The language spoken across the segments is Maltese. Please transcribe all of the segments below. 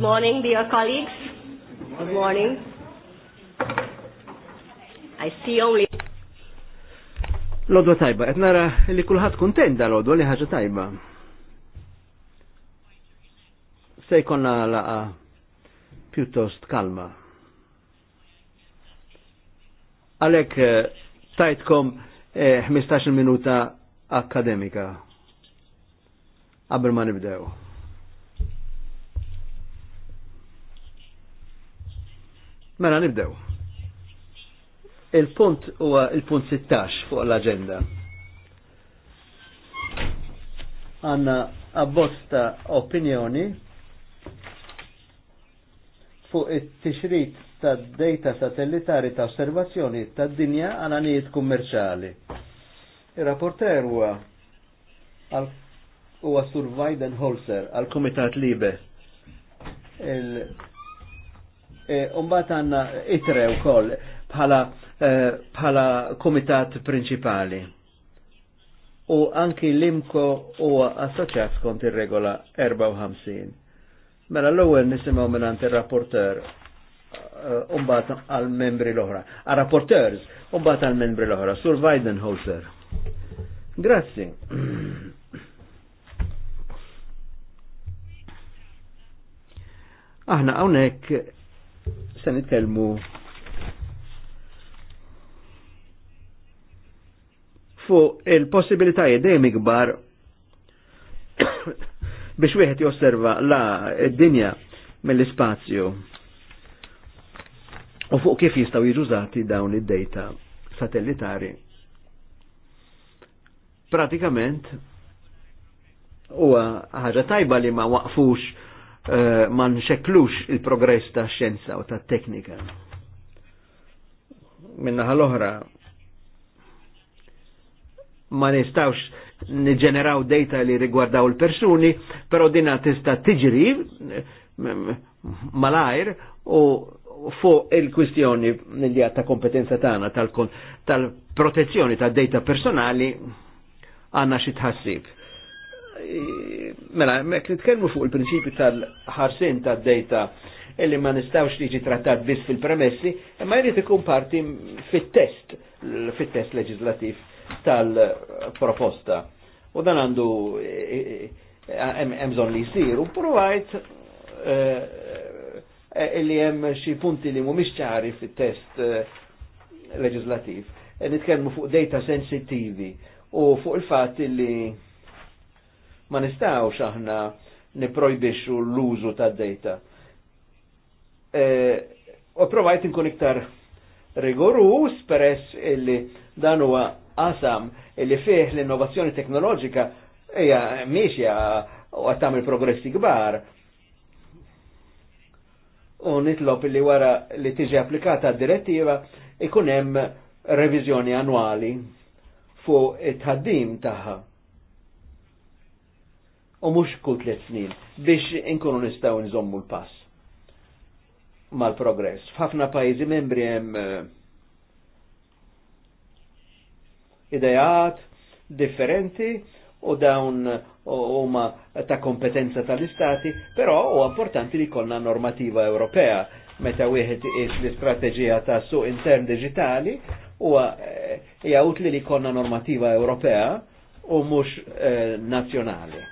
morning, dear colleagues. Good morning. I see only... Lodwa tajba, et nara li kullħat kontent da lodwa li ħaġa tajba. Sej konna laqa piuttost kalma. Għalek eh, tajtkom 15 eh, minuta akademika. Qabel ma nibdew. Mela nibdew. Il-punt huwa il-punt 16 fuq l-agenda. Għanna abbosta opinjoni fuq it-tixrid ta' data satellitari ta' osservazzjoni ta' dinja għal anijiet kummerċali. Il-rapporter huwa huwa Sur Weidenholzer għal Komitat Libe. Eh, umbat għanna itre u koll eh, bħala komitat principali. U anki l-imko u assoċjat skont ir-regola 54. Mela l-ewwel nisimgħu minn il rapporter eh, umbat għal-membri l-oħra. Għal-rapporters, ah, umbat għal-membri l-oħra. Sur Weidenholzer. Grazzi. Aħna għonek se nitkellmu fuq il-possibilitajiet dejjem ikbar biex wieħed josserva la d-dinja mill-ispazju u fuq kif jistgħu jiġużati dawn id-data satellitari. Pratikament huwa ħaġa tajba li ma waqfux Eh, ma nxekklux il-progress ta' xjenza u ta' teknika. Minna ħal-oħra, ma nistawx nġeneraw data li rigwardaw il-persuni, pero dina tista' tiġri malajr u fuq il-kwistjoni li ta' kompetenza tagħna tal-protezzjoni tal ta' data personali għanna xi tħassib mela, mek nitkellmu fuq il-prinċipju tal-ħarsin tad dejta illi ma nistawx liġi trattat biss fil-premessi, imma jrid ikun parti fit-test, fit-test leġislativ tal-proposta. U dan għandu emżon li jisir, u provajt eh, eh, illi hemm xi punti li mhumiex ċari fit-test eh, leġislativ. Nitkellmu fuq data sensitivi u fuq il-fatt li Ma nistawx aħna niprojbixxu l-użu ta' data. E, u provajt nkun iktar rigorus peress illi dan huwa qasam illi fih l-innovazzjoni teknoloġika hija miexja u għat tagħmel progressi kbar. U nitlob li wara li tiġi applikata d-direttiva ikun hemm reviżjoni annwali fuq it-ħaddim tagħha u mhux kull tliet snin biex inkunu nistgħu nżommu l-pass mal-progress. F'ħafna pajjiżi membri hemm eh, idejat differenti u dawn huma ta' kompetenza tal-istati, però huwa importanti li jkollna normativa Ewropea meta wieħed is l-istrateġija ta' suq intern digitali huwa eh, hija utli li jkollna normativa Ewropea u mhux eh, nazzjonali.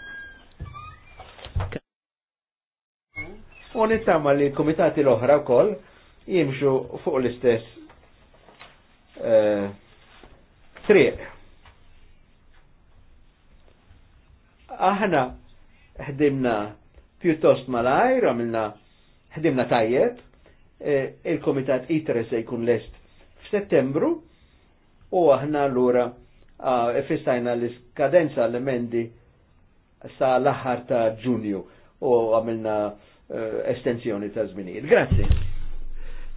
u nittama li l-komitati l-oħra wkoll jimxu fuq l-istess uh, triq. Aħna ħdimna pjuttost malajr, għamilna ħdimna tajjeb, eh, il-komitat ITRE se jkun lest f'Settembru u aħna l-ura uh, l-iskadenza l-emendi sa l-aħħar ta' ġunju u għamilna Eh, estensjoni ta' żminijiet. Grazzi.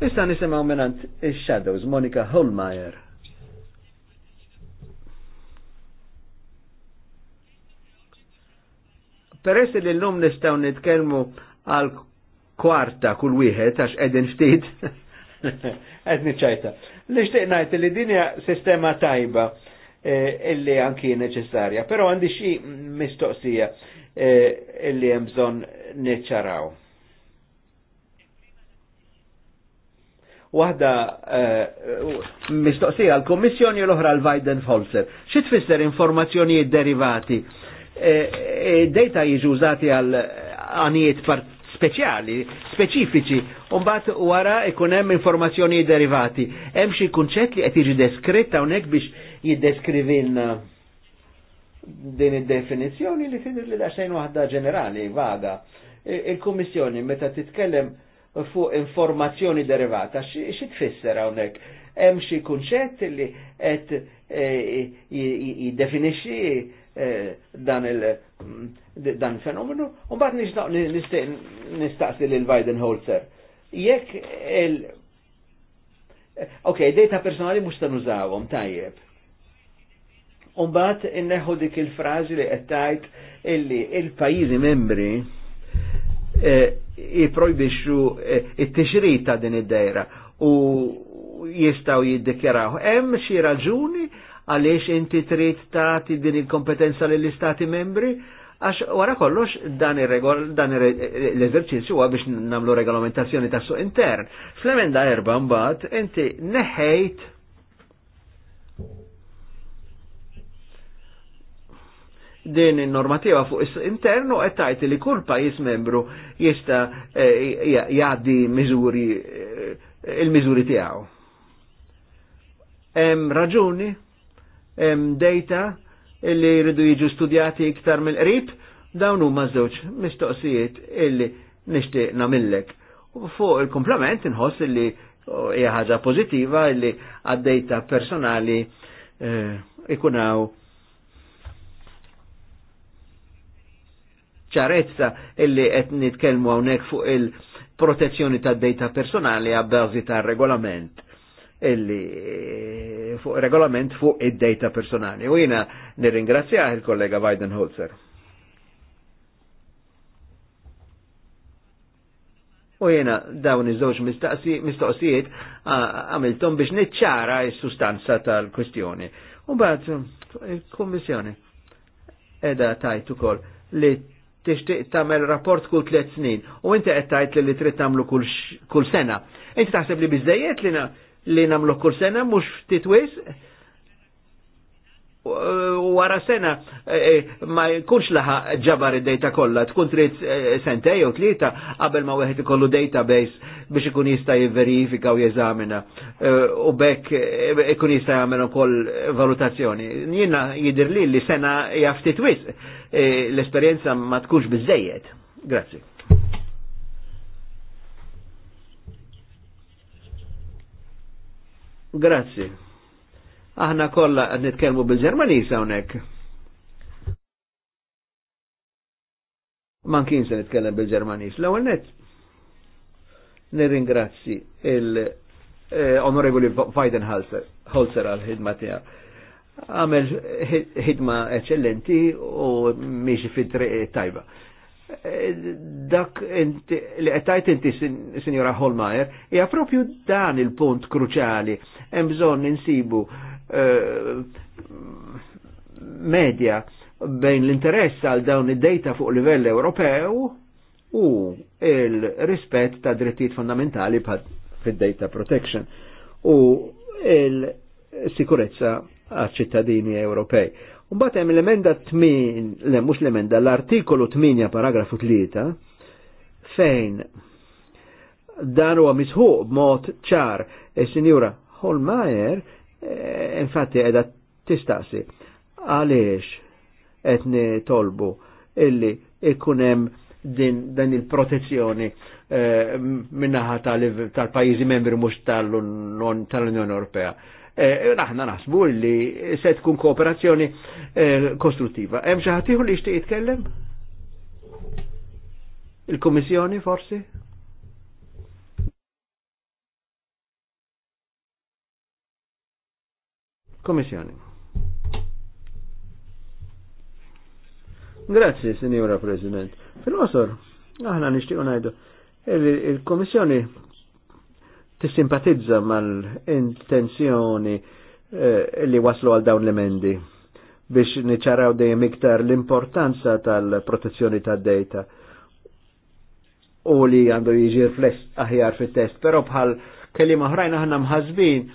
Issa nisimgħu minant ix-Shadows, Monika Holmeyer. Peress li l-lum nistgħu nitkellmu għal kwarta kull wieħed għax qegħdin ftit. Qed niċċajta. Nixtieq ngħid li din hija sistema tajba eh, illi anki neċessarja, però għandi xi mistoqsija eh, illi hemm bżonn niċċaraw. Wahda, uh, eh, mistoqsija l-Kommissjoni l-oħra l vajden Folser, xit fisser informazzjoni derivati? Eh, eh, Dejta e, jiġu użati għal għanijiet speċjali, speċifiċi, Umbat wara ikun hemm informazzjoni derivati. Hemm xi kunċett li qed jiġi deskritt hawnhekk biex jiddeskrivilna din id-definizjoni li tidir li daċħajn waħda ġenerali, vaga. Il-Kommissjoni meta titkellem fuq informazzjoni derivata, xi tfisser hawnhekk? Hemm xi kunċett li qed jiddefinixxi eh, eh, dan il mm, fenomenu u mbagħad nistaqsi lil Biden Holzer. Jekk il Ok, data personali mhux ta' nużawhom tajjeb Umbat inneħu dik il frazi li qed illi il-pajjiżi membri eh, jiprojbixu eh, it-tixrid ta' din id-dejra u jistgħu jiddikjaraw. Hemm xi raġuni għaliex inti trid tagħti din il-kompetenza lill-istati membri għax wara kollox dan l-eżerċizzju huwa biex nagħmlu regolamentazzjoni tas suq intern. Flemenda erba' mbagħad inti neħejt din il-normativa fuq is internu qed tajt li kull pajjiż membru jista e, jgħaddi miżuri e, il-miżuri tiegħu. Hemm raġuni, hemm data illi jridu jiġu studjati iktar mill-qrib, dawn huma żewġ mistoqsijiet illi nixtieq namillek. Fuq il-komplement inħoss illi hija ħaġa pożittiva illi għaddejta personali e, ikunaw eh, ċarezza illi qed nitkellmu hawnhekk fuq il-protezzjoni tad-data personali għabbażi ta' regolament illi eh, fuq regolament fuq id-data personali. U jina nirringrazzjah il-kollega Biden Holzer. U jena dawn iż-żewġ mistoqsijiet għamiltom biex niċċara s-sustanza tal kwistjoni U bad, il-Kommissjoni edha tajt ukoll li tixtieq tagħmel rapport kull tliet snin u inti qed tgħid li trid tagħmlu kull sena. Inti taħseb li biżejjed li li nagħmlu kull sena mhux ftit wisq wara sena e, e, ma jkunx laħa ġabar id-data kollha, tkun trid e, sentej u tlieta qabel ma wieħed ikollu database biex ikun jista' jivverifika u jeżamina u bekk ikun jista' jagħmel ukoll valutazzjoni. Jiena jidir li li sena hija ftit wisq l-esperjenza ma tkunx biżejjed. Grazzi. Grazie. Aħna kollha nitkelmu nitkellmu bil-Ġermaniż hawnhekk. Man kien se nitkellem bil-Ġermaniż. L-ewwel nett nirringrazzi l eh, onorevoli Holzer għal-ħidma tiegħu. Għamel ħidma eccellenti u miexi fit tajba dak li għetajt inti, Signora Holmeyer, hija propju dan il-punt kruċali. Hemm bżonn insibu Eh, medja bejn l-interess għal dawn id-data fuq livell Ewropew u il-rispett ta' drittijiet fondamentali fid-data protection u il-sikurezza għal ċittadini Ewropej. Umbat hemm l-emenda 8, le mhux l-emenda, l-artikolu 8 paragrafu 3 fejn dan huwa misħuq b'mod ċar is-Sinjura e, Holmeyer, infatti edha tistaxi għaliex etni tolbu illi ikunem din, dan il-protezzjoni eh, minnaħa tal-pajizi membri mux tal-Unjoni Ewropea. Eh, aħna naħsbu li se tkun kooperazzjoni eh, kostruttiva. Hemm xi ħadd li jixtieq jitkellem? Il-Kummissjoni forsi? Komissjoni. Grazzi, signora President. Fil-qosor, aħna nixtiequ ngħidu il-Komissjoni tissimpatizza mal-intenzjoni eh, li waslu għal dawn l-emendi biex niċaraw dejjem iktar l-importanza tal-protezzjoni tad-data u li għandu jiġi rifless aħjar fit-test, però bħal kelima oħrajn aħna mħazbin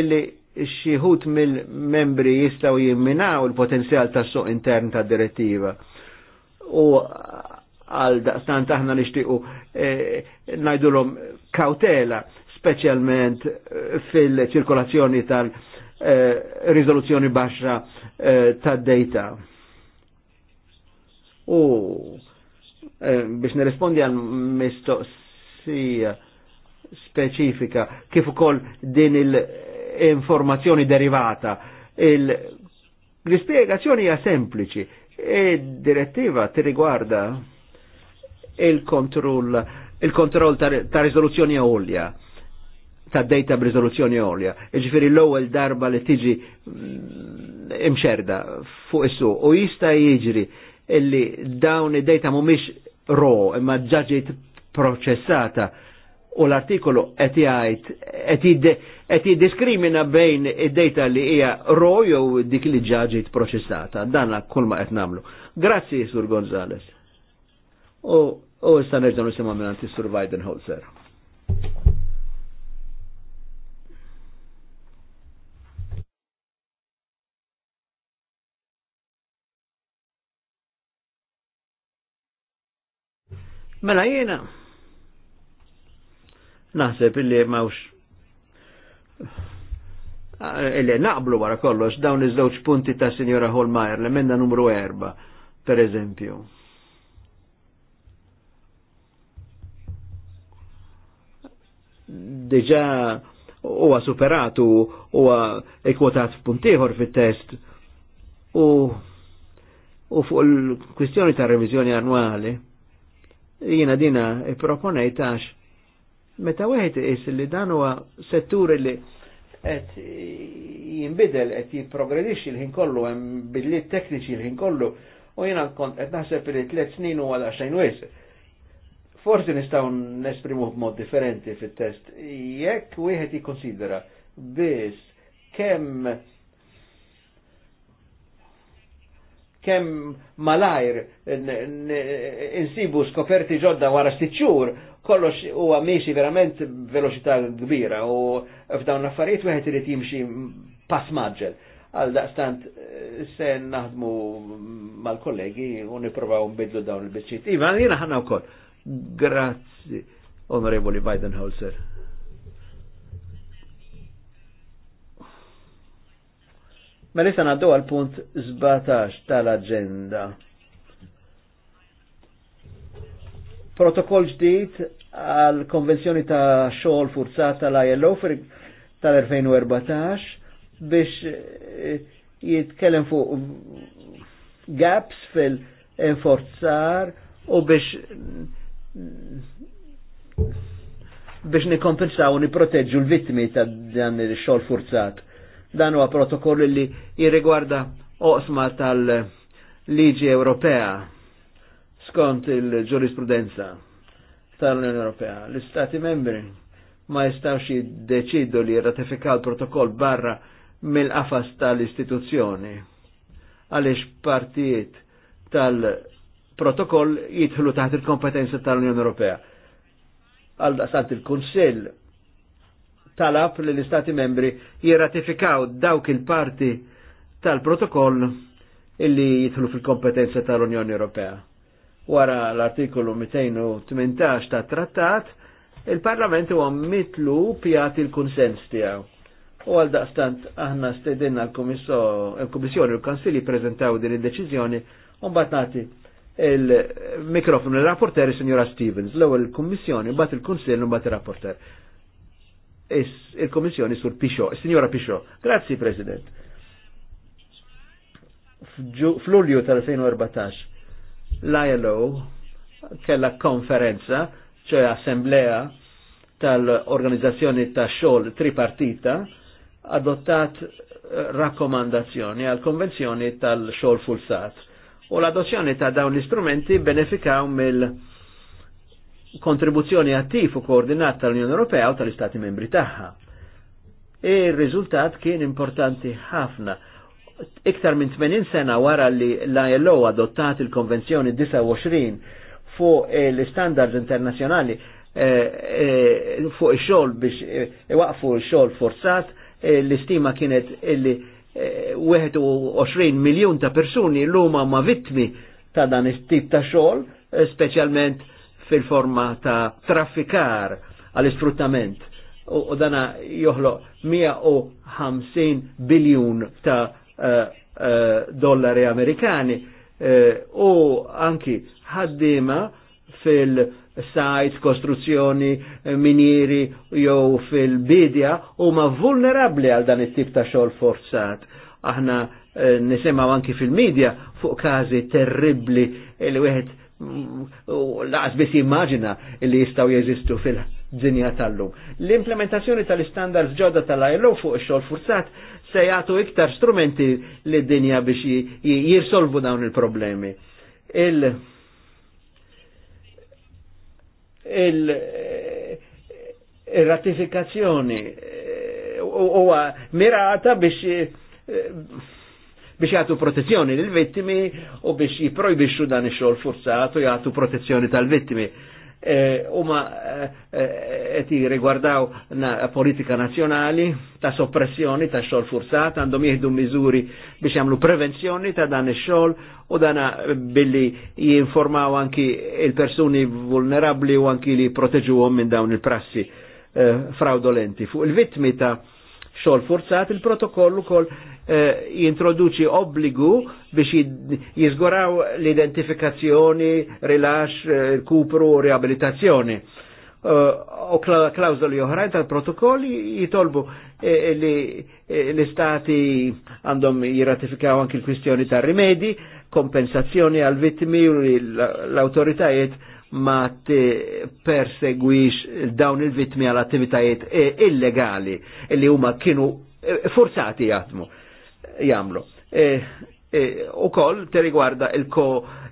illi xieħut mill-membri jistaw jimminaw il-potenzjal ta' suq intern ta' direttiva. U għal daqstan taħna li xtiqu eh, najdulom kautela, specialment e, fil-ċirkolazzjoni tal-rizoluzzjoni e, eh, baxra eh, ta' data. U e, biex nirrispondi għal mistoqsija speċifika kif ukoll din il- informazzjoni derivata. L-ispiegazzjoni hija sempliċi. Id-direttiva e ti tirrigwarda il-kontroll il kontroll ta' riżoluzzjoni għolja ta' data b'riżoluzzjoni għolja. E ġifiri l-ewwel darba li tiġi mm, imxerda fuq is u jista' jiġri illi dawn id-data mhumiex ro imma ġaġiet proċessata u l-artikolu qed jgħid jiddiskrimina bejn id dejta li hija raw jew dik li ġaġit proċessata. Dan kull ma qed nagħmlu. Grazzi, Sur Gonzales. U u issa nerġa' nisimgħu minn Sur Weidenholzer. Mela jiena, naħseb illi mawx illi naqblu wara kollox dawn iż-żewġ punti ta' Sinjora Holmajer, l-emenda numru 4, per eżempju. Diġa huwa superatu huwa ekwotat f'punt ieħor fit-test u u fuq il-kwistjoni ta' revizjoni annwali jiena dina i proponejtax Meta wieħed is li dan huwa settur li qed jinbidel qed jipprogredixxi l-ħin kollu hemm billiet tekniċi l-ħin kollu u jiena kont qed naħseb li tliet snin huwa daqsxejn wies. Forsi nistgħu nesprimu b'mod differenti fit-test jekk wieħed jikkonsidera biss kemm kemm malajr insibu skoperti ġodda wara stiċċur kollox huwa miexi verament veloċità kbira u f'dawn l-affarijiet wieħed irid jimxi pass maġġel. Għal daqstant eh, se naħdmu mal-kollegi u nipprovaw nbidlu dawn il-biċċiet. Iva, jiena ħanna wkoll. Grazzi, Onorevoli Bidenholzer. Ma mela nisa għaddu għal punt 17 tal-agenda. protokoll ġdid għal konvenzjoni ta' xogħol forzat tal-ILO tal-2014 biex eh, jitkellem fuq gaps fil-enforzar u biex biex nikompensaw u niproteġu l-vittmi ta' dan il-xol forzat. Dan huwa protokoll li jirrigwarda oqsma tal-liġi Ewropea skont il-ġurisprudenza tal-Unjoni Ewropea. L-Istati membri ma jistawx jiddeċidu li ratifika l-protokoll barra mill-qafas tal-istituzzjoni għaliex partijiet tal-protokoll jidħlu taħt il-kompetenza tal-Unjoni Ewropea. Għal-daqsant il-Kunsill talab li l-Istati membri jirratifikaw dawk il-parti tal-protokoll illi jitħlu fil-kompetenza tal-Unjoni Ewropea wara l-artikolu 218 ta' trattat, il-Parlament huwa mitlu pjat il-konsens tiegħu. U għal daqstant aħna stedinna l-Komissjoni u l-Kansili prezentaw din il-deċizjoni un batnati il mikrofon il-rapporter signora Stevens, l il kommissjoni bat il-Konsil un bat il-rapporter. Il-Komissjoni sur Pixo, signora Pixo. Grazzi, President. F'Lulju tal-2014 l-ILO kella konferenza, ċe assemblea tal-organizzazzjoni ta' xol tripartita, adottat eh, rakkomandazzjoni għal konvenzjoni tal xol fulsat. U l-adozzjoni ta' dawn l-istrumenti benefikaw mill- kontribuzzjoni attif u koordinat tal-Unjoni Ewropea u tal-Istati membri taħħa. E il rizultat kien importanti ħafna iktar minn 80 sena wara li l-ILO adottat il-Konvenzjoni 29 fuq eh, l-standards internazjonali eh, eh, fuq il-xol biex iwaqfu il-xol forzat, l-istima kienet illi 21 miljon ta' persuni l-huma ma' vittmi ta' dan is-tip ta' xogħol, speċjalment fil-forma ta' traffikar għall-isfruttament. U dana joħloq 150 biljun ta' Eh, dollari Amerikani u eh, anki ħaddima fil-sajt, kostruzzjoni, eh, minieri jew fil-bidja huma vulnerabbli għal dan it-tip ta' xogħol forzat. Aħna nisimgħu anki fil-medja fuq każi terribli li wieħed mm, laqas biss immaġina li jistgħu jeżistu fil-dinja tal-lum. L-implementazzjoni tal-istandards ġodda tal-ILO fuq ix-xogħol forzat se jgħatu iktar strumenti li dinja biex jirsolvu dawn il-problemi. Il, il, il ratifikazzjoni eh, huwa mirata biex eh, biex jgħatu protezzjoni lil vittimi u biex jiprojbixxu dan ix-xogħol forzat u jgħatu protezzjoni tal-vittimi. Eh, huma qed eh, jirrigwardaw eh, politika nazzjonali ta' soppressjoni ta' xogħol forzat, għandhom jieħdu miżuri biex jagħmlu prevenzjoni ta' dan ix-xogħol u dana billi jinformaw anki il-persuni vulnerabli u anki li proteġuhom minn dawn il-prassi fraudolenti. Fuq il-vittmi ta' xogħol forzat il-protokollu kol Eh, jintroduċi obbligu biex jizguraw l-identifikazzjoni, rilax, eh, kupru u riabilitazzjoni eh, u klawżoli oħrajn tal-protokolli jitolbu li l-istati għandhom jirratifikaw anki l-kwistjoni ta' rimedi, kompensazzjoni għal vittimi u l-autoritajiet ma persegwix dawn il-vittmi għal attivitajiet illegali li huma kienu forzati jatmu jamlu. E, e, u koll te riguarda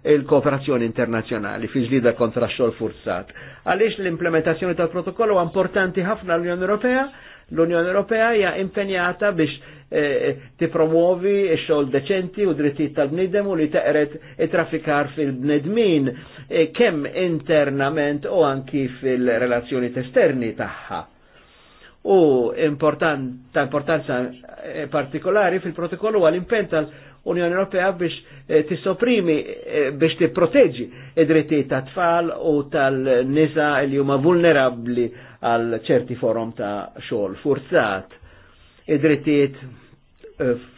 il-kooperazzjoni il internazjonali fi ġlida kontra xol forzat. Għaliex l-implementazzjoni tal-protokollu importanti ħafna l-Unjoni Ewropea l-Unjoni Ewropea hija impenjata biex e, ti x-xogħol deċenti u drittijiet tal bnidem u li teqret it trafikar fil-bnedmin e, kemm internament u anki fil-relazzjoni esterni tagħha u importanta ta' importanza eh, partikolari fil-protokollu għal-impen tal-Unjoni Ewropea biex eh, tisoprimi eh, biex tipproteġi id dritti ta' tfal u tal-nisa li huma vulnerabbli għal ċerti forum ta' xogħol forzat. Id-drittijiet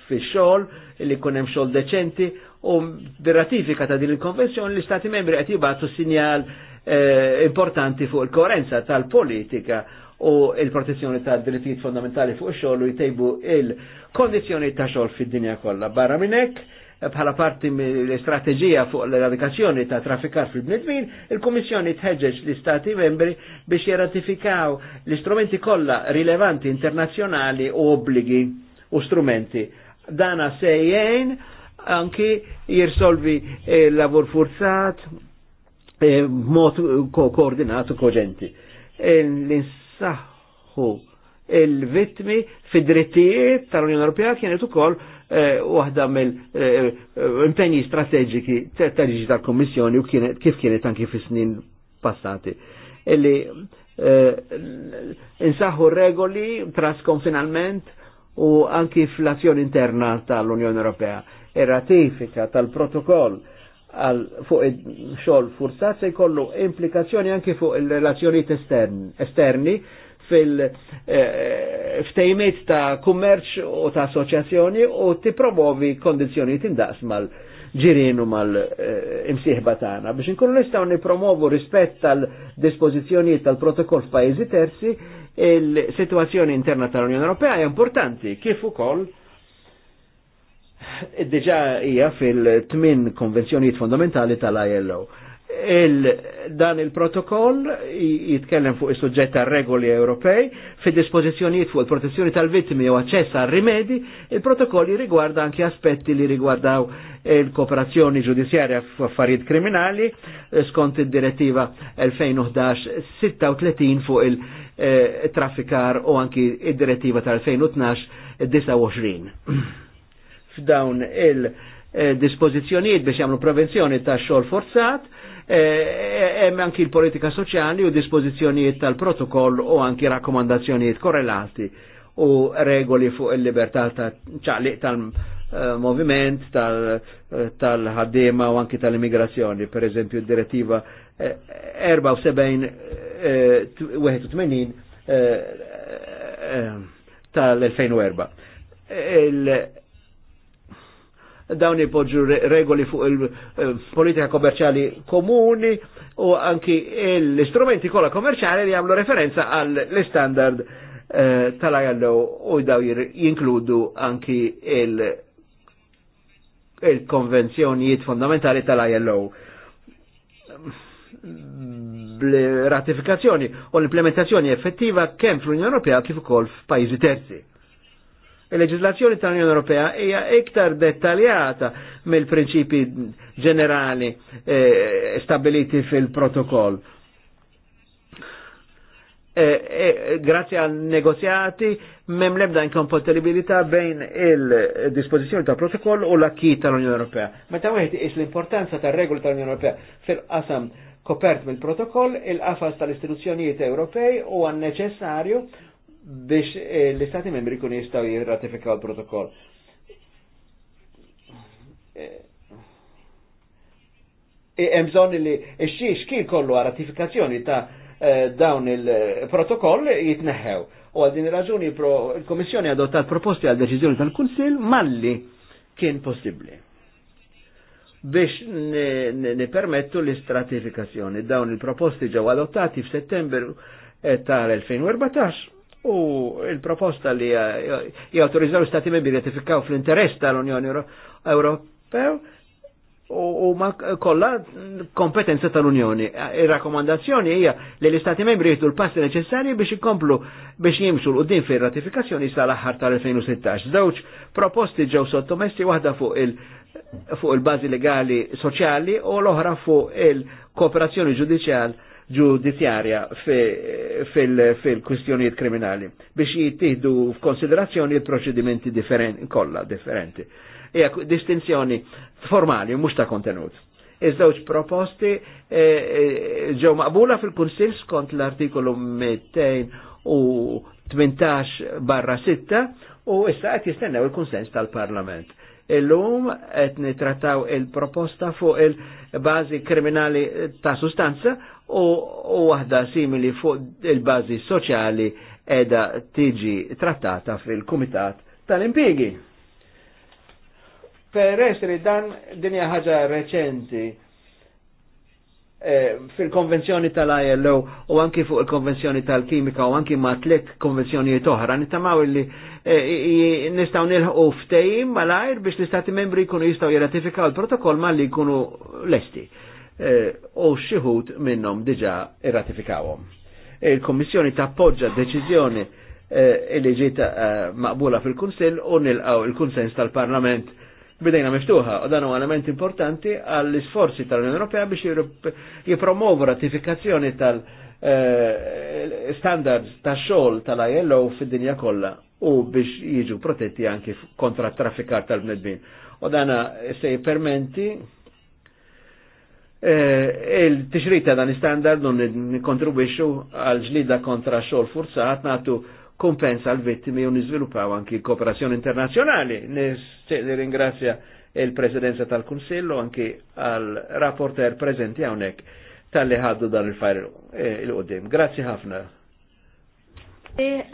fi xogħol li jkun hemm xogħol deċenti u bir-ratifika ta' din il-konvenzjoni li stati membri qed jibgħatu sinjal importanti fuq il-koerenza tal-politika u il-protezzjoni ta' drittijiet fondamentali fuq xogħol u jtejbu il-kondizjoni ta' xogħol fid-dinja kollha. Barra minn hekk, bħala parti mill-istrateġija fuq l-eradikazzjoni ta' traffikar fil-bnedmin, il-Kummissjoni tħeġġeġ l-Istati membri biex jeratifikaw l-istrumenti kollha rilevanti internazzjonali u obbligi u strumenti. Dana sejjen anki jirsolvi l-lavur forzat, eh, mod koordinat u koġenti. Eh, insaħħu il vitmi fi drittijiet tal-Unjoni Ewropea kienet ukoll eh, waħda mill-impenji eh, eh, strateġiki tal-ġiġi tal-Kommissjoni u kif kienet anki fi snin passati. Illi insaħħu regoli traskom finalment u anki fl-azzjoni interna tal-Unjoni Ewropea. Ir-ratifika tal-protokoll għal fuq il-xol forzat se jkollu implikazzjoni anke fuq il relazzjoni esterni fil eh, ta' kummerċ u ta' assoċjazzjoni u promovi kondizjoni tindaqs mal- ġirinu mal-imsieħba e, tagħna biex inkunu nistgħu promovu rispett tal-dispożizzjonijiet tal-protokoll f'pajjiżi terzi il-sitwazzjoni interna tal-Unjoni Ewropea hija importanti kif ukoll diġa hija fil-tmin konvenzjonijiet fondamentali tal-ILO. Il, dan il-protokoll jitkellem fuq is-suġġett tar regoli Ewropej, fi dispożizzjonijiet fuq il-protezzjoni tal-vittmi u aċċess għal rimedi, il-protokoll jirrigwarda anke aspetti li rigwardaw il-kooperazzjoni ġudizzjarja f'affarijiet kriminali skont id-direttiva 2011-36 fuq il-traffikar eh, u anki id-direttiva tal-2012-29. f'dawn il eh, dispozizjoniet biex jagħmlu prevenzjoni ta' xogħol forzat, eh, hemm eh, anki l-politika soċjali u dispożizzjonijiet tal-protokoll u anki rakkomandazzjonijiet korrelati u regoli fuq il-libertà tal ċaqliq tal-moviment, eh, tal-ħaddiema u anki tal-immigrazzjoni, per eżempju direttiva 74-81 tal-2004 dawni poġu regoli fuq il-politika eh, kommerċali komuni u anki l-istrumenti kolla kommerċali li għamlu referenza għall-standard eh, tal-għallu u daw jinkludu anki il- il-konvenzjonijiet fondamentali tal-ILO ratifikazzjoni u l-implementazzjoni effettiva kemm fl-Unjoni Ewropea kif ukoll f'pajjiżi terzi. Il-leġislazzjoni tal-Unjoni Ewropea hija iktar dettaljata mill-prinċipi ġenerali eh, stabiliti fil-protokoll. E, eh, e, eh, grazie għal negozjati mem lebda inkompatibilità bejn il-dispożizzjoni tal-protokoll u l-akki tal-Unjoni Ewropea. Meta wieħed is l-importanza tar-regoli tal-Unjoni Ewropea fil-qasam kopert mill-protokoll, il-qafas tal-istituzzjonijiet Ewropej u għan neċessarju biex eh, l-Istati membri kun jistaw jirratifikaw il-protokoll. Eh, eh, Emżon li xiex kien kollu ratifikazzjoni ta' dawn il-protokoll jitneħew. U għaddin raġuni il-Komissjoni adottat proposti għal deċiżjoni tal-Kunsil malli kien possibbli biex ne permettu l-istratifikazzjoni. Dawn il-proposti ġew adottati f'Settembru tal-2014 U il-proposta li jautorizzaw l-Stati membri ratifikaw fl-interess tal-Unjoni Ewropew u ma kolla kompetenza tal-Unjoni. Il-rakkomandazzjoni hija li l-Istati membri jitu l-passi neċessarji biex ikomplu biex jimxu l-qudin fir ratifikazzjoni sal-aħħar tal-2016. Żewġ proposti ġew sottomessi waħda fuq il- fuq il-bazi legali soċjali u l-oħra fuq il-kooperazzjoni ġudiċjali ġudizjarja fil-kwistjonijiet fil kriminali biex jittihdu f'konsiderazzjoni il-proċedimenti differenti, kolla differenti. Ija distinzjoni formali mux ta' kontenut. Iż-żewġ proposti e, e, ġew maqbula fil kunsil skont l-artikolu 218 barra 6 u issa qed jistennew il-kunsens tal-Parlament. Illum qed nitrattaw il-proposta fuq il-bażi kriminali ta' sustanza u waħda simili fuq il-bazi soċjali edha tiġi trattata fil-Kumitat tal impiegi Per essere dan dinja ħaġa reċenti eh, fil-konvenzjoni tal-ILO u anki fuq il-konvenzjoni tal-kimika u anki ma tlet konvenzjonijiet oħra nittamaw li eh, nistaw nilħu ftejim mal-ajr biex l-istati membri jkunu jistaw jirratifikaw il-protokoll ma li jkunu lesti. esti Eh, u xieħut minnom diġa irratifikawhom. Il-Kommissjoni tappoġġa deċiżjoni eh, li ġieta eh, maqbula fil-Kunsill u nilqaw il-Kunsens tal-Parlament bidejna miftuħa u dan huwa element importanti għall isforzi tal-Unjoni Ewropea biex jipromovu ratifikazzjoni tal-standards tax-xogħol tal-ILO fid-dinja kollha u biex jiġu protetti anki kontra traffikar tal-bnedmin. U dana se jipermenti Eh, il-tixrit ta' dan standard non nikontribwixxu għal ġlida kontra xogħol forzat nagħtu kumpens għal vittimi u niżviluppaw anki kooperazzjoni internazzjonali. Ringrazzja il-Presidenza tal-Kunsillu anki għal rapporter preżenti hawnhekk tal-li ħaddu dan il-fajr eh, il qudiem Grazzi ħafna. Eh,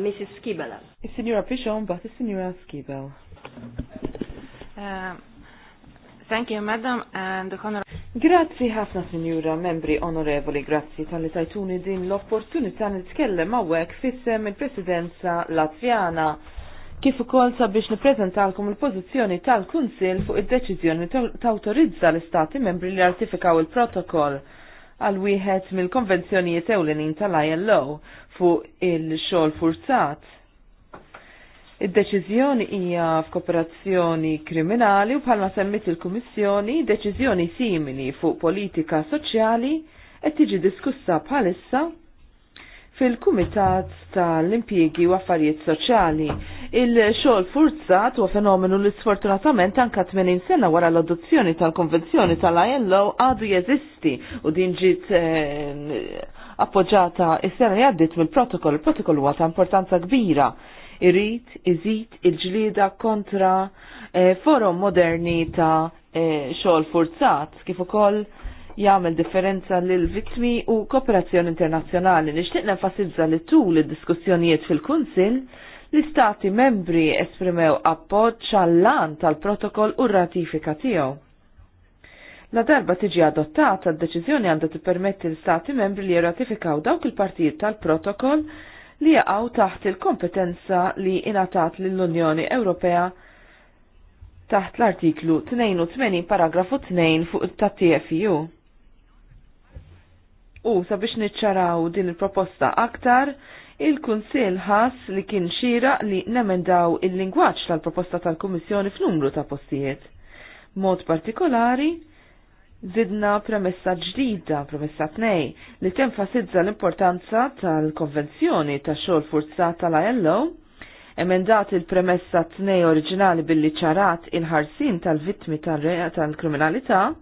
Mrs. Skibala. Il-Signora Pishon, bat il-Signora Skibala. Thank you, Madam, and the Honorable Grazzi ħafna sinjura membri onorevoli, grazzi tal-li tajtuni din l-opportunità nitkellem għawek fissem il-presidenza Latvjana kif ukoll sabiex niprezentalkom il-pożizzjoni tal-Kunsill fuq id-deċiżjoni tawtorizza l-Istati membri li artifikaw il-protokoll għal wieħed mill-konvenzjonijiet ewlenin tal-ILO fuq il-xogħol furzat Id-deċiżjoni hija f'kooperazzjoni kriminali u bħalma semmit il-Kummissjoni deċiżjoni simili fuq politika soċjali qed tiġi diskussa bħalissa fil-Kumitat tal-Impjiegi u Affarijiet Soċjali. Il-xogħol forzat huwa fenomenu li sfortunatament anke 80 sena wara l-adozzjoni tal-Konvenzjoni tal-ILO għadu jeżisti u din ġiet eh, appoġġata s sena li mill-protokoll. Il-protokoll huwa ta' importanza kbira irrit iżid il-ġlida kontra eh, forum moderni ta' eh, xogħol forzat kif ukoll jagħmel differenza lil vittmi u kooperazzjoni internazzjonali. Nixtieq nenfasizza li tul id-diskussjonijiet fil-Kunsill l-istati membri esprimew appoġġ għall-lan tal-protokoll u ratifika tiegħu. La darba tiġi adottata d-deċiżjoni għandha tippermetti l-Stati membri li jirratifikaw dawk il-partijiet tal-protokoll li jaqgħu taħt il-kompetenza li inatat lill-Unjoni Ewropea taħt l-artiklu 82 paragrafu 2 fuq ta' TFU. U sabiex niċċaraw din il-proposta aktar, il-Kunsil ħass li kien xira li nemendaw il-lingwaċ tal-proposta tal-Kummissjoni f'numru ta' postijiet. Mod partikolari, zidna premessa ġdida, premessa tnej, li tenfasizza l-importanza tal-konvenzjoni ta' xol forzata tal-ILO, emendat il-premessa tnej oriġinali billi ċarat il-ħarsin tal-vittmi tal-kriminalità,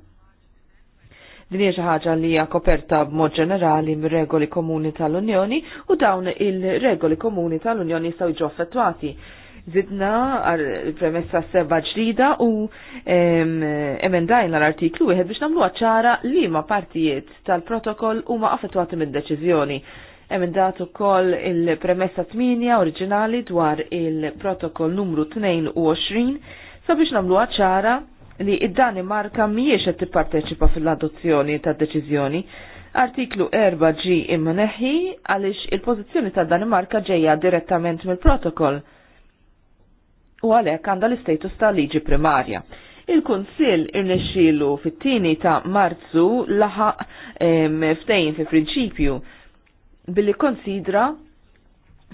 din hija xi ħaġa li hija koperta b'mod ġenerali mir-regoli komuni tal-Unjoni u dawn il-regoli komuni tal-Unjoni jistgħu jiġu affettwati zidna premessa seba ġdida u emendajna l-artiklu wieħed biex namlu ċara li ma partijiet tal-protokoll huma affettwati mid-deċiżjoni. Emendat ukoll il-premessa 8 oriġinali dwar il-protokoll numru 22 sabiex namlu ċara li id-Danimarka miex qed tipparteċipa fil-adozzjoni tad-deċiżjoni. Artiklu 4 g imneħi għaliex il-pożizzjoni tad-Danimarka ġejja direttament mill-protokoll u għalhekk għandha l-istatus ta' liġi primarja. Il-Kunsill irnexxielu fit-tieni ta' Marzu laħaq ftejn fi prinċipju billi konsidra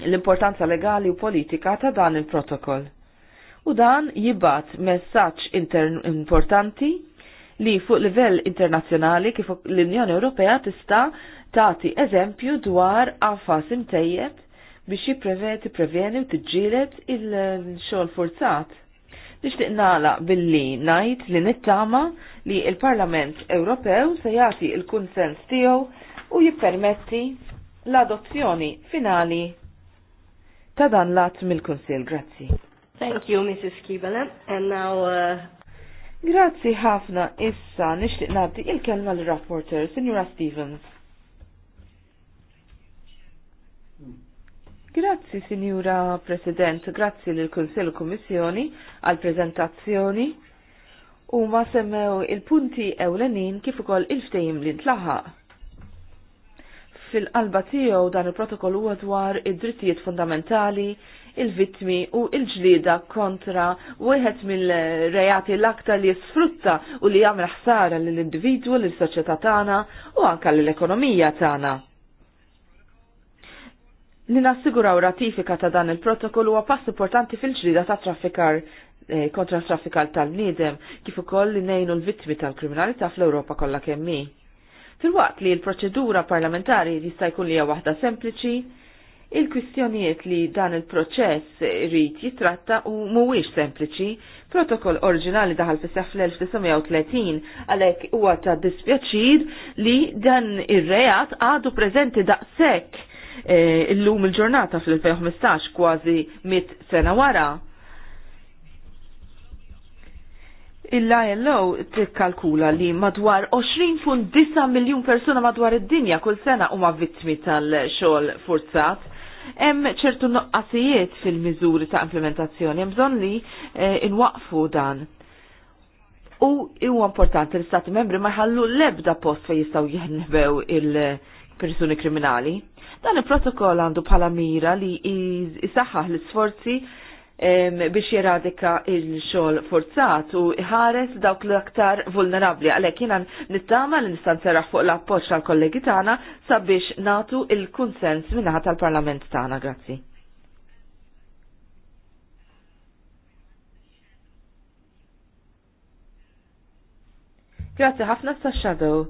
l-importanza legali u politika ta' dan il-protokoll. U dan jibbat messaġġ importanti li fuq livell internazzjonali kif l-Unjoni Ewropea tista' tagħti eżempju dwar għafas imtejjeb biex jipreveti preveni u tiġġielet il-xogħol forzat. Nixtieq nagħlaq billi ngħid li nittama li l-Parlament Ewropew se jagħti l-kunsens tiegħu u jippermetti l-adozzjoni finali ta' dan lat mill-Kunsill. Grazzi. Thank you, Mrs. Kibele. And now uh... Grazzi ħafna issa nixtieq nagħti il-kelma l-rapporter, Signora Stevens. Grazzi, Sinjura President, grazzi l kunsill Kummissjoni għal prezentazzjoni u ma semmew il-punti ewlenin kif ukoll il-ftejim li ntlaħaq. Fil-qalba tiegħu dan il-protokoll huwa dwar id-drittijiet fundamentali, il-vittmi u il-ġlida kontra wieħed mill-rejati l-aktar li sfrutta u li jagħmel ħsara lill individwu lill soċjetà tagħna u anke lill-ekonomija tagħna Li nassiguraw ratifika ta' dan il-protokoll huwa pass importanti fil-ġrida ta' traffikar eh, kontra traffikar tal-bniedem kif ukoll li ngħinu l-vittmi tal-kriminalità fl-Ewropa kollha kemm hi. Filwaqt li l-proċedura parlamentari jista' jkun hija waħda sempliċi, il-kwistjonijiet li dan il-proċess rrit jitratta u mhuwiex sempliċi, protokoll oriġinali daħal fis fl-1930 għalhekk huwa ta' dispjaċir li dan ir-reat għadu preżenti daqshekk E, illum il-ġurnata fl-2015 kważi mit sena wara. Il-ILO tikkalkula li madwar 20.9 miljon persuna madwar id-dinja kull sena huma vittmi tal-xogħol forzat. Hemm ċertu noqqasijiet fil-miżuri ta' implementazzjoni, hemm bżonn li e, inwaqfu dan. U huwa importanti l-Stati membri ma jħallu l-ebda post fejn jistgħu jihnbew il-persuni kriminali Dan il-protokoll għandu bħala mira li jisaxħaħ l-sforzi biex jeradika il-xol forzat u ħares dawk l-aktar vulnerabli. Għalek jenan nittama l-instanzera fuq l-appoċ tal-kollegi tana sabiex natu il-konsens minnaħat tal-parlament tana. Grazzi. Grazzi ħafna sa' shadow.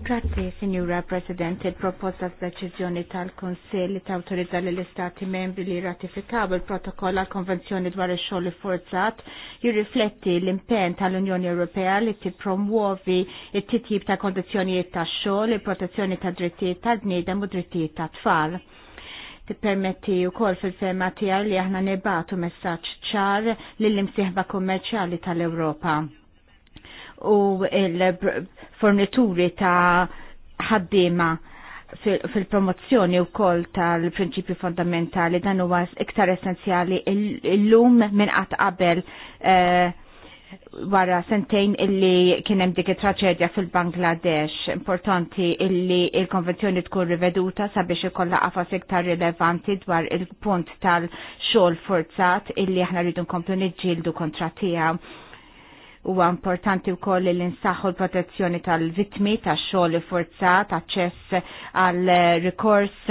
Grazie, Signora President. Il-proposta f'deċiżjoni tal Consiglio li tawtorizza gli istati membri li ratificare il-protokoll alla konvenzjoni dwar ix-xogħol forzat jirrifletti l-impenn tal-Unjoni Ewropea li tippromuovi it-titjib ta' kondizzjonijiet tax-xogħol, il-protezzjoni ta' drittijiet tal-bniedem u drittijiet ta' tfal tippermetti u kol fil fema tijar li aħna nebatu messaċ ċar lill-imsieħba kommerċali tal-Europa u il-fornituri ta' ħaddima fil-promozzjoni u kol tal-prinċipju fondamentali dan huwa iktar essenzjali illum minn qatt qabel eh, wara sentejn illi kienem dik traċedja fil-Bangladesh. Importanti illi il-konvenzjoni tkun riveduta sabiex ikolla qafas iktar rilevanti dwar il-punt tal-xogħol forzat illi aħna rridu nkomplu niġġieldu kontra tiegħu Huwa importanti wkoll li nsaħħu l-protezzjoni tal-vittmi tax-xogħol forzat, aċċess għal rikors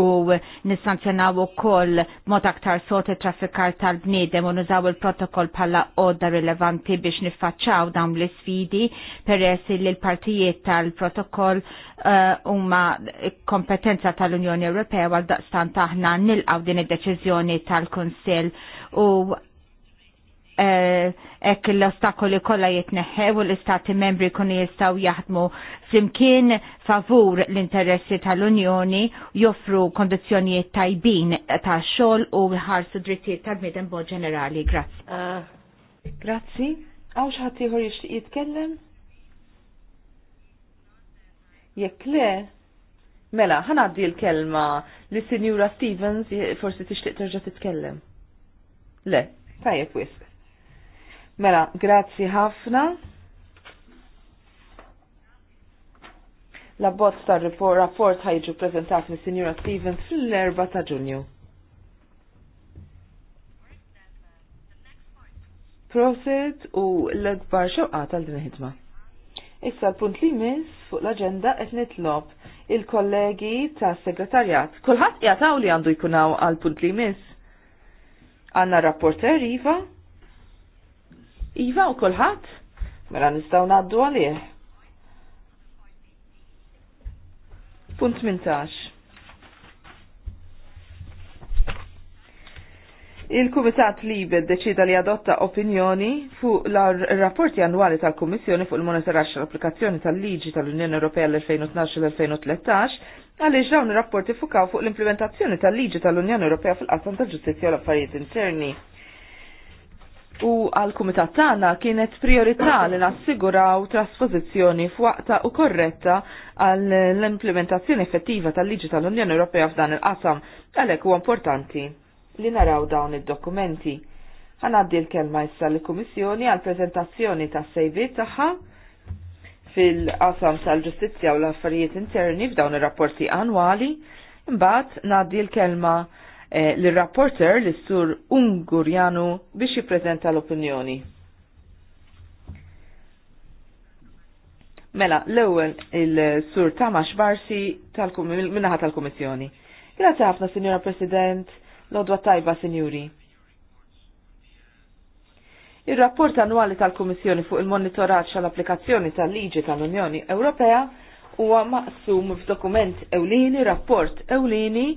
u nissanzjonaw ukoll mod aktar sot traffikar tal-bniedem u nużaw il-protokoll bħala odda rilevanti biex niffaċċaw dawn l-isfidi peress li l-partijiet tal-protokoll uh, huma uh, kompetenza tal-Unjoni Ewropea għal daqstant aħna nilqaw din id-deċiżjoni tal-Kunsill u Eh, ek l-ostakoli kolla jitneħħew u l-istati membri kun jistaw jaħdmu flimkien favur l-interessi tal-Unjoni joffru kondizjonijiet tajbin ta' xol u ħarsu drittijiet tal-midem bo ġenerali. Grazzi. Uh, Grazzi. Għaw xħatiħor jishtiq jitkellem? Jekk le, mela, ħanaddi l-kelma li Sinjura Stevens forsi tixtieq terġa' titkellem. Le, tajjeb wisq. Mela, grazzi ħafna. L-abbozz tar-rapport ħajġu prezentat mis sinjura Stevens fl 4 ta' Ġunju. Proset u l-akbar xewqa tal-din ħidma. Issa l-punt li mis fuq l-agenda qed nitlob il-kollegi tas segretarjat. Kulħadd jataw li għandu jkunaw għal punt li mis. Għanna rapporter Iva, Iva u kolħat? Mela nistaw naddu għalih. Punt mintax. Il-Kumitat Libe deċida li adotta opinjoni fuq l-rapporti annwali tal-Kummissjoni fuq il-monitoraġġ tal-applikazzjoni tal-liġi tal-Unjoni Ewropea l-2012-2013 għaliex dawn ir-rapporti fukaw fuq l-implementazzjoni tal-liġi tal-Unjoni Ewropea fil-qasam tal-ġustizzja l-affarijiet interni u għal kumitat tagħna kienet priorità li nassiguraw trasposizzjoni f'waqta u korretta għal l-implementazzjoni effettiva tal-liġi tal-Unjoni Ewropea f'dan il-qasam għalhekk huwa importanti li naraw dawn id-dokumenti. ngħaddi l-kelma issa l-Kummissjoni għal preżentazzjoni tas-sejbiet tagħha fil-qasam tal-ġustizzja u l-affarijiet interni f'dawn ir-rapporti annwali, imbagħad ngħaddi l-kelma Eh, l-rapporter l-sur Ungurjanu biex jiprezenta l-opinjoni. Mela, l-ewel il-sur Tamax Barsi minnaħat tal-Komissjoni. Grazie ħafna, Signora President, l-odwa tajba, Signori. Il-rapport annuali tal-Komissjoni fuq il monitoraġġ għall-applikazzjoni tal-liġi tal-Unjoni Ewropea huwa maqsum f'dokument ewlieni, rapport ewlieni,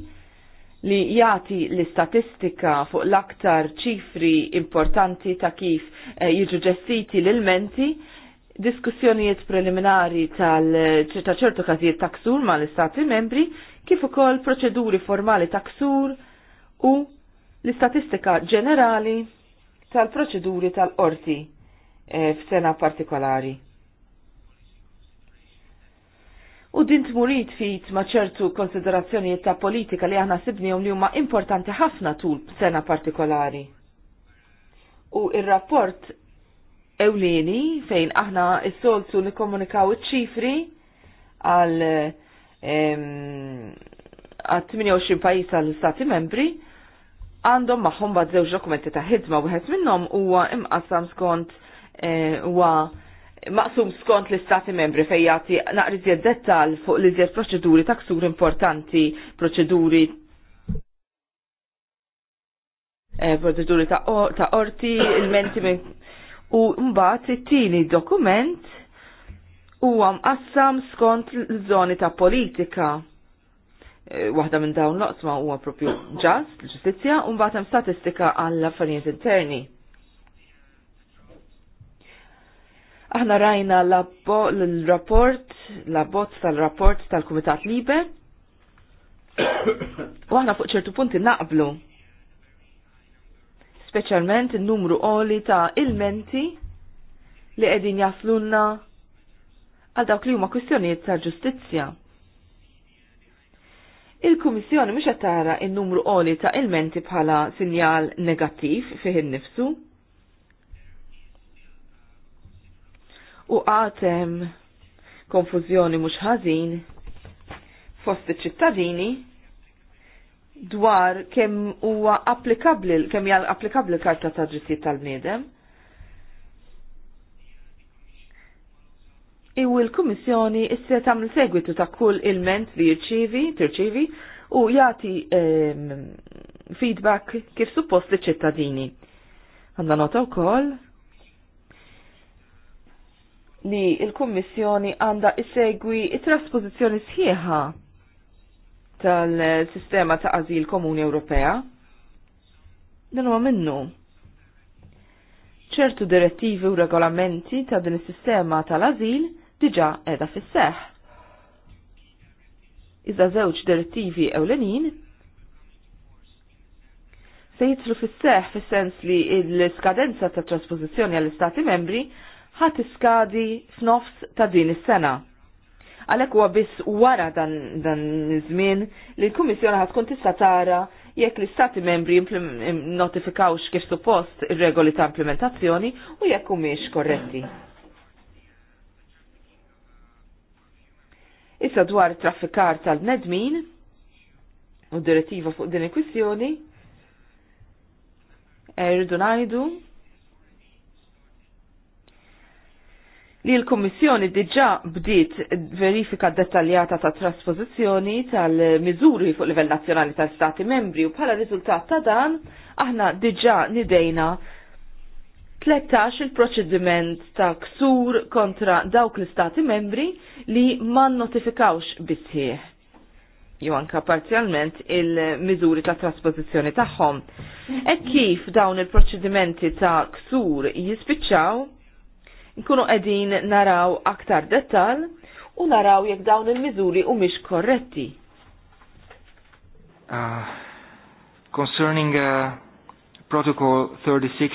li jati l-istatistika fuq l-aktar ċifri importanti ta' kif eh, jiġu ġessiti l menti, diskussjonijiet preliminari tal-ċerta ċertu kazijiet taksur ma' l-istati membri, kif ukoll proċeduri formali taksur u l-istatistika ġenerali tal-proċeduri tal-orti eh, f'sena partikolari. U din tmurid fit ma' ċertu konsiderazzjonijiet ta' politika li aħna sibnihom li huma importanti ħafna tul sena partikolari. U il rapport ewlieni fejn aħna s-soltu nikkomunikaw iċ-ċifri għal għal 28 pajjiż għal stati membri għandhom magħhom bad żewġ dokumenti ta' ħidma u wieħed minnhom huwa imqassam skont huwa eh, e, maqsum skont l-istati membri fejjati jagħti naqri dettal fuq li zjed proċeduri ta' ksur importanti, proċeduri eh, proċeduri ta' orti, il-menti u mbagħad it-tieni dokument huwa mqassam skont l-żoni ta' politika eh, waħda minn dawn l-oqsma huwa propju ġast, l-ġustizzja, u mbagħad hemm statistika għall affarijiet interni. Aħna rajna l-rapport, l-abbozz tal-rapport tal-Kumitat Liber. U aħna fuq ċertu punti naqblu. Speċjalment il-numru qoli ta' ilmenti li qegħdin jaslunna għal dawk li huma kwistjonijiet ta' ġustizzja. Il-Kummissjoni mhux qed tara n-numru qoli ta' ilmenti bħala sinjal negattiv fih innifsu. nifsu u għatem konfuzjoni mhux ħażin fost ċittadini dwar kemm huwa applikabbli kemm hija applikabbli karta ta' ġittijiet tal-bniedem. Iw il-Kummissjoni issa l segwitu ta' kull ilment li jirċivi, tirċivi u jagħti ehm, feedback kif suppost liċ-ċittadini. Għandna nota wkoll li il-Kummissjoni għanda issegwi it-trasposizjoni sħiħa tal-sistema ta' azil komuni Ewropea. Dan huwa minnu. ċertu direttivi u regolamenti ta' din is-sistema tal-azil diġa edha fis-seħ. Iżda żewġ direttivi ewlenin se jitru fis-seħ fis-sens li l-skadenza ta' trasposizjoni għall-Istati membri ħat iskadi f'nofs ta' din is-sena. Għalhekk huwa biss wara dan, dan iż-żmien li l-Kummissjoni ħad tkun tista' tara jekk l-Istati membri notifikawx kif suppost ir-regoli ta' implementazzjoni u jekk humiex korretti. Issa dwar traffikar tal-nedmin u direttiva fuq din il-kwistjoni, rridu ngħidu li l-Kommissjoni diġa bdiet verifika dettaljata ta' trasposizjoni tal-miżuri fuq livell nazzjonali tal-Stati membri u bħala riżultat ta' dan aħna diġa nidejna 13 il-proċediment ta' ksur kontra dawk l-Stati membri li ma notifikawx bisħieħ. Jew anka parzjalment il-miżuri ta' trasposizjoni tagħhom. E kif dawn il-proċedimenti ta' ksur jispiċċaw? nkunu qegħdin naraw aktar dettal u naraw jekk dawn il-miżuri mhumiex korretti. Uh, concerning uh, Protocol 36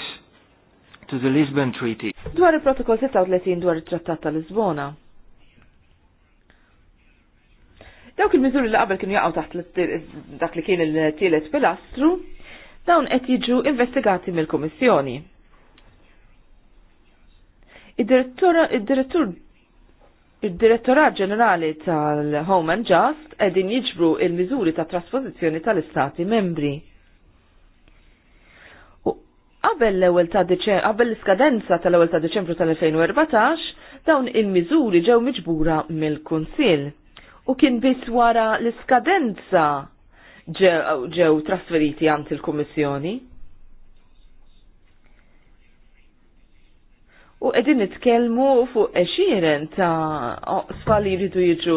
to the Lisbon Treaty. Dwar il-Protokoll 36 dwar it-Trattat ta' Lisbona. Dawk il-miżuri li qabel kienu jaqgħu taħt dak li kien il-tielet pilastru, dawn qed jiġu investigati mill-Kummissjoni. Id-direttur direttorat Ġenerali tal-Home and Just edin jiġbru il-miżuri ta' trasposizjoni tal-Istati membri. U qabel l-ewwel ta' qabel l-iskadenza tal-ewwel ta' Deċembru tal-2014, dawn il-miżuri ġew miġbura mill-Kunsill. U kien biss wara l-iskadenza ġew trasferiti għand il-Kummissjoni. U għedin nitkelmu fuq eċiren ta' oqsfa li jridu jiġu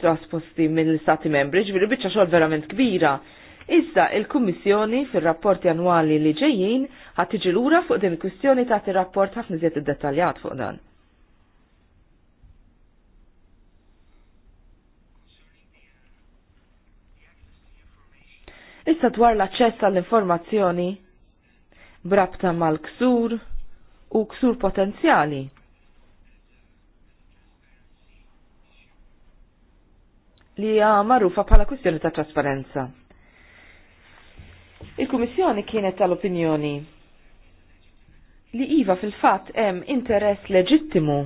trasposti minn l-Stati membri, ġviri bieċa xol verament kbira. Issa il-Kummissjoni fil-rapporti annwali li ġejjin ħat tiġi lura fuq din il-kwistjoni ta' rapport ħafna iżjed id-detaljat fuq dan. Issa dwar l-aċċess għall-informazzjoni brabta mal-ksur, u ksur potenzjali. li hija magħrufa bħala kwistjoni ta' trasparenza. Il-Kummissjoni kienet tal-opinjoni li iva fil-fatt hemm interess leġittimu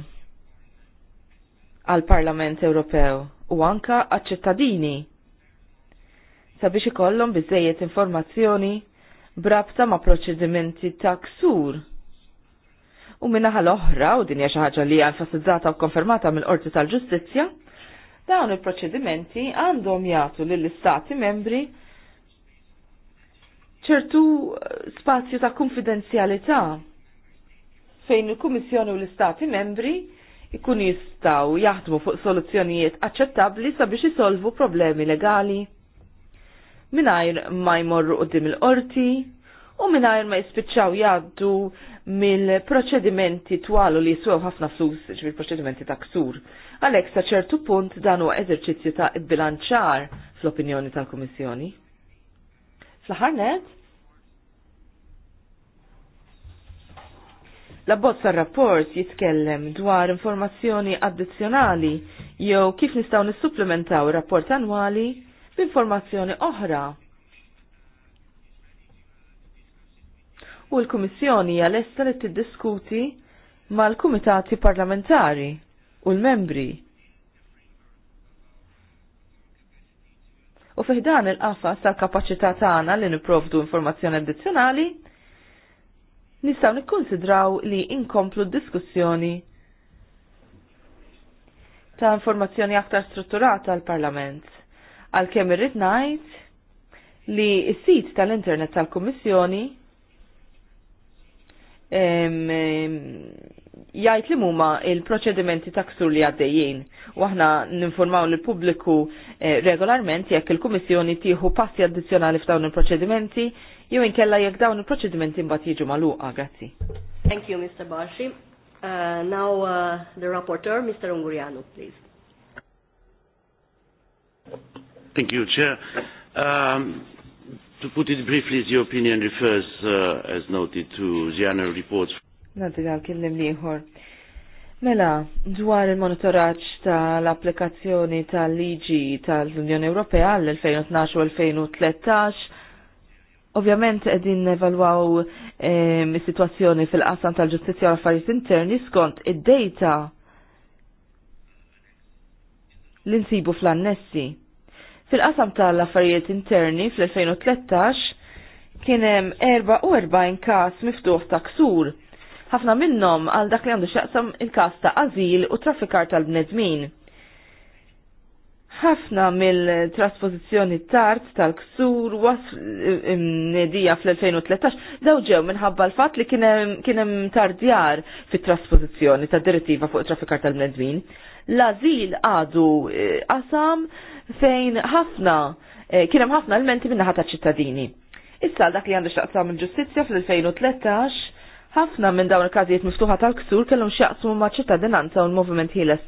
għal Parlament Ewropew u anka għal-ċittadini sabiex ikollhom biżejjed informazzjoni brabta ma' proċedimenti ta' ksur U minnaħa l-oħra, u dinja xaħġa li enfasizzata u konfermata mill-Qorti tal-Ġustizzja, dawn il-proċedimenti għandhom jagħtu lill-Istati membri ċertu eh, spazju ta' konfidenzjalità fejn il-Kummissjoni u l-Istati membri ikun jistaw jaħdmu fuq soluzzjonijiet aċċettabbli sabiex isolvu problemi legali minajr ma jmorru qudiem il-qorti, u minnajr ma jispiċċaw jaddu mill-proċedimenti twalu li jiswew ħafna flus ġvil proċedimenti ta' ksur. Għalek sa ċertu punt dan huwa eżerċizzju ta' bilanċar fl-opinjoni tal-Kummissjoni. Fl-ħarnet? l bozza rapport jitkellem dwar informazzjoni addizzjonali jew kif nistgħu nissupplementaw ir-rapport annwali b'informazzjoni oħra u l-Kummissjoni hija lesta li tiddiskuti mal-Kumitati Parlamentari u l-Membri. U fiħdan il-qafas tal-kapaċità tagħna li nipprovdu informazzjoni addizzjonali, nistgħu nikkonsidraw li inkomplu d-diskussjoni ta' informazzjoni aktar strutturata għal parlament kemm irrid ngħid li s-sit tal-internet tal-Kummissjoni jgħid li huma il-proċedimenti ta' ksur li għaddejjien. U aħna ninformaw l pubbliku eh, regolarment jekk il-Kummissjoni tieħu passi addizzjonali f'dawn il-proċedimenti jew inkella jekk dawn il-proċedimenti mbagħad jiġu magħluqa, grazzi. Thank you, Mr. Barshi. Uh, now uh, the rapporteur, Mr. Unguriano, please. Thank you, Chair. Um, To put it briefly, the opinion refers, uh, as noted, to the annual reports. Nanti kellem liħor. Mela, dwar il-monitoraċ tal-applikazzjoni tal-liġi tal-Unjoni Ewropea l 2012 u 2013, ovvjament edin evalwaw ehm, is-situazzjoni fil-qasam tal-ġustizja u affarijiet interni skont id-data l-insibu fl-annessi Fil-qasam tal-affarijiet interni fl-2013 kien hemm 44 każ miftuħ ta' ksur. Ħafna minnhom għal dak li għandu xaqsam il-każ ta' azil u traffikar tal-bnedmin ħafna mill-trasposizjoni tard tal-ksur was nedija fl-2013 daw ġew minħabba l-fatt li kienem tardjar fit-trasposizjoni ta' direttiva fuq traffikar tal-medmin. L-azil għadu eh, qasam fejn ħafna eh, kienem ħafna elementi minnaħat ta' ċittadini. Issa dak li għandu xaqsam il-ġustizja fl-2013 ħafna minn dawn il-każijiet miftuħa tal-ksur kellhom xaqsmu ma' ċittadinanza u l-moviment ħieles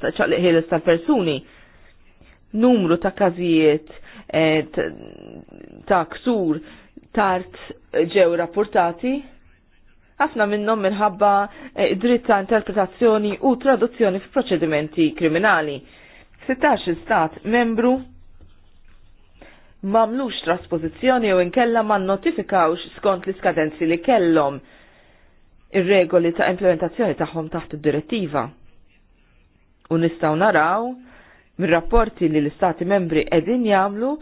tal-persuni numru ta' każijiet eh, ta' ksur tard ġew rapportati ħafna minnhom minħabba eh, dritt ta' interpretazzjoni u traduzzjoni f'proċedimenti kriminali. 16 stat membru mamlux traspożizzjoni u inkella ma notifikawx skont l-iskadenzi li kellhom ir-regoli ta' implementazzjoni tagħhom taħt id-direttiva. U nistgħu naraw mir-rapporti li l-istati membri edin jamlu,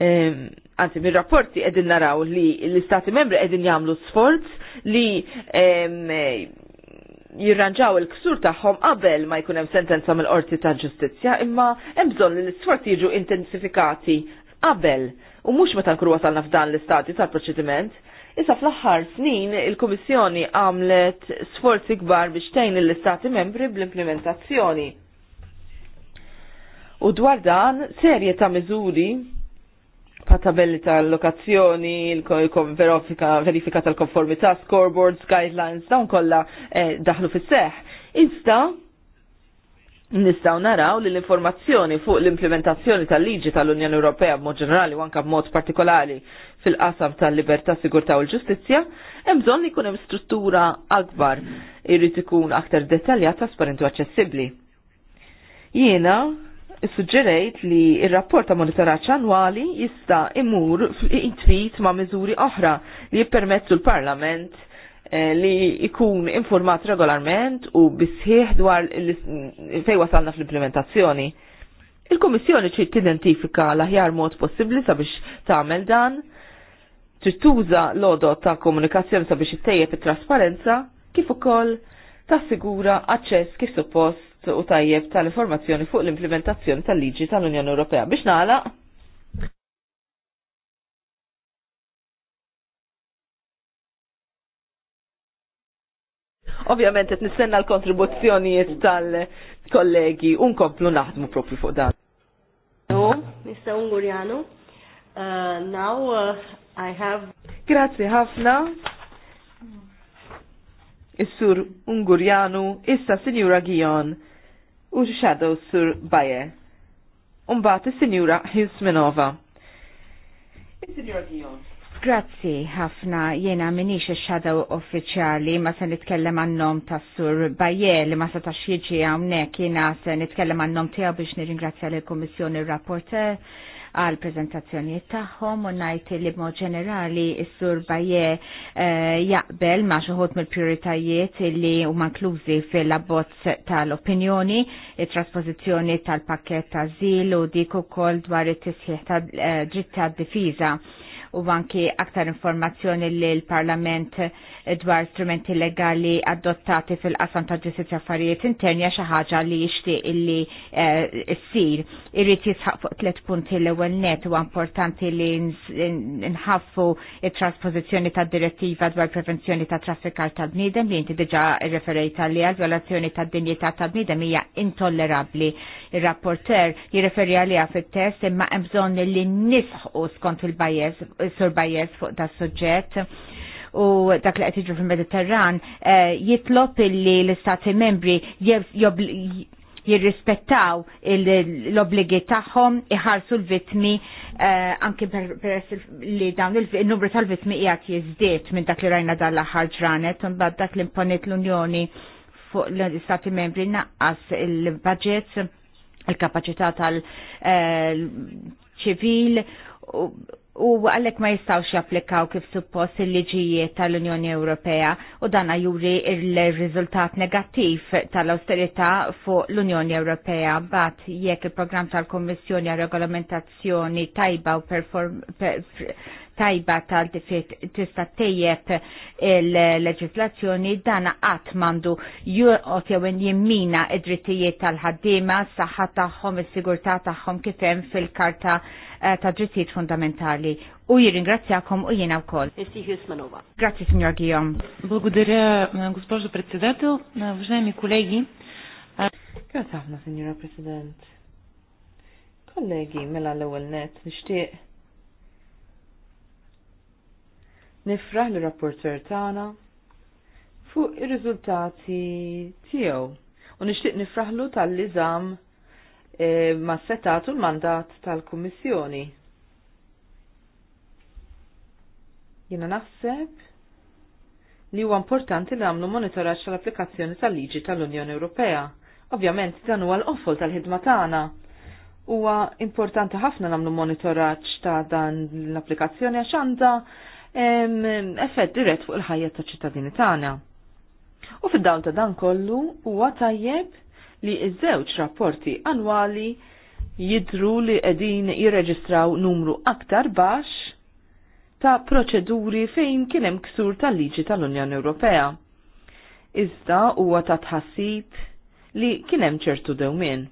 għanti mir-rapporti edin naraw li l-istati membri edin jamlu sforz li jirranġaw il-ksur taħħom qabel ma jkunem sentenza mill-qorti ta' ġustizja, imma hemm bżonn li l sforz jiġu intensifikati qabel u mhux meta kru wasalna f'dan l istati tal-proċediment. Issa fl-aħħar snin il-Kummissjoni għamlet sforzi kbar biex tgħin l-Istati membri bl-implementazzjoni U dwar dan serje ta' miżuri pa' tabelli ta' lokazzjoni, verifika tal-konformità, scoreboards, guidelines, dawn kollha eh, daħlu fis-seħ. Insta Nistaw naraw li l-informazzjoni fuq l-implementazzjoni tal-liġi tal-Unjoni Ewropea b'mod ġenerali u anke b'mod partikolari fil-qasam tal-libertà, sigurtà u l-ġustizzja, hemm bżonn li jkun hemm struttura akbar irid ikun aktar dettaljat, trasparenti u aċċessibbli. Jiena suġġerejt li il-rapport ta' monitoraċ annwali jista' imur fl-intfit ma' miżuri oħra li jippermettu l-Parlament eh, li ikun informat regolarment u bisħieħ dwar fej wasalna fl-implementazzjoni. Il-Komissjoni ċi t-identifika l-aħjar mod possibli sabiex tagħmel dan, trittuża l-odot ta' komunikazzjoni sabiex it it-trasparenza, kif ukoll tassigura aċċess kif suppost u tajjeb tal-informazzjoni fuq l-implementazzjoni tal-liġi tal-Unjoni Ewropea. Biex nagħlaq? Ovvjament qed nistenna l-kontribuzzjonijiet tal-kollegi u nkomplu naħdmu propju fuq dan. Mr. Unguriano, uh, now uh, I have. Grazie ħafna. Is-sur Ungurjanu, issa Signora Gion u Shadow Sur baje. Umbat il-Sinjura Hilsmenova. Il-Sinjura Grazzi ħafna jena minix il-shadow uffiċjali ma se nitkellem għannom ta' sur Bajer li ma se ta' xieġi għamnek jena se nitkellem għannom tijaw biex nirringrazzja l-Komissjoni Rapporte għal prezentazzjonijiet tagħhom u ngħid li b'mod ġenerali s-sur Baje eh, jaqbel ma' xuħut mill-prioritajiet li huma inklużi fil-abbozz tal-opinjoni, it traspożizzjoni tal-pakket ta' u dik ukoll dwar it-tisħiħ ta' eh, dritt tad-difiża u anki aktar informazzjoni li l-Parlament dwar strumenti legali adottati fil-qasam ta' ġustizja affarijiet interni għax ħaġa li jixtieq illi eh, ssir. Irrid jisħaq fuq tliet punti l-ewwel net huwa importanti li nħaffu it-trasposizzjoni ta' direttiva dwar prevenzjoni ta' traffikar ta' bniedem li inti diġà irreferejta li għal violazzjoni ta' dinjità ta' bniedem hija intollerabbli. Ir-rapporter jirreferi għaliha fit-test imma hemm bżonn li nisħu skont il-bajjeż Sur fuq ta' suġġett u dak li qed jiġu fil-Mediterran eh, jitlob illi l-istati membri jirrispettaw l-obligi tagħhom iħarsu l-vitmi eh, anke per li dawn il-numru tal-vitmi jgħat jiżdied minn dak li rajna dalla aħħar ġranet bad mbagħad dak li imponiet l-Unjoni fuq l-istati membri naqqas il-budgets il-kapacità tal-ċivil eh, u għallek ma jistawx japplikaw kif suppost il-liġijiet tal-Unjoni Ewropea u dana juri il-rizultat negattiv tal austerita fuq l-Unjoni Ewropea bat jekk il-programm tal-Kommissjoni għal regolamentazzjoni tajba u tajba tal tifiet tista tejjeb il-leġislazzjoni dan qatt mandu jurqot jew jimmina id-drittijiet tal-ħaddiema, s-saħħa tagħhom, is-sigurtà tagħhom kifem fil-Karta eh, ta' drittijiet fundamentali. U jirringrazzjakom u jiena wkoll. Esti Grazzi, signor Gijom. Благодаря, э, госпожо председател, э, уважаеми колеги. Grazie signora President. Kollegi, mela l-ewwel net nixtieq Nifraħ l-rapporter tagħna fuq ir-riżultati tiegħu u nixtieq nifraħlu tal liżam żamm e, ma' setatu l-mandat tal-Kummissjoni. Jiena naħseb li huwa importanti li għamlu monitoraġġ tal-applikazzjoni tal-liġi tal-Unjoni Ewropea. Ovvjament dan huwa l-qofol tal-ħidma tagħna. Huwa importanti ħafna nagħmlu monitoraġġ ta' dan l-applikazzjoni għax għandha effett dirett fuq il-ħajja ta' ċittadini tagħna. U fid-dawl ta' dan kollu huwa tajjeb li iż-żewġ rapporti annwali jidru li qegħdin jirreġistraw numru aktar baxx ta' proċeduri fejn kien hemm ksur tal-liġi tal-Unjoni Ewropea. Iżda huwa ta' tħassib li kien hemm ċertu dewmien.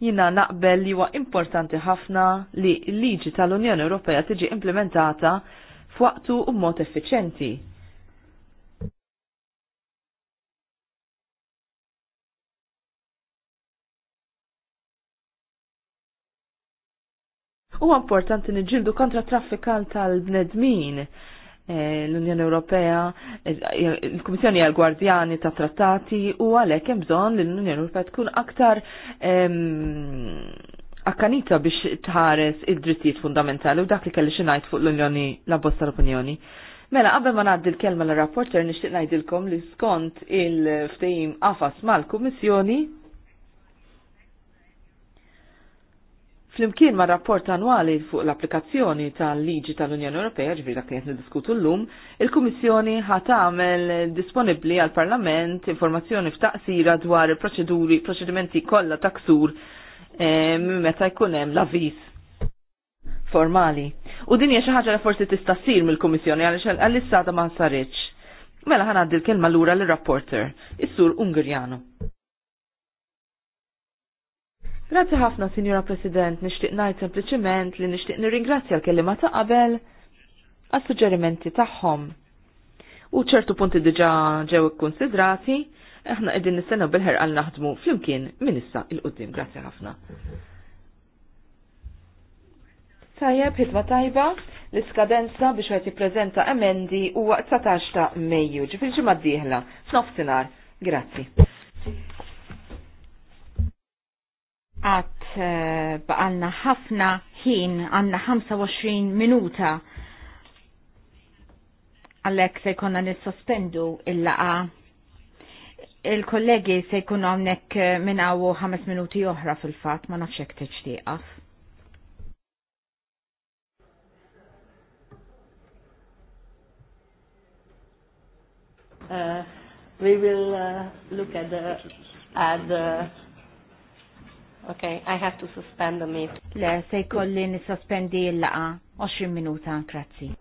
jina naqbel li huwa importanti ħafna li l-liġi tal-Unjoni Ewropea tiġi implementata f'waqtu u mod effiċenti. Huwa importanti niġildu kontra traffikant tal-bnedmin Eh, l-Unjoni Ewropea, eh, il-Kummissjoni għal gwardjani ta' trattati u għalhekk hemm bżonn li l-Unjoni Ewropea tkun aktar ehm, akkanita biex tħares id-drittijiet fundamentali u dak li kelli xinajt ngħid fuq l-Unjoni la bosta l-Opinjoni. Mela, qabel ma ngħaddi l-kelma l-rapporter nixtieq ngħidilkom li skont il-ftehim għafas mal-Kummissjoni Flimkien ma' rapport annwali fuq l-applikazzjoni tal-liġi tal-Unjoni Ewropea, ġifri dak li diskutu niddiskutu llum, il-Kummissjoni ħat għamel disponibbli għal Parlament informazzjoni f'taqsira dwar il-proċeduri, proċedimenti kollha ta' ksur eh, meta jkun hemm l-avviż formali. U din hija xi ħaġa li forsi tista' ssir mill-Kummissjoni għaliex għall-issata ma saritx. Mela ħana għaddil kelma lura l-rapporter, is-sur Ungerjano. Grazzi ħafna, Sinjora President, nixtieq ngħid sempliciment li nixtieq nirringrazzja l kellima ta' qabel għas-suġġerimenti tagħhom. U ċertu punti diġa' ġew ikkunsidrati, aħna qegħdin nistennew bil għal naħdmu flimkien minn issa il-qudiem. Grazzi ħafna. Tajjeb, ħidma tajba, l-iskadenza biex qed jippreżenta emendi huwa 19 ta' Mejju, ġifirġi maddiħla, d-dieħla, Grazzi għat eh, baqalna ħafna ħin għanna 25 minuta għallek se jkonna nissospendu il-laqa il-kollegi se jkunu għamnek eh, minnawu 5 minuti oħra fil-fat ma nafxek t-ċtiqaf. Uh, we will uh, look at the, at the Okay, I have to suspend the meeting. Le, se jkolli nisospendi l-laqa 20 minuta, grazzi.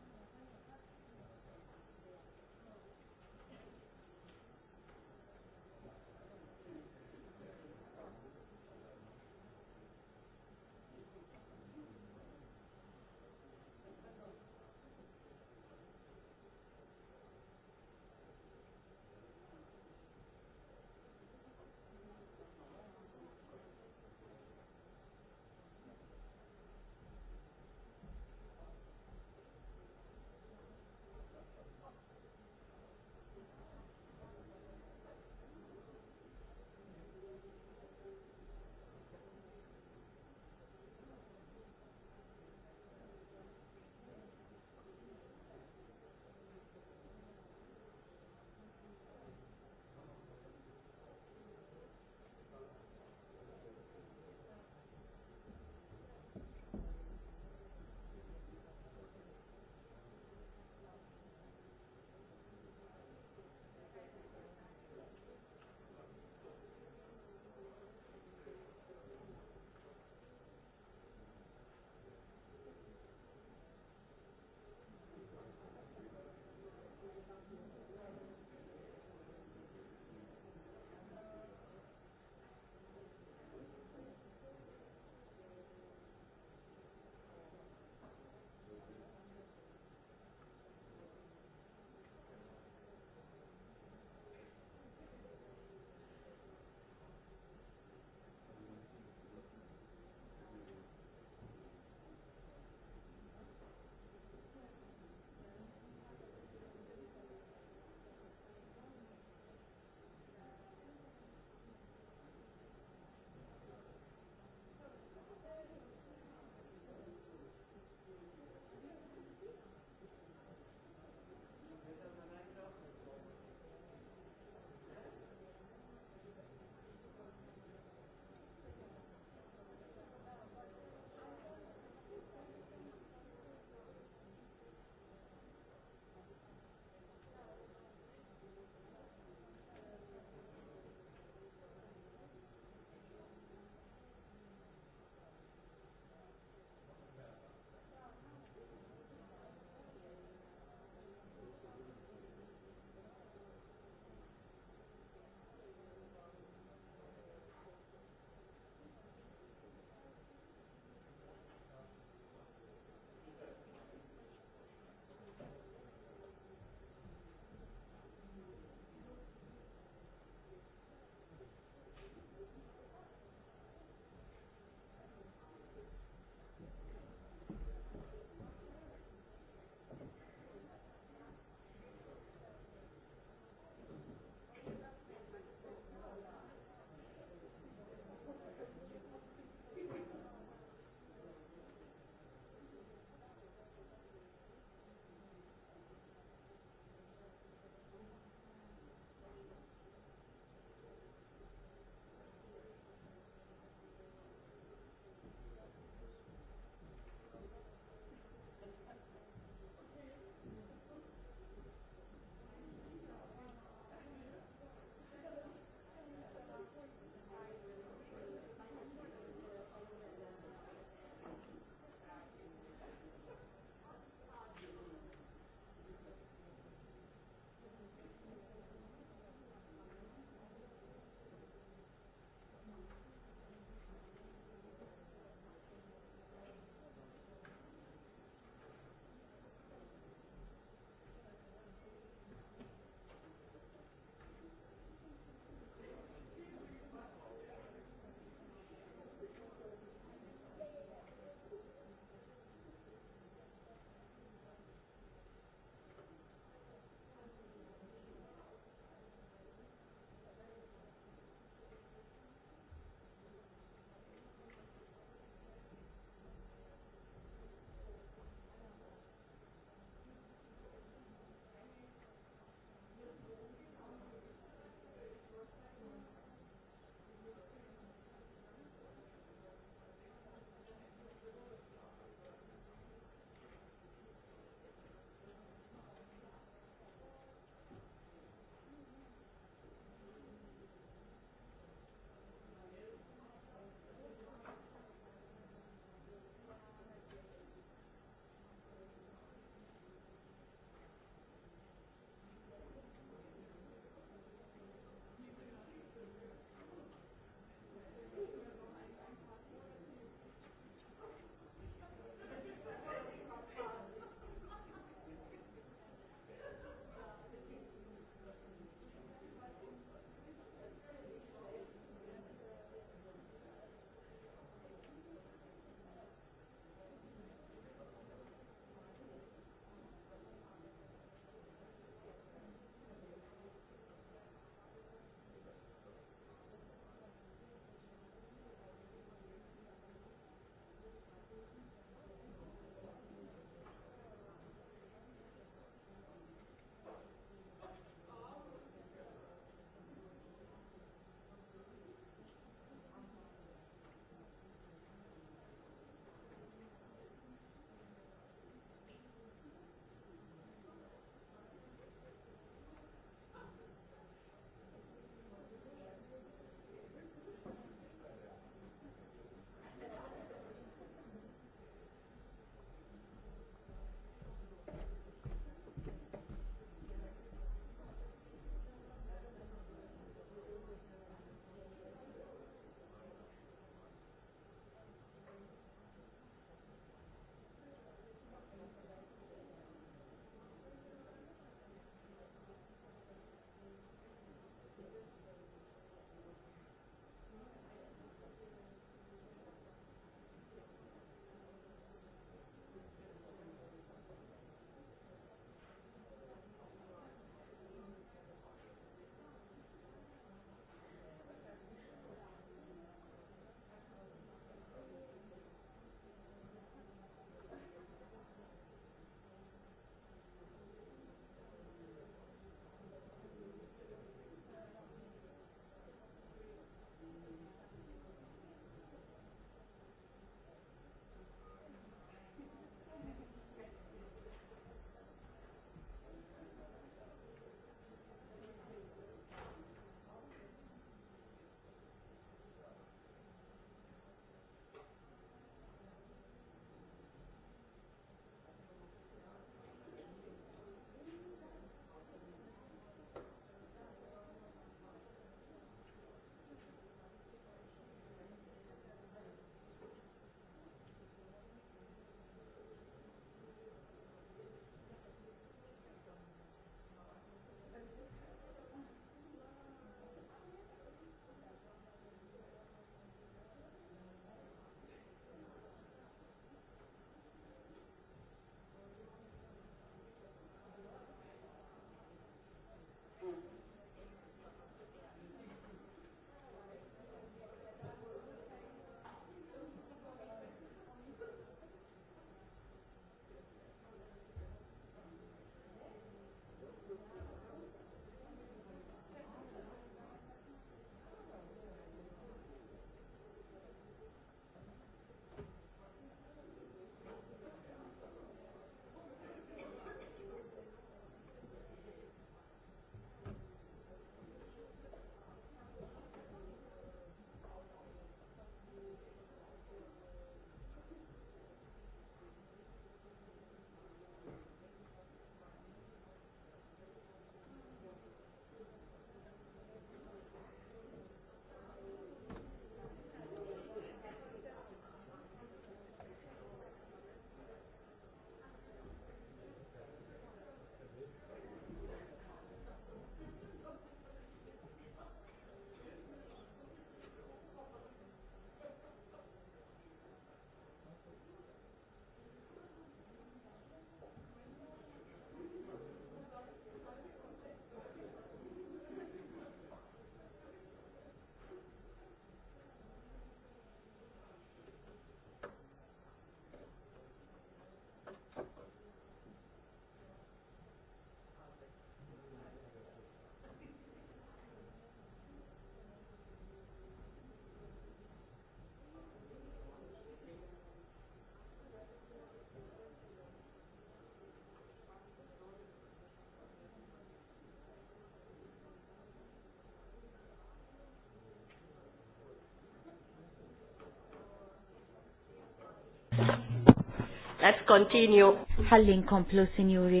Let's continue. Ħalli nkomplu, signori.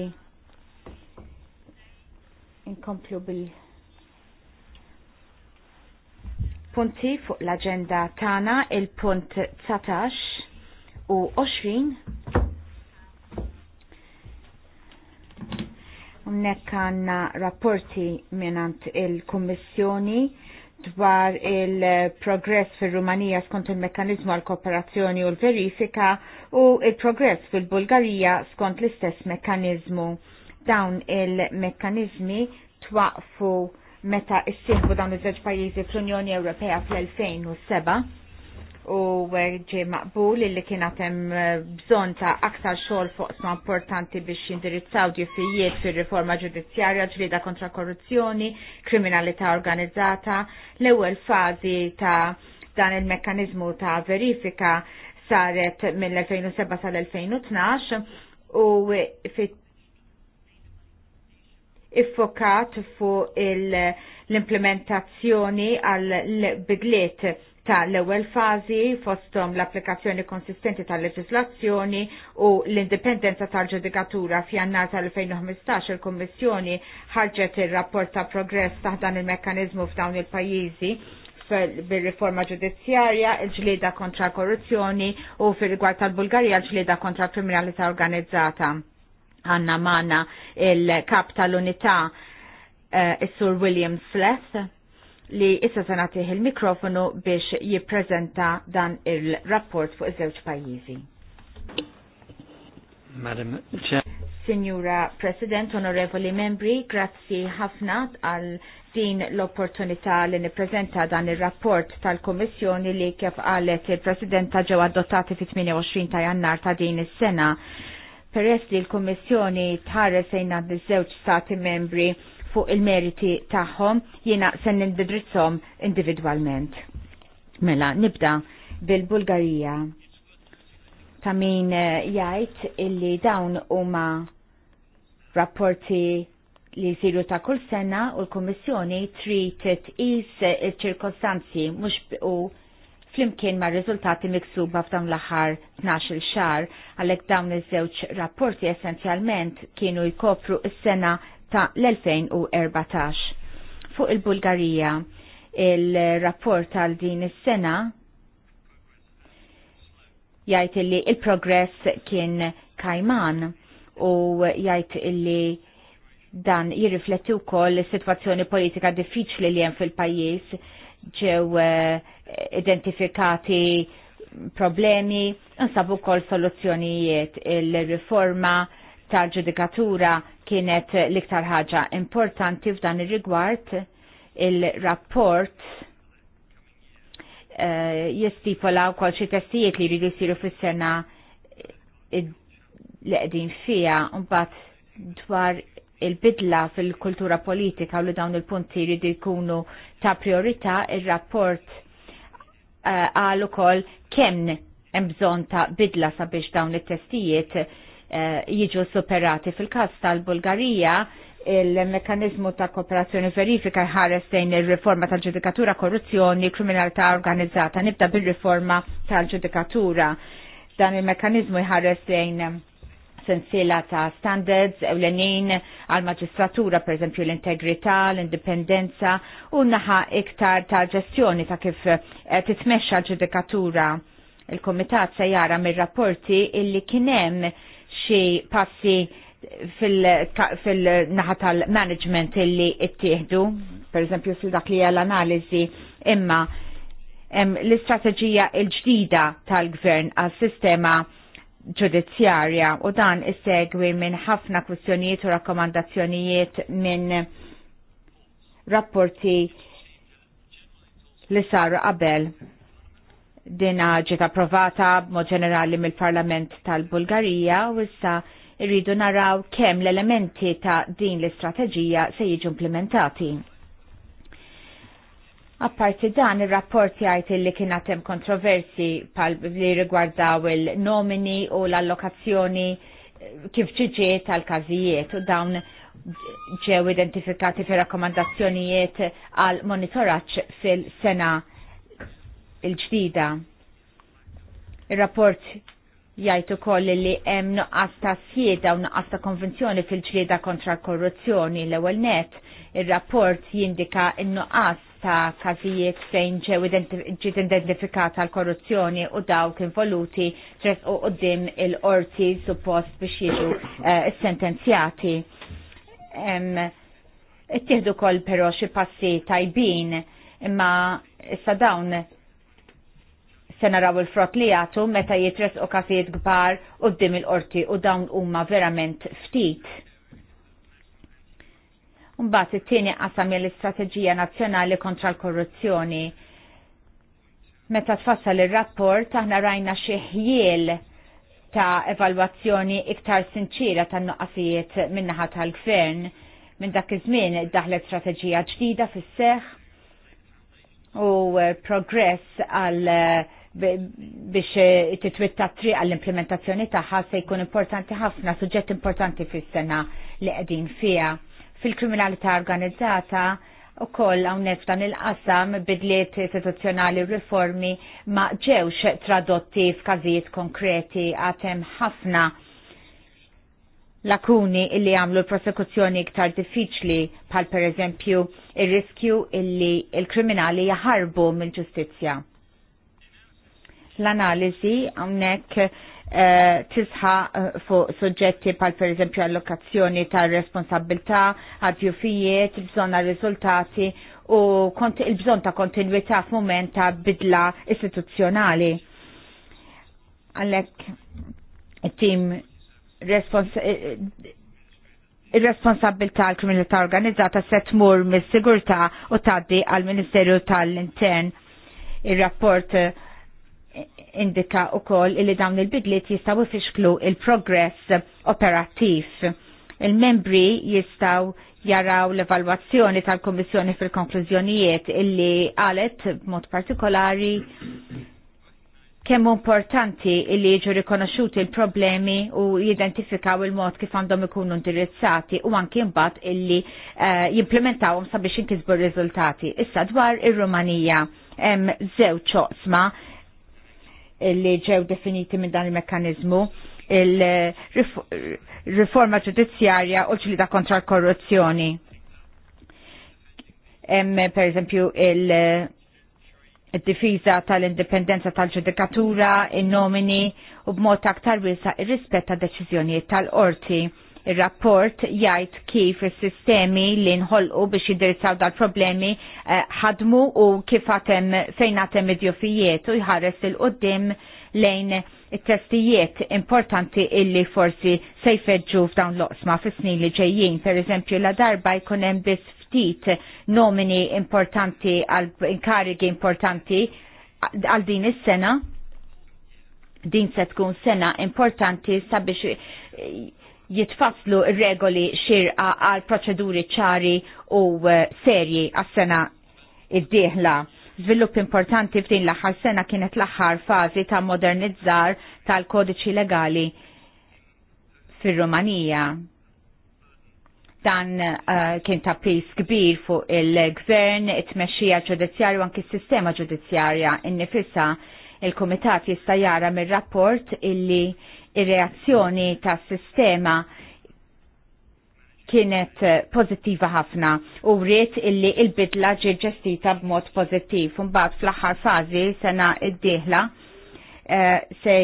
Nkomplu bil punti fuq l-agenda tana il-punt 19 u 20. Unnek għanna rapporti minant il-Kommissjoni dwar il-progress fil-Rumanija skont il mekanizmu għal kooperazzjoni u l-verifika u il-progress fil-Bulgarija skont l-istess mekanizmu. Dawn il mekanizmi twaqfu meta issieħbu dawn iż-żewġ pajjiżi fl-Unjoni Ewropea fl-2007 u ġie maqbul illi kien hemm eh, bżonn ta' aktar xogħol fuq sma importanti biex jindirizzaw ġifijiet fir-riforma ġudizzjarja ġrida kontra korruzzjoni, kriminalità organizzata, l-ewwel fażi ta' dan il-mekkanizmu ta' verifika saret mill-2007 sal-2012 u fit iffokat fuq l-implementazzjoni għal bidliet ta' l-ewwel fażi fosthom l-applikazzjoni konsistenti tal-leġislazzjoni u l-indipendenza tal-ġudikatura f'jannar tal-2015 il-Kummissjoni ħarġet il rapport ta' progress ta' dan il-mekkaniżmu f'dawn il-pajjiżi bil-riforma ġudizzjarja, il-ġlieda kontra korruzzjoni u fil-rigward tal-Bulgarija il-ġlieda kontra kriminalità organizzata. Għanna mana il-kap tal-unità uh, eh, sur William Sleth li issa se nagħtih il-mikrofonu biex jippreżenta dan il-rapport fuq iż-żewġ pajjiżi. Madam Chair. Signora President, onorevoli membri, grazzi ħafna għal din l-opportunità li nipprezenta dan il-rapport tal-Komissjoni li kif qalet il-Presidenta ġew adottati fit-28 ta' jannar ta' din is-sena. Peress li l-Komissjoni tħares sejna d-żewġ stati membri fuq il-meriti tagħhom jiena se nindirizzhom individwalment. Mela, nibda bil-Bulgarija ta' min eh, jgħid illi dawn huma rapporti li jsiru ta' kull sena u l kummissjoni trid tqis il ċirkostanzi mhux u flimkien ma' riżultati miksuba f'dawn l-aħħar 12 xar għalhekk dawn iż-żewġ rapporti essenzjalment kienu jkopru s-sena ta' l-2014. Fuq il-Bulgarija, il-rapport tal din is-sena jgħid illi il-progress kien kajman u jgħid illi dan jirrifletti wkoll is-sitwazzjoni politika diffiċli li hemm fil-pajjiż ġew eh, identifikati problemi, nsabu kol soluzzjonijiet il-riforma tal-ġudikatura kienet l-iktar ħaġa importanti f'dan ir-rigward il-rapport uh, eh, jistipola u kol xie testijiet li rridu siru fis-sena li għedin fija mbagħad dwar il-bidla fil-kultura politika u li dawn il-punti jridu jkunu ta' priorità ir-rapport għal eh, uh, ukoll kemm hemm bżonn ta' bidla sabiex dawn it-testijiet Eh, jiġu superati. Fil-kas tal-Bulgarija, il-mekanizmu ta' kooperazzjoni verifika jħares sejn il-riforma tal-ġudikatura korruzzjoni, kriminalità organizzata. Nibda bil reforma tal-ġudikatura. Dan il-mekanizmu jħares sejn sensila ta' standards ewlenin għal maġistratura per esempio l-integrità, l-indipendenza u naħa iktar ta' ġestjoni ta' kif eh, titmexxa l-ġudikatura. Il-Komitat se jara mir-rapporti illi kienem xi passi fil-naħa tal-management illi ittieħdu, per eżempju fil-dak li l-analizi, imma l-istrateġija il-ġdida tal-gvern għal-sistema ġudizzjarja u dan is-segwi minn ħafna kwistjonijiet u rakkomandazzjonijiet minn rapporti li saru qabel Dina ġiet approvata mod ġenerali mill-Parlament tal-Bulgarija u issa irridu naraw kemm l-elementi ta' din l-istrateġija se jiġu implementati. Apparti dan ir-rapport jgħid li kien hemm kontroversi pal li rigwardaw il-nomini u l-allokazzjoni kif ġiġiet tal-każijiet u dawn ġew identifikati fi rakkomandazzjonijiet għal monitoraġġ fil-sena il-ġdida. Il-rapport jgħid ukoll li hemm nuqqas ta' sjeda u nuqqas ta' konvenzjoni fil-ġlieda kontra korruzzjoni l-ewwel net. Ir-rapport jindika n-nuqqas ta' każijiet fejn ġew ġiet identifikata l-korruzzjoni u dawk involuti tres u qudiem il-qorti suppost biex jiġu eh, sentenzjati. Ittieħdu koll però xi passi tajbin imma issa dawn Sena raw il-frott li jagħtu meta jitres u kafijiet kbar qudiem il-qorti u dawn huma verament ftit. Mbagħad it-tieni qasam l-istrateġija nazzjonali kontra l-korruzzjoni. Meta tfassal ir-rapport aħna rajna xi ta' evalwazzjoni iktar sinċira tan nuqqafijiet min-naħa tal-gvern minn dak iż-żmien daħlet strateġija ġdida fis seħ u eh, progress għal uh, biex eh, titwitta triq għall-implementazzjoni tagħha se jkun importanti ħafna, suġġett importanti fis-sena li qegħdin fiha. Fil-kriminalità organizzata u koll għawnek dan il-qasam bidliet istituzzjonali u riformi ma ġewx tradotti f'każijiet konkreti għatem ħafna lakuni illi għamlu l-prosekuzzjoni iktar diffiċli pal per eżempju il-riskju illi il-kriminali jaħarbu mill-ġustizja l-analizi għonek eh, tisħa eh, fuq suġġetti pal per eżempju allokazzjoni ta' responsabilità, għadjufijiet, bżonna riżultati u il-bżon ta' kontinuità f'mument ta' bidla istituzzjonali. Għalek, tim eh, il-responsabilità għal kriminalità organizzata se tmur mis-sigurtà u taddi għal Ministeru tal-Intern. Il-rapport indika u koll illi dawn il-bidliet jistaw ifixklu il-progress operattiv. Il-membri jistaw jaraw l-evalwazzjoni tal-Kommissjoni fil-konklużjonijiet illi għalet b'mod partikolari kemm importanti illi jiġu rikonoxxuti l-problemi u jidentifikaw il-mod kif għandhom ikunu indirizzati u anki mbagħad illi uh, jimplementawhom sabiex inkisbu r-riżultati. Issa dwar ir-Rumanija hemm żewġ oqsma li ġew definiti minn dan il-mekkanizmu il-riforma ġudizzjarja u ġlida kontra l-korruzzjoni. Hemm per eżempju il- id-difiża tal-indipendenza tal-ġudikatura, in-nomini u b'mod aktar wiesa ir-rispett ta' deċiżjonijiet tal-qorti Il-rapport jgħid kif is-sistemi li nħolqu biex jiddirizzaw dal-problemi eh, ħadmu u kif għatem fejn għatem id-djufijiet u jħares il-qoddim lejn testijiet importanti illi forsi se f'dawn l osma fis-snin li ġejjin. Per eżempju, la darba jkun hemm biss ftit nomini importanti għal inkarigi importanti għal din is-sena. Din se tkun sena importanti sabiex jitfasslu regoli xirqa għal proċeduri ċari u eh, serji għas-sena id-dieħla. Zvilupp importanti f'din l-aħħar sena kienet l-aħħar fażi ta' modernizzar tal-kodiċi legali fir-Rumanija dan eh, kien ta' pris kbir fuq il-gvern, it-mexxija ġudizzjarju anki s-sistema ġudizzjarja innifissa il-komitat jista' jara mir-rapport illi ir-reazzjoni tas sistema kienet pozittiva ħafna u rrit illi il-bidla ġi ġestita b'mod pozittiv. Mbagħad fl-aħħar fażi sena d-dieħla eh, se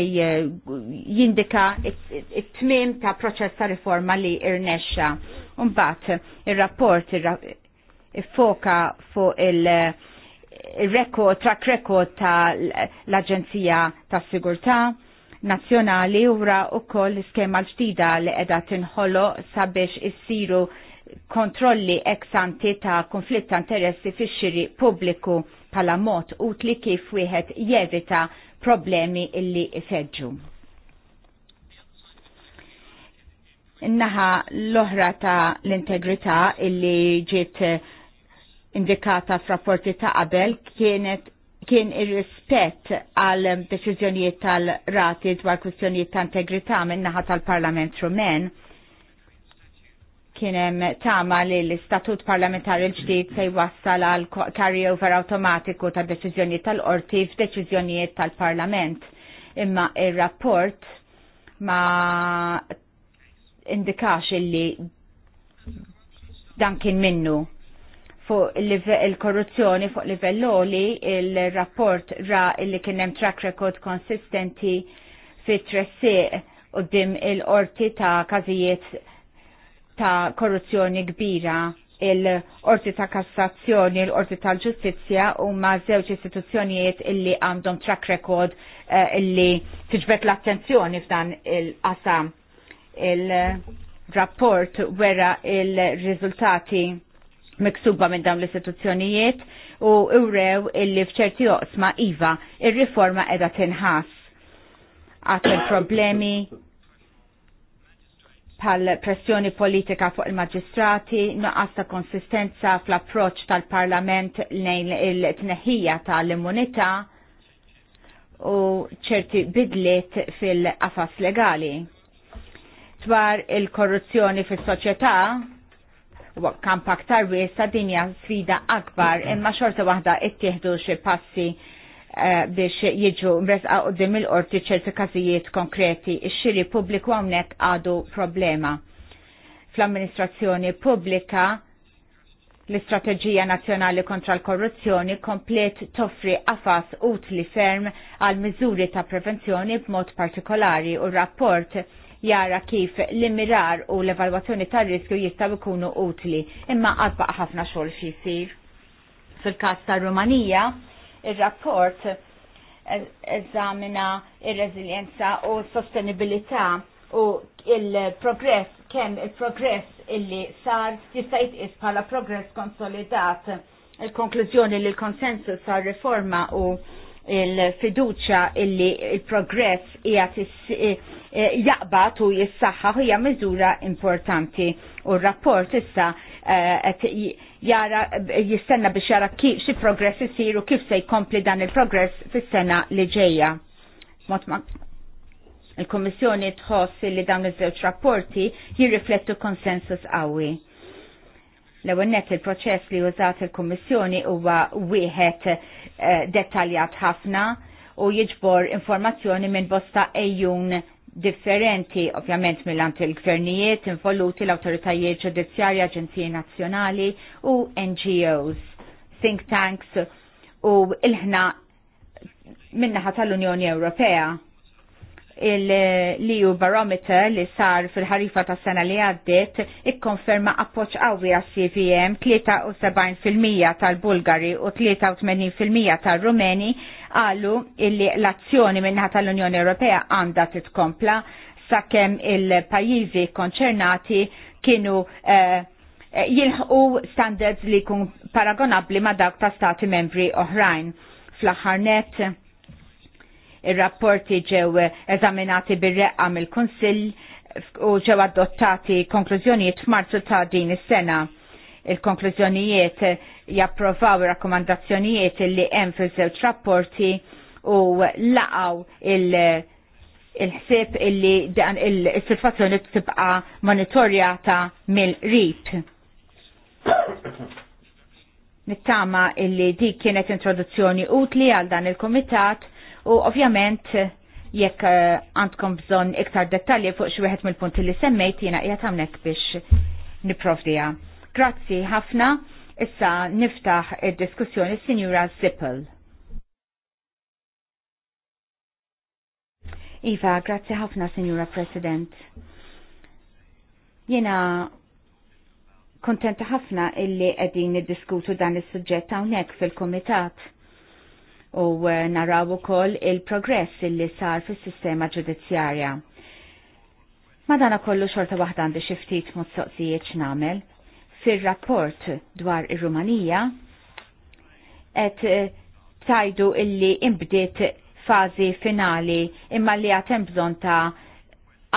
jindika it-tmim ta' proċess ta' riforma li irnexxa. Mbagħad ir-rapport ifoka fuq il- record track record ta' l-Aġenzija ta' Sigurtà nazzjonali ura u koll skema l-ġdida li edha tinħolo sabiex issiru kontrolli eksanti ta' konflitt ta' interessi fi xiri pubbliku pala u utli kif wieħed jevita problemi illi feġġu. Innaħa l-oħra ta' l-integrità illi ġiet indikata f'rapporti ta' qabel kienet kien ir-rispett għal deċiżjonijiet tal-rati dwar kwistjonijiet ta' integrità min-naħa tal-Parlament Rumen kien hemm tama li l-istatut parlamentari l-ġdid se jwassal għal carryover awtomatiku ta' deċiżjonijiet tal-qorti f'deċiżjonijiet tal-Parlament. Imma ir-rapport ma indikax illi dan kien minnu fuq il-korruzzjoni fuq livelloli il-rapport ra li kienem track record konsistenti fit tressiq u dim il-orti ta' kazijiet ta' korruzzjoni kbira il-orti ta' kassazzjoni, il-orti tal-ġustizja u ma' zewċ istituzzjonijiet illi għandhom track record eh, illi tiġbet l-attenzjoni f'dan il-qasam il-rapport wera il-rizultati miksuba minn dawn l-istituzzjonijiet u urew illi fċerti oqsma iva ir-riforma edha tinħass. Għatel problemi pal pressjoni politika fuq il-magistrati, nuqqas ta' konsistenza fl-approċ tal-parlament lejn il-tneħija tal-immunità u ċerti bidliet fil-qafas legali. Dwar il-korruzzjoni fis-soċjetà, kamp aktar wiesa dinja sfida akbar imma xorta waħda ittieħdu xi passi eh, biex jiġu mresqa qudiem il-qorti ċerti każijiet konkreti. Ix-xiri pubbliku hawnhekk għadu problema. Fl-amministrazzjoni pubblika l-Istrateġija Nazzjonali kontra l-Korruzzjoni komplet toffri qafas utli ferm għal miżuri ta' prevenzjoni b'mod partikolari u rapport jara kif l-immirar u l-evalwazzjoni tar-riskju jistaw jkunu utli, imma għadbaq ħafna xogħol xi jsir. Fil-każ tar-Rumanija, ir-rapport eżamina il reżiljenza u s-sostenibilità u il-progress, kemm il-progress illi sar jista' jitqis bħala progress konsolidat il-konklużjoni li l-konsensus għal riforma u il-fiduċa illi il-progress hija eh, eh, jaqbat u jissaħħa hija miżura importanti u r-rapport issa eh, jara jistenna biex jara kif xi progress isir u kif se jkompli dan il-progress fis-sena li ġejja. Il-Kommissjoni tħoss li dawn iż-żewġ rapporti jirriflettu konsensus qawwi L-ewwel il-proċess li użat il-Kummissjoni huwa wieħed eh, dettaljat ħafna u jiġbor informazzjoni minn bosta ejjun differenti, ovvjament mill-ant il-gvernijiet, involuti l-autoritajiet ġudizzjarja, aġenziji nazzjonali u NGOs, think tanks u il-ħna minnaħa tal-Unjoni Ewropea il-liju barometer li sar fil-ħarifa ta' sena li għaddit ikkonferma appoċ qawwi għas CVM 73% tal-Bulgari u 83% tal-Rumeni għallu illi l-azzjoni minna tal-Unjoni Ewropea għanda titkompla sakemm il-pajizi konċernati kienu eh, jilħu standards li kun paragonabli ma dawk ta' stati membri oħrajn. Fl-aħħar net, Ir-rapporti ġew eżaminati bir-reqqa mill-Kunsill u ġew adottati konklużjonijiet f'Marzu ta' din is-sena. Il-konklużjonijiet japprovaw ir-rakkomandazzjonijiet li hemm fiż-żewġ rapporti u laqgħu il- il illi dan il sitwazzjoni tibqa monitorjata mill-rip. Nittama illi dik kienet introduzzjoni utli għal dan il-komitat u ovvjament jekk eh, għandkom bżon iktar dettalji fuq xi wieħed mill-punti li semmejt jiena qiegħed hawnhekk biex nipprovdija. Grazzi ħafna. Issa niftaħ id-diskussjoni Sinjura Zippel. Iva, grazzi ħafna Sinjura President. Jiena kontenta ħafna illi qegħdin niddiskutu dan is-suġġett hawnhekk fil-Kumitat u eh, naraw ukoll il-progress illi sar fis-sistema ġudizzjarja. Madana kollu xorta waħda għandi xi ftit soqsijiet x'namel. Fir-rapport dwar ir-Rumanija qed eh, tajdu illi imbdiet fażi finali imma li għatem bżon ta'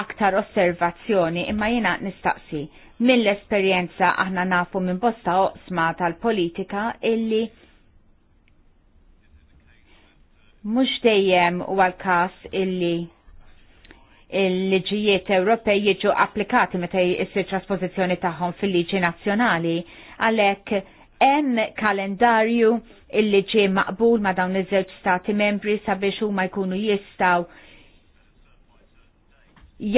aktar osservazzjoni imma jina nistaqsi mill-esperienza aħna nafu minn bosta oqsma tal-politika illi Mhux dejjem huwa l-każ illi il-liġijiet Ewropej jiġu applikati meta jissir traspożizzjoni tagħhom fil-liġi nazzjonali għalhekk hemm kalendarju illi ġie maqbul ma' dawn iż-żewġ stati membri sabiex huma jkunu jistgħu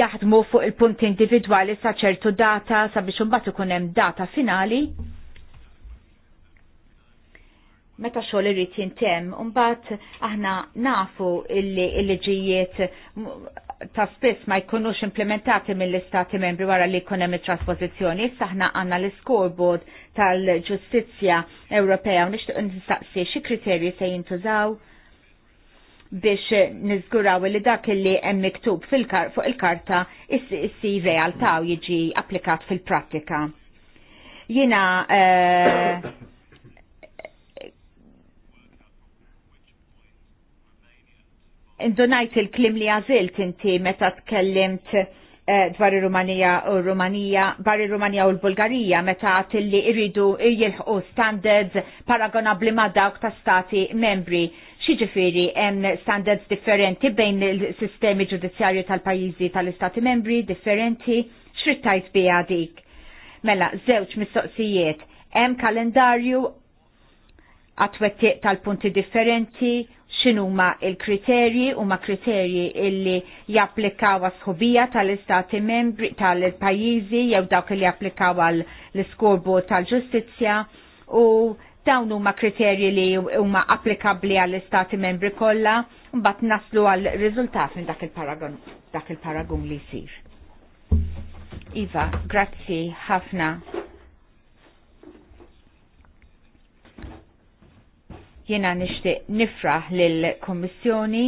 jaħdmu fuq il-punt individwali sa ċertu data sabiex imbagħad ikun hemm data finali meta xogħol irid jintemm, mbagħad aħna nafu il l-liġijiet ta' spiss ma jkunux implementati mill-istati membri wara li jkun hemm it traspożizzjoni Issa aħna għandna l-scoreboard tal-Ġustizzja Ewropea u nixtieq nistaqsi xi kriterji se jintużaw biex niżguraw li dak li hemm miktub fuq il-karta issi realtà u jiġi applikat fil-prattika. Jina eh, Indonajt il-klim li għazilt inti meta tkellimt eh, dwar il-Rumanija u Rumanija, bar il-Rumanija u l-Bulgarija, meta li irridu jilħu standards paragonabli ma dawk ta' stati membri. Xieġifiri, hemm standards differenti bejn il-sistemi ġudizzjarju tal-pajizi tal-istati membri, differenti, xrittajt bija dik. Mela, zewċ mistoqsijiet, hemm kalendarju għatwetti tal-punti differenti x'inhuma il-kriterji huma kriterji illi japplikaw għas tal-istati membri tal-pajjiżi jew dawk li japplikaw għall skorbu tal-ġustizzja u dawn huma kriterji li huma applikabbli għall-istati membri kollha mbagħad naslu għal riżultat minn dak il-paragon dak il-paragun li jsir. Iva, grazzi ħafna Jena nishtiq nifraħ lill-Kommissjoni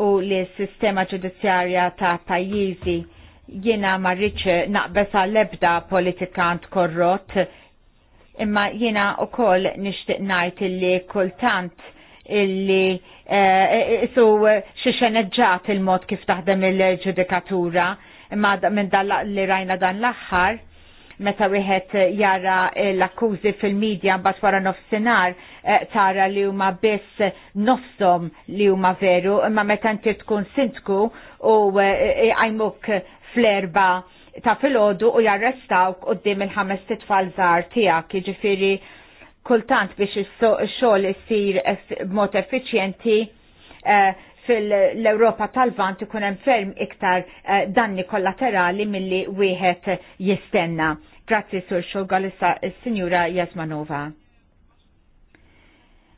u li sistema ġudizzjarja ta' pajjiżi jiena marriċ naqbesa lebda politikant korrot imma jiena u kol nishtiq najt illi kultant illi e, eh, su xiexeneġġat il-mod kif taħdem il-ġudikatura imma minn dan li rajna dan l-axħar meta wieħed jara l-akkużi fil-medja mbagħad wara nofsinhar Eh, tara li huma biss nofsom li huma veru, imma meta inti tkun sintku u eh, eh, għajmuk fl-erba ta' filgħodu u jarrestawk qudiem il-ħames titfal żgħar tiegħek, jiġifieri kultant biex il-xogħol isir b'mod effiċjenti fil-Europa tal-Vant ikun hemm ferm iktar danni kollaterali milli wieħed jistenna. Grazzi Sur xogħol is-Sinjura Jasmanova.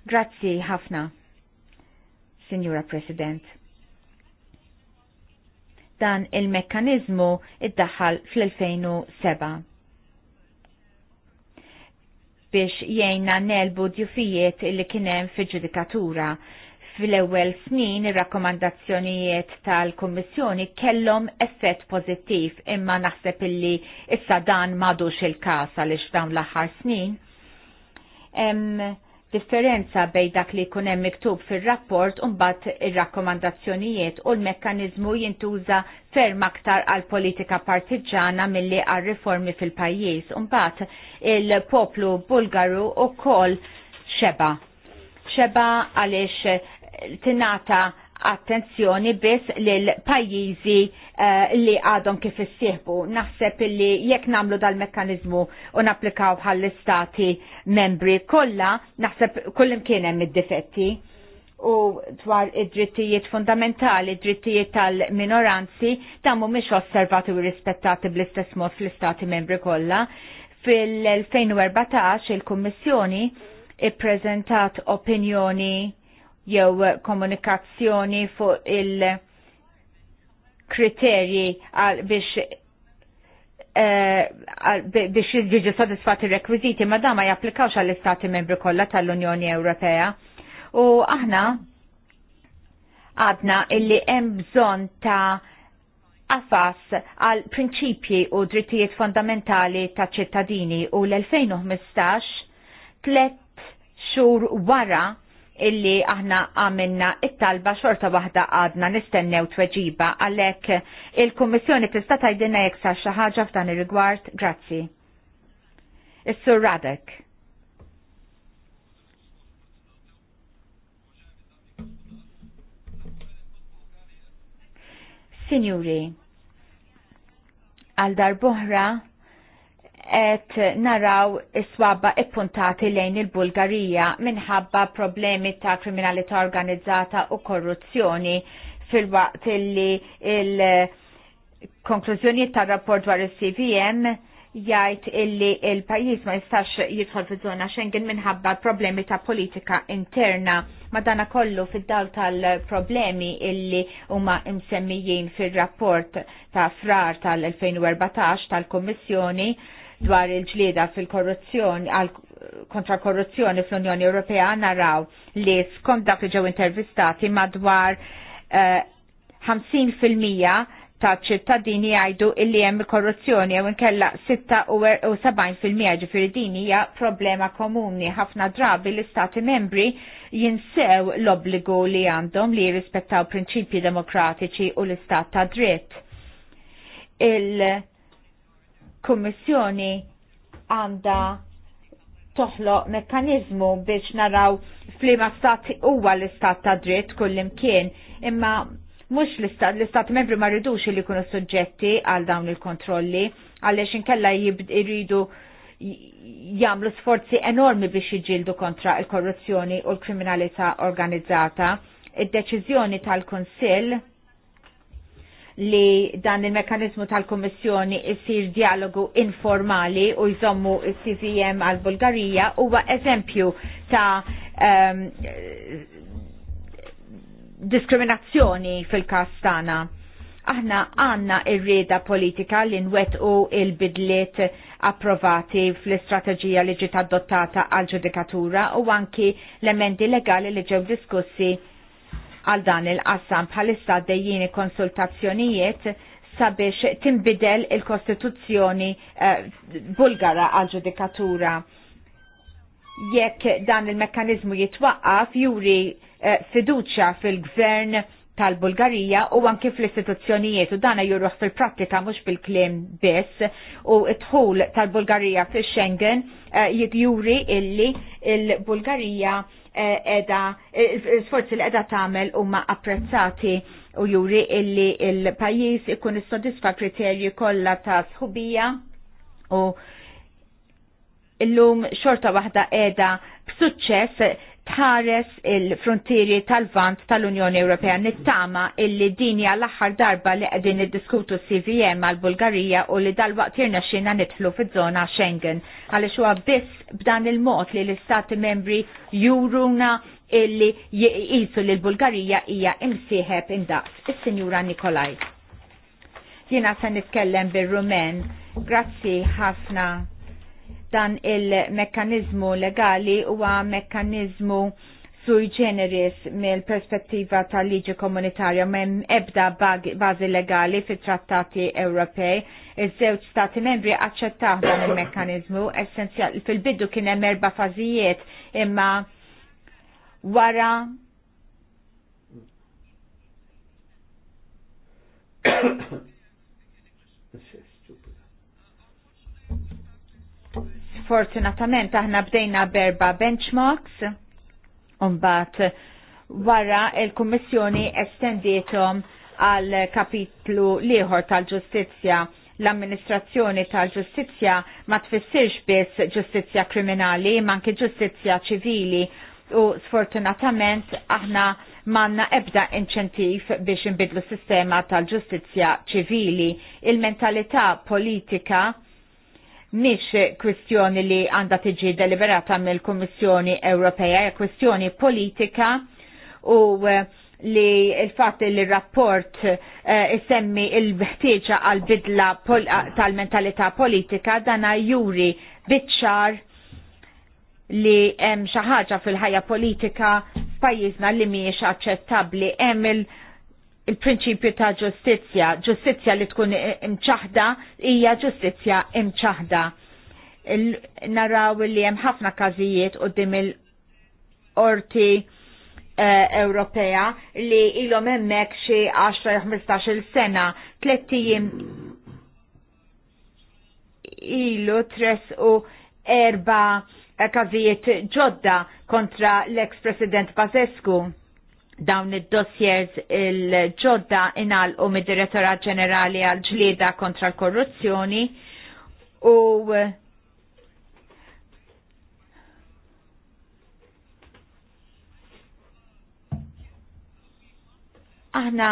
Grazzi ħafna, Signora President. Dan il-mekkanizmu iddaħħal fl-2007 biex jgħinna nelbu djufijiet li kienem fi ġudikatura. Fil-ewwel snin ir-rakkomandazzjonijiet tal-Kummissjoni kellhom effett pożittiv imma naħseb illi issa dan m'għadux il-każ għaliex dawn l-aħħar snin. Em, differenza bej dak li jkun hemm miktub fir-rapport u mbagħad ir-rakkomandazzjonijiet u l-mekkaniżmu jintuża ferm aktar għal politika partiġana milli għal riformi fil-pajjiż. Mbagħad il-poplu Bulgaru ukoll xeba. Xeba għaliex tinata attenzjoni biss lil pajjiżi Eh, li għadhom kif issieħbu. Naħseb illi jekk namlu dal-mekkanizmu u napplikaw bħall-istati membri kollha, naħseb kullim kien hemm id-difetti u dwar id-drittijiet fundamentali, id-drittijiet tal-minoranzi, dan mhumiex osservati u rispettati bl-istess mod fl-istati membri kollha. Fil-2014 il-Kummissjoni ippreżentat opinjoni jew komunikazzjoni fuq il- kriterji biex eh, biex jiġi sodisfat il-rekwiziti ma dama japplikawx għall-istati membri kollha tal-Unjoni Ewropea. U aħna għadna illi hemm bżonn ta' għafas għal prinċipji u drittijiet fondamentali ta' ċittadini u l-2015 tlet xhur wara illi aħna għamilna it-talba xorta waħda għadna nistennew tweġiba għalek il-Kommissjoni tista' tajdinna jekk sar xi ħaġa f'dan ir-rigward. Grazzi. Is-Sur Radek. Signori, għal darbohra et naraw iswabba ippuntati lejn il-Bulgarija minħabba problemi ta' kriminalità organizzata u korruzzjoni fil-waqt li il-konklużjoni tar rapport dwar il-CVM jgħid illi il-pajjiż ma jistax jidħol fi żona Schengen minħabba problemi ta' politika interna. Madana kollu fid dal tal-problemi illi huma msemmijin fir-rapport ta' frar tal-2014 tal-Kummissjoni dwar il-ġlieda fil-korruzzjoni kontra korruzzjoni fl-Unjoni Ewropea naraw li skont dak li ġew intervistati madwar uh, eh, 50% ta' ċittadini jgħidu illi hemm korruzzjoni jew inkella 76% er-, ġifieri din hija problema komuni. Ħafna drabi l-istati membri jinsew l-obbligu li għandhom li jirrispettaw prinċipji demokratiċi u l-istat ta' dritt. Il- il-Kummissjoni għanda toħloq mekanizmu biex naraw flima stat huwa l-istat ta' dritt kullimkien, imma mux l-istat, l-istat membri ma rridux li kunu suġġetti għal dawn il-kontrolli, għallex inkella jridu jamlu sforzi enormi biex jġildu kontra il-korruzzjoni u l-kriminalità organizzata. Id-deċizjoni tal-Konsil li dan il-mekanizmu tal-Kommissjoni jisir dialogu informali u jżommu il-CVM għal-Bulgarija huwa eżempju ta' um, diskriminazzjoni fil-kastana. Aħna għanna ir-rieda politika li nwetqu il-bidliet approvati fl-istrateġija li ġiet adottata għal-ġudikatura u anki l-emendi legali li ġew diskussi għal dan il-qassam bħalissa dejjini konsultazzjonijiet sabiex timbidel il-Kostituzzjoni eh, Bulgara għal ġudikatura. Jekk dan il-mekkanizmu jitwaqqaf juri uh, eh, fiduċa fil-gvern tal-Bulgarija u anki fl-istituzzjonijiet u dana juruħ fil-prattika mhux bil-klim biss u t-dħul tal-Bulgarija fil-Schengen uh, eh, juri illi il-Bulgarija il bulgarija edha, eh, sforzi l edha tamel u ma apprezzati u juri illi il-pajis ikun s sodisfa kriterji kollha ta' sħubija u l-lum xorta waħda edha b'suċċess tħares il-frontieri tal-vant tal-Unjoni Ewropea nittama illi dinja l-aħħar darba li qegħdin diskutu CVM għal bulgarija u li dal-waqt jirna xina nidħlu fiż zona Schengen għaliex huwa biss b'dan il-mod li l-istati membri juruna illi jisu li l-Bulgarija hija imsieħeb indaqs. Is-Sinjura Nikolaj. Jiena se nitkellem bil rumen Grazzi ħafna dan il-mekkanizmu legali huwa mekkanizmu sui generis mill-perspettiva tal-liġi komunitarja ma ebda bażi legali fit trattati Ewropej. Iż-żewġ stati membri aċċettaw dan il-mekkanizmu essenzjali fil-biddu kien hemm erba' fażijiet imma wara Fortunatament aħna bdejna berba benchmarks, unbat wara il-Kummissjoni estendietom għal kapitlu liħor tal-ġustizja. L-amministrazzjoni tal-ġustizja ma tfissirx biss ġustizja kriminali, manki ġustizja ċivili u sfortunatament aħna manna ebda inċentiv biex nbidlu sistema tal-ġustizja ċivili. Il-mentalità politika miex kwistjoni li għanda tiġi deliberata mill-Kommissjoni Ewropea, kwistjoni politika u eh, li il-fat li rapport uh, eh, isemmi il-ħtieġa għal-bidla pol eh, tal-mentalità politika dana juri bitċar li hemm xi ħaġa fil-ħajja politika f'pajjiżna li mhijiex aċċettabbli hemm il- il-prinċipju ta' ġustizzja, ġustizzja li tkun imċaħda hija ġustizzja imċaħda. Naraw li hemm ħafna każijiet qudiem il-qorti eh, Ewropea li ilhom hemmhekk xi 10-15-il sena tlettijiem ilu tres u erba każijiet ġodda kontra l-ex-president Basescu Dawn id-dossiers il-ġodda u mid-Direttorat Ġenerali għal ġlieda kontra l-korruzzjoni u eh, aħna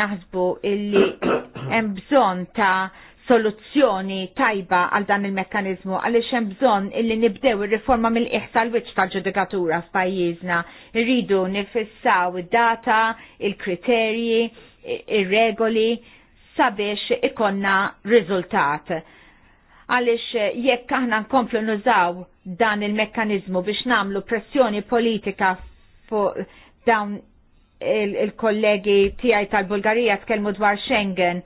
naħsbu illi hemm bżonn ta' soluzzjoni tajba għal dan il-mekkanizmu għaliex hemm bżonn illi nibdew ir-riforma mill-qiegħ l-wiċċ tal-ġudikatura f'pajjiżna. Irridu nifissaw id-data, il-kriterji, ir-regoli sabiex ikonna riżultat. Għaliex jekk aħna nkomplu nużaw dan il-mekkanizmu biex namlu pressjoni politika fuq dawn il-kollegi tiegħi tal-Bulgarija tkellmu dwar Schengen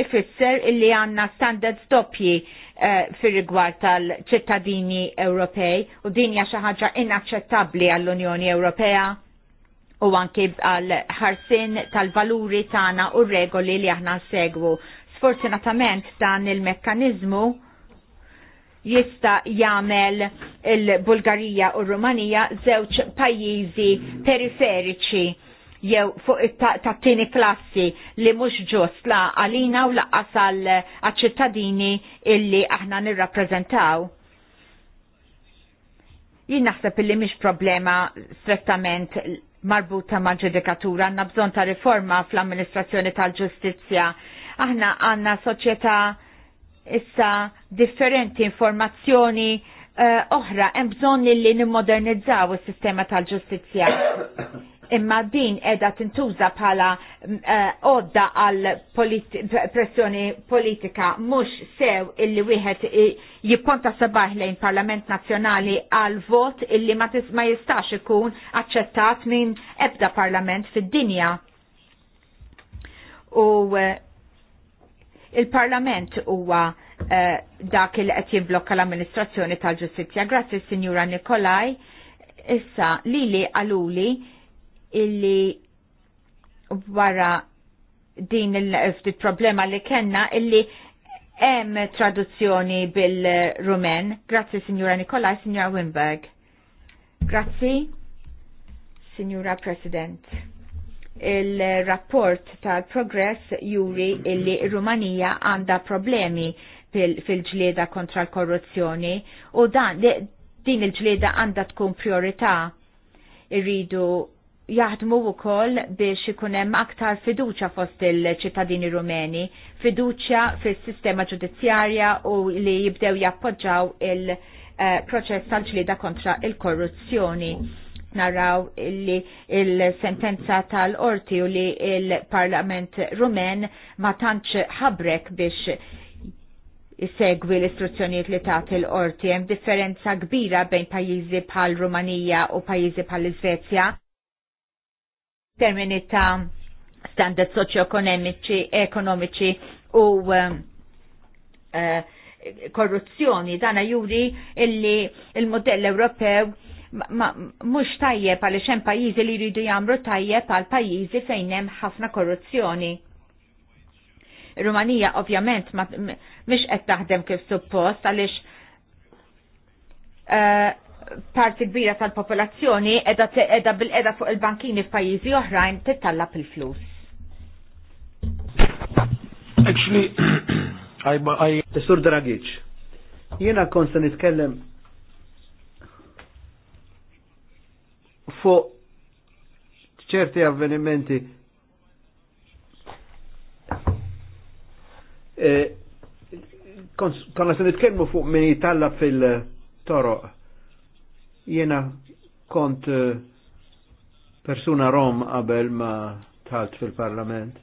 ifisser illi għanna standards doppji eh, fir rigward tal-ċittadini Ewropej u din hija xi ħaġa inaċċettabbli għall-Unjoni Ewropea u anki għal ħarsin tal-valuri tagħna u regoli li aħna segwu. Sfortunatament dan il-mekkanizmu jista jagħmel il-Bulgarija u r Rumanija żewġ pajjiżi periferiċi jew fuq ta' tieni klassi li mhux ġust la għalina u laqqas għal ċittadini illi aħna nirrappreżentaw. Jien naħseb illi mhix problema strettament marbuta ma' ġudikatura, għanna bżon ta' riforma fl-amministrazzjoni tal-ġustizja. Aħna għanna soċjetà issa differenti informazzjoni uh, oħra, hemm bżonn li nimmodernizzaw is-sistema tal-ġustizzja imma din edha tintuża bħala eh, odda għal pressjoni politika mhux sew illi wieħed jipponta sabaħ lejn Parlament Nazzjonali għal vot illi ma jistax ikun aċċettat minn ebda parlament fid-dinja. U eh, il-Parlament huwa eh, dak il qed jimblokka l-amministrazzjoni tal-ġustizzja. Grazzi, Sinjura Nikolaj issa lili għaluli illi wara din il-problema li kenna illi hemm traduzzjoni bil-Rumen. Grazzi Signora Nikolaj, Signora Wimberg. Grazzi, Signora President. Il-rapport tal-progress juri illi Rumanija għanda problemi fil-ġlieda kontra l-korruzzjoni u dan din il-ġlieda għanda tkun priorità irridu jaħdmu wkoll biex ikun hemm aktar fiduċja fost il-ċittadini rumeni, fiduċja fis-sistema ġudizzjarja u li jibdew jappoġġaw il-proċess eh, tal-ġlieda kontra il-korruzzjoni. Naraw li il-sentenza tal-orti u li il-Parlament Rumen ma tantx ħabrek biex segwi l-istruzzjonijiet li tagħti l-qorti hemm differenza kbira bejn pajjiżi bħal Rumanija u pajjiżi bħal Iżvezja termini ta' standard soċjoekonomiċi ekonomiċi u uh, korruzzjoni dana juri illi il-modell Ewropew mhux tajjeb għal hemm pajjiżi li jridu jagħmlu tajjeb għal pajjiżi fejn hemm ħafna korruzzjoni. Rumanija ovvjament mhix qed taħdem kif suppost għaliex uh, parti kbira tal-popolazzjoni edha, edha bil-edha fuq il-bankini f'pajjiżi oħrajn tittallab il-flus. Actually, I... Tessur Dragic, jena konsa nitkellem fuq ċerti avvenimenti eh, konna se nitkellmu fuq min jitalla fil-toroq Jena kont eh, persuna rom qabel ma talt fil-parlament.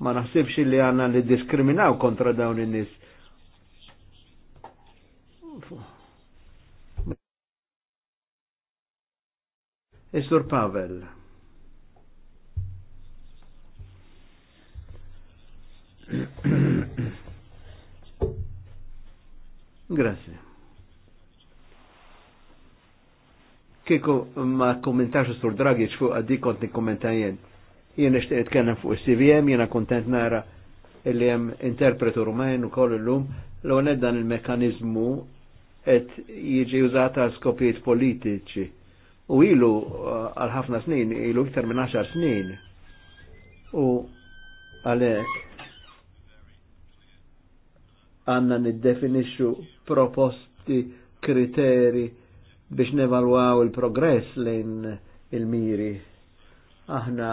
Ma naħsibx li għanna li diskriminaw kontra dawn in-nies. Isur eh, Pavel. Grazie. Kieku ma kommentax sur dragi fuq għaddi kont nikkommenta jien. Jien nishtiq nitkellem fuq il-CVM, jiena kontent nara illi hemm interpretu rumen u illum l għonet dan il-mekanizmu qed jiġi użata għal skopijiet politiċi. U ilu eh, għal ħafna snin, ilu iktar minn 10 snin. U għalek għanna niddefinixxu proposti, kriteri biex nevalwaw il-progress lejn il-miri. Aħna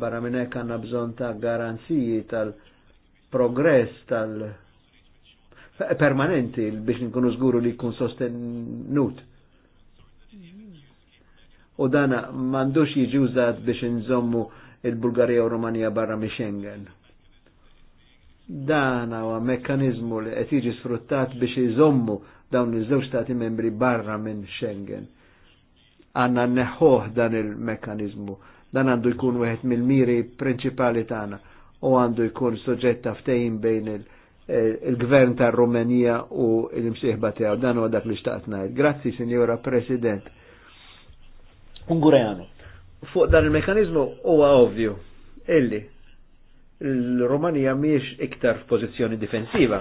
barra minn hekk għandna bżonn ta' garanziji tal-progress tal-, permanenti biex nkunu żguru li jkun sostenut. U dana m'għandux jiġi użat biex nżommu il-Bulgarija u Rumanija barra mi Schengen. Dan huwa mekkaniżmu li qed jiġi sfruttat biex iżommu dawn iż-żewġ stati membri barra minn Schengen. Għanna neħħoħ dan il-mekanizmu. Dan għandu jkun wieħed mill-miri prinċipali tagħna u għandu jkun soġġetta ftehim bejn eh, il-gvern il tar rumenija u l-imsieħba tiegħu. Dan huwa dak li xtaqt ngħid. Grazzi, Sinjora President. Ungurejanu. Fuq dan il-mekanizmu huwa ovvju illi l rumanija miex iktar f'pożizzjoni difensiva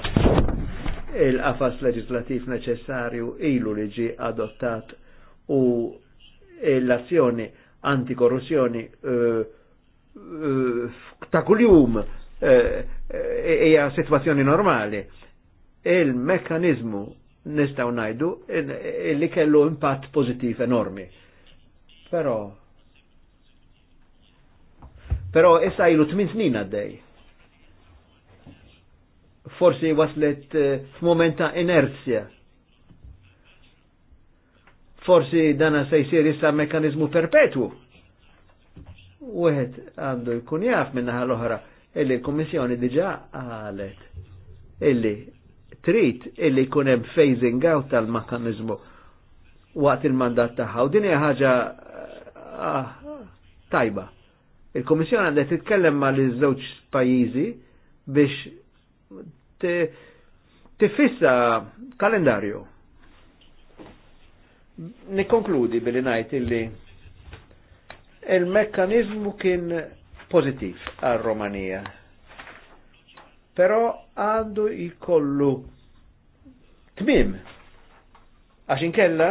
il-qafas leġislativ neċessarju ilu li ġi adottat u l-azzjoni antikorruzzjoni eh, eh, ta' kuljum eh, hija situazzjoni normali. Il-mekkanizmu nistaw najdu li kellu impatt pozittiv enormi. Però però issa ilu 8 snin għaddej forsi waslet eh, f'moment ta' inerzja. Forsi dana se jsir issa mekanizmu perpetwu. Wieħed għandu jkun jaf minnaħa l-oħra illi l-Kummissjoni diġà qalet illi trid illi jkun hemm phasing out tal-mekanizmu waqt il-mandat tagħha u din hija ħaġa eh, ah, tajba. Il-Komissjoni għandet titkellem mal iż-żewġ pajjiżi biex tifissa kalendarju. Nikonkludi billi najt illi il-mekkanizmu kien pozittiv għal-Romanija. Pero għandu jkollu tmim. Għaxin kella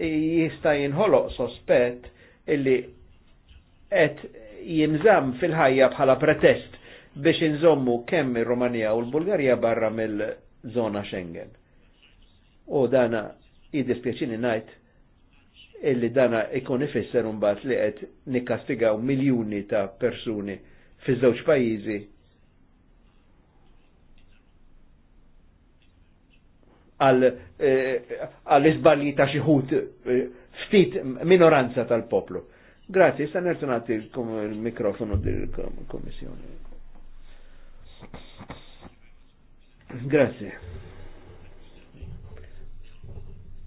jista jinħoloq sospett illi qed jinżam fil-ħajja bħala pretest biex inżommu kemm ir romania u l-Bulgarija barra mill-żona Schengen. U dana jiddispjaċini najt illi dana ikun ifisser bat li qed nikkastigaw miljuni ta' persuni fiż-żewġ pajjiżi eh, għal iżbalji ta' xi eh, ftit minoranza tal-poplu. Grazie, sta nertunati il-mikrofonu dil-Kommissjoni. Grazie.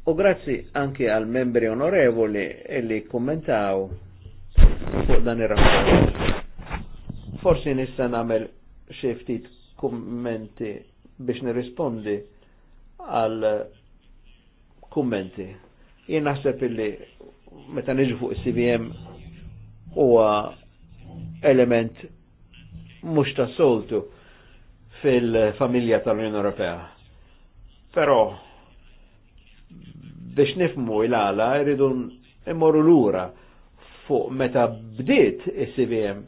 U grazie anke al membri onorevoli li kommentaw fuq dan ir-rapport. Forsi nista' nagħmel xi ftit kummenti biex nirrispondi għal kummenti. Jien naħseb illi meta niġu fuq CVM huwa element mhux ta' soltu fil-familja tal-Unjoni Ewropea. Però biex nifmu il-għala jridu immorru lura fuq meta bdiet is-CVM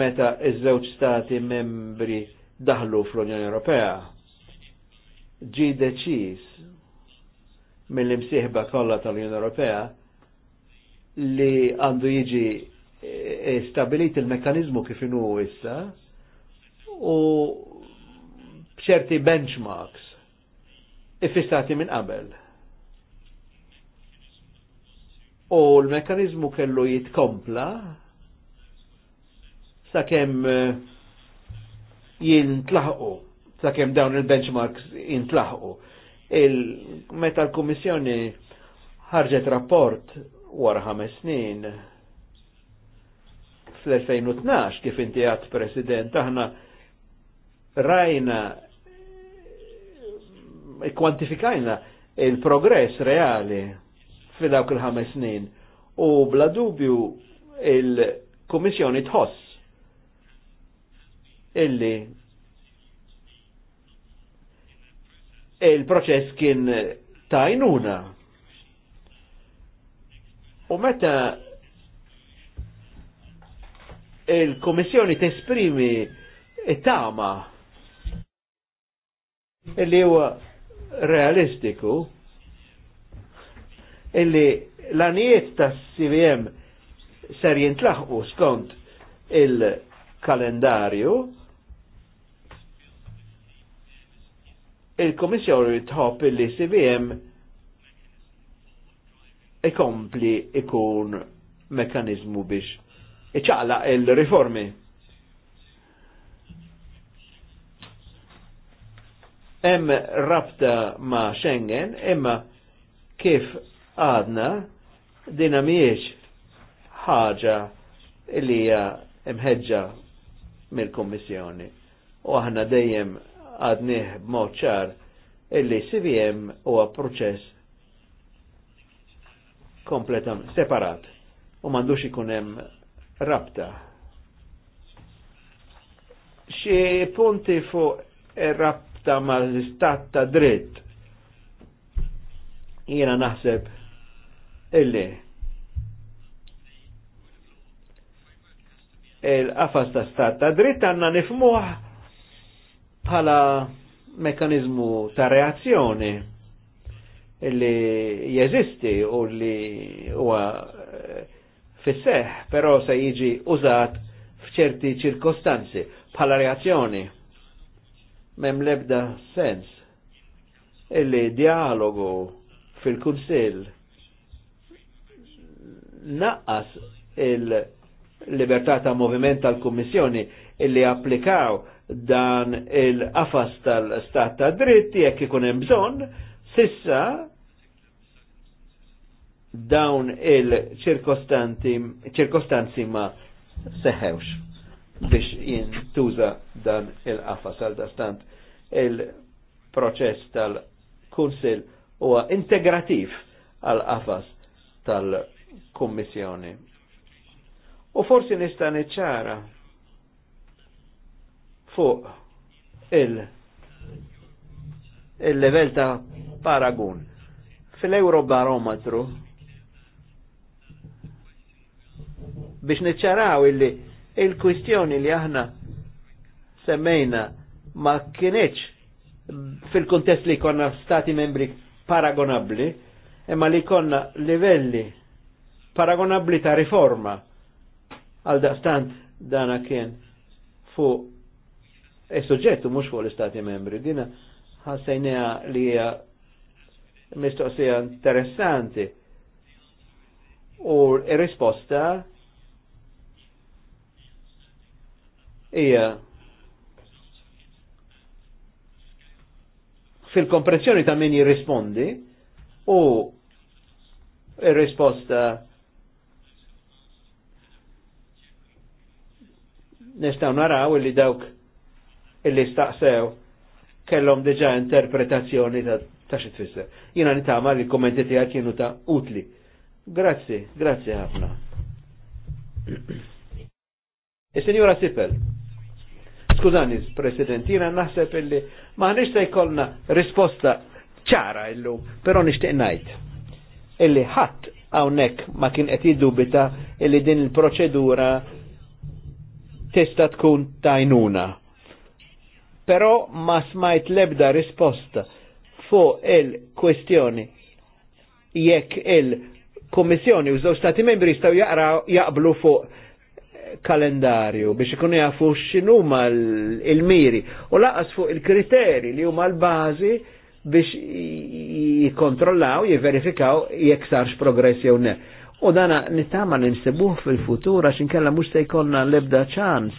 meta iż-żewġ stati membri daħlu fl-Unjoni Ewropea. Ġi deċiż mill-imsieħba kollha tal-Unjoni Ewropea li għandu jiġi eh, eh, stabilit il-mekkanizmu kif inhu issa u ċerti benchmarks ifissati minn qabel. U l-mekanizmu kellu jitkompla sakemm eh, jintlaħqu, sakemm dawn il-benchmarks jintlaħu. Il Meta l-Kummissjoni ħarġet rapport wara ħames snin fl-2012 kif inti għad President aħna rajna kwantifikajna il-progress reali fil-dawk il-ħames snin u bla dubju il-Komissjoni tħoss illi il-proċess kien tajnuna. U meta il-Komissjoni t-esprimi it-tama illi huwa realistiku illi l-anijiet ta' CVM ser jintlaħqu skont il-kalendarju il-Komissjoni tħobb illi CVM ikompli ikun mekanizmu biex iċaqla il-riformi. hemm rabta ma' Schengen, imma kif għadna dina miex ħaġa li hija imħeġġa mill-Kommissjoni. U aħna dejjem għadnih b'mod ċar illi CVM huwa proċess kompletament separat u m'għandux ikun hemm rabta. Xi punti fuq ir brabta mal-istat ta' dritt. Jena naħseb illi il-qafas ta' stat ta' dritt għanna nifmuħ bħala mekanizmu ta' reazzjoni illi jeżisti u li huwa eh, fisseħ, però se jiġi użat f'ċerti ċirkostanzi bħala reazzjoni mem lebda sens illi dialogu fil-kunsil naqqas il-libertà ta' moviment tal-Kummissjoni illi applikaw dan il-qafas tal-stat ta' dritti jekk ikun hemm bżonn, sissa dawn il-ċirkostanzi ma seħewx biex jintuża dan il-qafas għal dastant il-proċess tal-Kunsil huwa integrativ għal qafas tal-Kummissjoni. U forsi nista' niċċara fuq il- il-level ta' paragun. Fil-Eurobarometru biex niċċaraw illi il-kwistjoni li aħna semmejna ma kienieċ fil-kontest li konna stati membri paragonabli, imma li konna livelli paragonabli ta' riforma. Għal daqstant dana kien fu e soġġettu mux fuq l-istati membri. Dina ħassajnija li hija mistoqsija interessanti. U ir-risposta Ija. fil-kompressjoni ta' min jirrispondi u il risposta nistaw naraw illi dawk illi staqsew kellhom diġà interpretazzjoni ta' ta' xi tfisser. Jiena nitama li l-kommenti tiegħek kienu ta' utli. Grazzi, grazzi ħafna. Is-Sinjura Sipel. Skużani, President, jina naħseb illi ma nista jkollna risposta ċara illum, però nixtieq ngħid. Illi ħadd hawnhekk ma kien qed jiddubita illi din il-proċedura tista tkun tajnuna. Però ma smajt lebda risposta fuq il-kwestjoni jekk il-Kommissjoni u żewġ stati membri jistgħu jaqblu fuq kalendarju biex ikunu jafu x'inhuma l miri u laqas fuq il-kriteri li huma l-bażi biex jikontrollaw, jiverifikaw jekk sarx progress jew ne. U dana nittama li nsibuh fil-futur għax inkella mhux se jkollna l-ebda ċans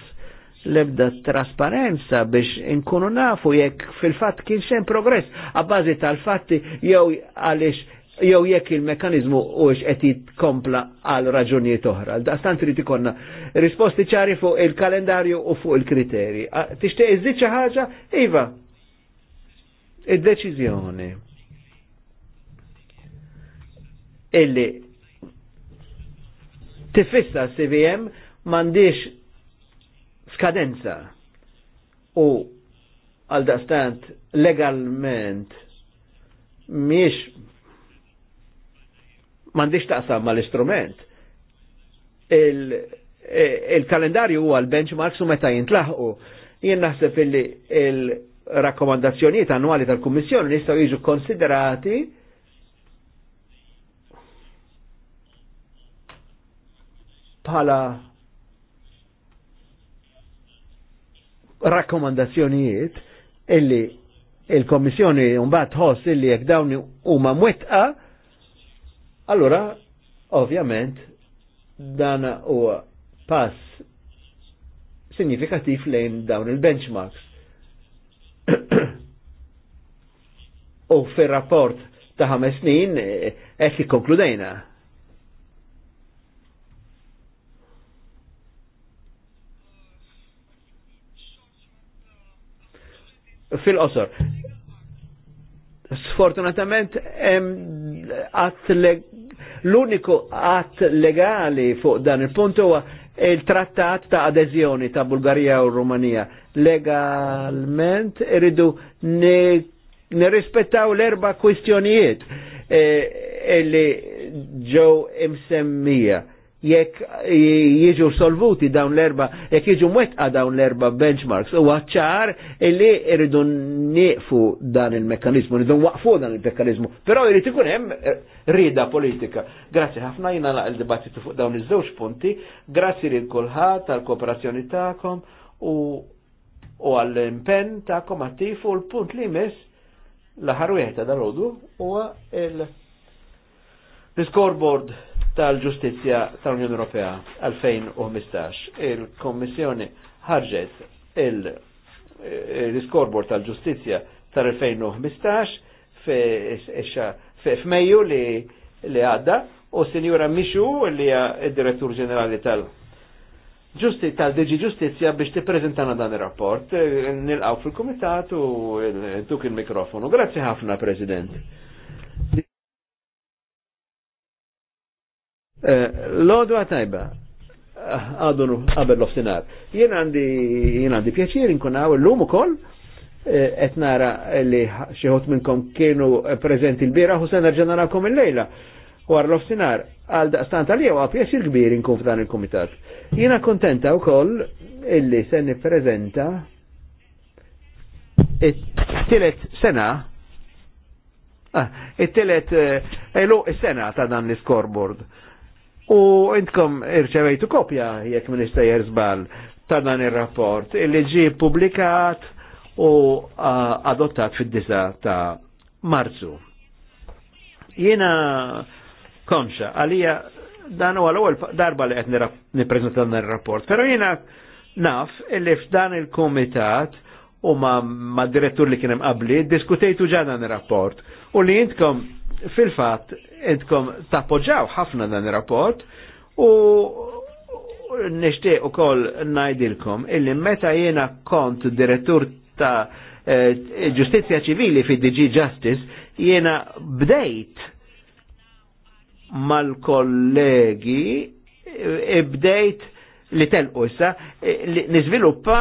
l-ebda trasparenza biex inkunu nafu jekk fil-fatt kien xejn progress għabbażi tal-fatti jew għaliex jew jekk il-mekanizmu hux qed jitkompla għal raġunijiet oħra. Daqstant trid ikollna risposti ċari fuq il-kalendarju u fuq il-kriteri. Tixtieq iżid xi ħaġa? Iva. Id-deċiżjoni. Illi tifissa CVM m'għandix skadenza u għal dastant legalment miex mandiċ taqsam ma l-istrument. Eh, il-kalendarju huwa l-benchmarks u meta jintlaħqu. Jien naħseb illi il-rakkomandazzjonijiet annwali tal-Kummissjoni nistgħu jiġu konsiderati bħala rakkomandazzjonijiet illi il-Kommissjoni mbagħad tħoss illi jekk dawn huma mwettqa' Allora, ovvjament, dan u pass signifikativ lejn dawn il-benchmarks. U fil rapport ta' ħames snin eh, qed konkludejna. Fil-qosor, sfortunatament l-uniku att legali fuq dan il-punt huwa il-trattat ta' adeżjoni ta' Bulgarija u Rumanija. Legalment iridu nirrispettaw l-erba kwistjonijiet eh, illi ġew imsemmija jekk jiġu solvuti dawn l-erba, jekk jiġu mwetqa dawn l-erba benchmarks, u għacċar illi irridu niqfu dan il-mekkanizmu, irridu waqfu dan il-mekkanizmu, pero irrid ikun hemm eh, rida politika. Grazzi ħafna jina laq il-dibattitu fuq dawn iż-żewġ punti, grazzi lil kulħadd tal-kooperazzjoni tagħkom u u għall-impenn tagħkom attiv u l-punt li jmiss l-ħarwieħ ta' dal huwa il-scoreboard tal-Ġustizzja tal-Unjoni Ewropea 2015. Il-Kommissjoni ħarġet il riskorbor eh, tal-Ġustizzja tal-2015 f'Mejju li li għadda u Sinjura Mishu li hija id-Direttur Ġenerali tal- ġusti tal-deġi ġustizja biex tippreżentana dan ir-rapport, eh, nilqgħu fil-kumitat u eh, tuk il-mikrofonu. Grazzi ħafna, President. Eh, Lodu għatajba, għadu għabel l ostinar Jien għandi, jien għandi pjaċir nkun għaw l-lum ukoll, qed eh, nara li xieħot minnkom kienu prezenti l-bira u sena nerġa' narakom il-lejla. War l ostinar għal tal-jew għu pjaċir kbir nkun f'dan il-komitat. Jiena kontenta wkoll illi se prezenta it-tielet sena Ah, it-telet, eh, elu sena ta' dan l-scoreboard. U intkom irċevejtu kopja jekk minister żbal ta' dan ir-rapport illi ġi publikat u adottat fid-disa ta' Marzu. Jiena konxa għalija dan u għal-ewwel darba li qed nippreżenta dan ir-rapport, però jiena naf illi f'dan il-komitat u ma, ma direttur li kienem qabli, diskutejtu ġadan il-rapport. U li intkom fil-fat idkom tappoġġaw ħafna dan ir-rapport u nishtiq u koll najdilkom illi meta jena kont direttur ta' eh, ġustizja ċivili fi DG Justice jena bdejt mal-kollegi eh, bdejt li telqu issa eh, li nizviluppa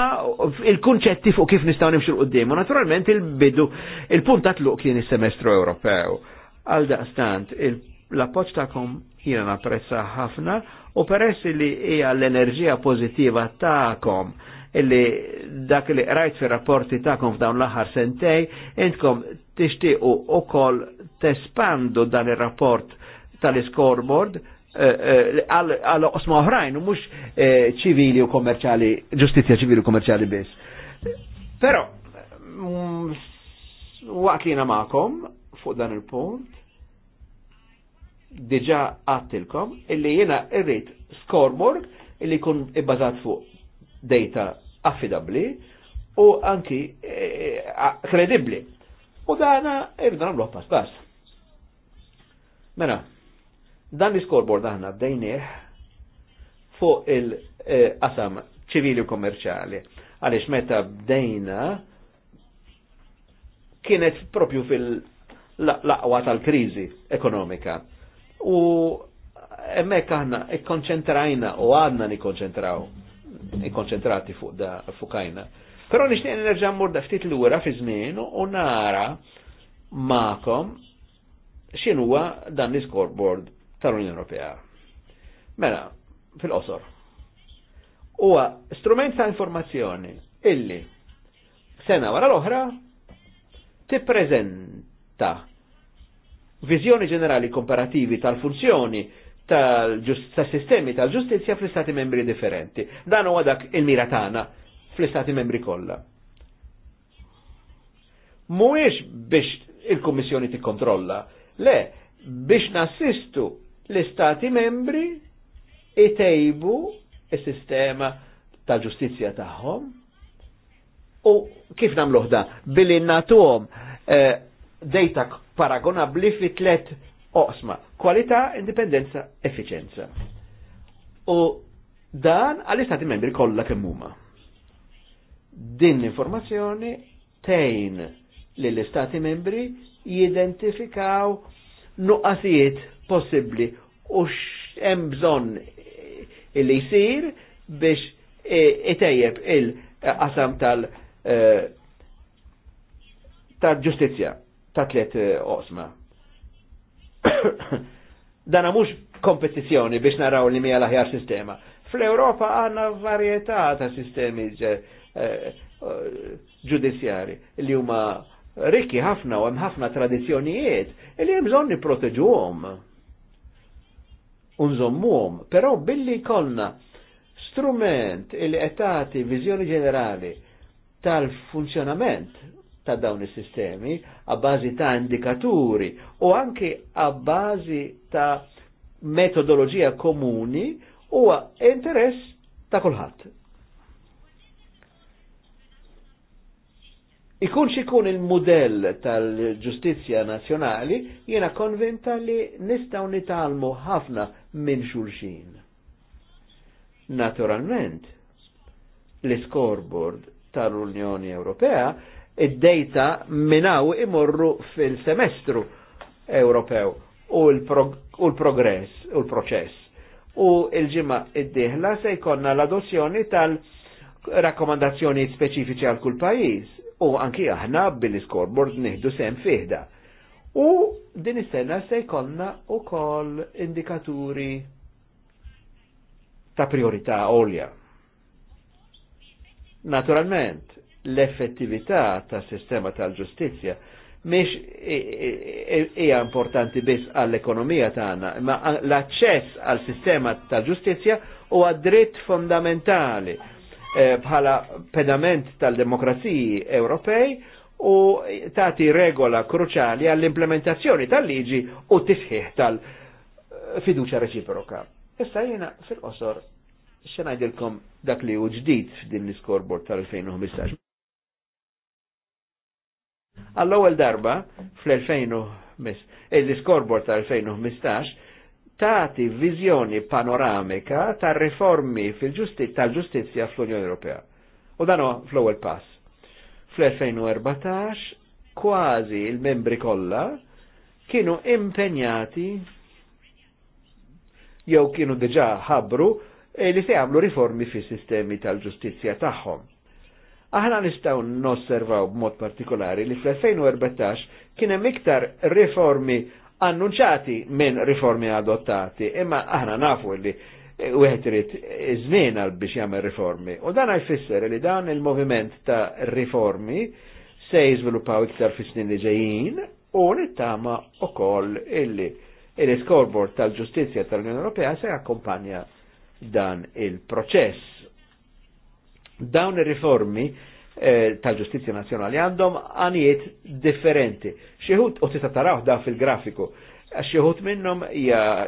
il-kunċetti fuq kif nistaw nimxu l-qoddim. Naturalment il-bidu, il-puntat luq kien is-semestru Ewropew Għal daqstant, l-appoċ ta'kom jina napprezza ħafna u peress li hija l-enerġija pozittiva ta'kom illi dak li rajt fi rapporti ta'kom f'dawn l-aħħar sentej, intkom tixtiequ ukoll tespandu dan ir-rapport tal-scoreboard eh, eh, għal osma oħrajn u mux eh, ċivili u kommerċali, ġustizja ċivili u kommerċali biss. Pero, mm, waqt li ma'kom fuq dan il-punt, diġa għattilkom illi jena irrit scoreboard illi kun ibbażat fuq data affidabli u anki e, e, kredibli. U dana irridu nagħmluh pass Mena, dan l-scoreboard aħna bdejnieh fuq il-qasam ċivili u kommerċali. Għaliex meta bdejna kienet propju fil-laqwa tal-kriżi ekonomika U emmek aħna ikkonċentrajna u għadna nikkonċentraw, ikkonċentrati fuq da fukajna. Però nixtieq nerġa' morda ftit l lura fi żmien u nara ma'kom x'inhuwa dan l-scoreboard tal-Unjoni Ewropea. Mela, fil-qosor. Huwa strument ta' informazzjoni illi sena wara l-oħra tippreżenta viżjoni ġenerali komparativi tal-funzjoni tal-sistemi tal-ġustizja fl-istati membri differenti. Dan huwa dak il-mira tagħna fl-istati membri kollha. Mhuwiex biex il-Kummissjoni tikkontrolla, le biex nassistu l-istati membri itejbu is-sistema tal-ġustizja tagħhom u kif nagħmluh da billi natuhom eh, paragonabli fi tlet oqsma, kwalità, indipendenza, efficienza. U dan għall istati membri kollha kemm huma. Din l-informazzjoni tejn li l-istati membri jidentifikaw nuqqasijiet possibbli u x'hemm bżonn illi jsir biex e, itejjeb il-qasam tal- eh, tal-ġustizzja ta' tliet eh, osma. Dana mhux kompetizzjoni biex naraw li mija l-aħjar sistema. Fl-Europa għanna varjetà ta' sistemi eh, eh, ġudizjari li huma rikki ħafna u hemm ħafna tradizzjonijiet li hemm bżonn nipproteġuhom. Unżommuhom, però billi kollna strument il qed tagħti viżjoni ġenerali tal-funzjonament ta' dawn is-sistemi għabbażi ta' indikaturi u anke għabbażi ta' metodoloġija komuni huwa interess ta' kulħadd. Ikun xikun il-modell tal-ġustizja nazjonali, jiena konventa li nistaw nitalmu ħafna minn xulxin. Naturalment, l-scoreboard tal-Unjoni Ewropea id-data minnaw imorru fil-semestru Ewropew u l-progress u l-proċess. U il-ġimma id-dihla se jkonna l-adozzjoni tal-rakkomandazzjoni speċifiċi għal kull pajis u anki aħna bil-scoreboard nieħdu sem fiħda. U din is-sena se jkollna ukoll indikaturi ta' priorità għolja. Naturalment, l-effettività ta' sistema tal-ġustizja miex hija importanti biss għall-ekonomija tagħna, ma l-aċċess għal sistema tal-ġustizzja huwa dritt fondamentali eh, bħala pedament tal-demokraziji Ewropej u tati regola kruċali għall-implementazzjoni tal-liġi u tisħiħ tal-fiduċa reċiproka. Issa jiena fil-qosor xenajdilkom dak li u ġdid f'din l iskorbord tal-2015. Għall-ewwel darba fl-2015, eh, l scoreboard tal-2015 tagħti viżjoni panoramika ta' riformi tal-ġustizzja fl-Unjoni Ewropea. U dan fl-ewwel pass. Fl-2014 kważi il-membri kollha kienu impenjati jew kienu diġà ħabbru eh, li se jagħmlu riformi fis-sistemi tal-ġustizzja tagħhom Aħna nistaw nosservaw b'mod partikolari li fl-2014 kien hemm iktar riformi annunċati minn riformi adottati, imma aħna nafu li u irid żmien għal biex jagħmel riformi. U dan jfisser li dan il-moviment ta' riformi se jiżviluppaw iktar fis-snin li ġejjin u nittama ukoll illi il-scoreboard tal-ġustizja tal-Unjoni Ewropea se jakkompanja dan il-proċess Dawn ir-riformi eh, tal-ġustizja nazjonali għandhom għanijiet differenti. Xieħut, u tista taraw da fil-grafiku, xieħut minnom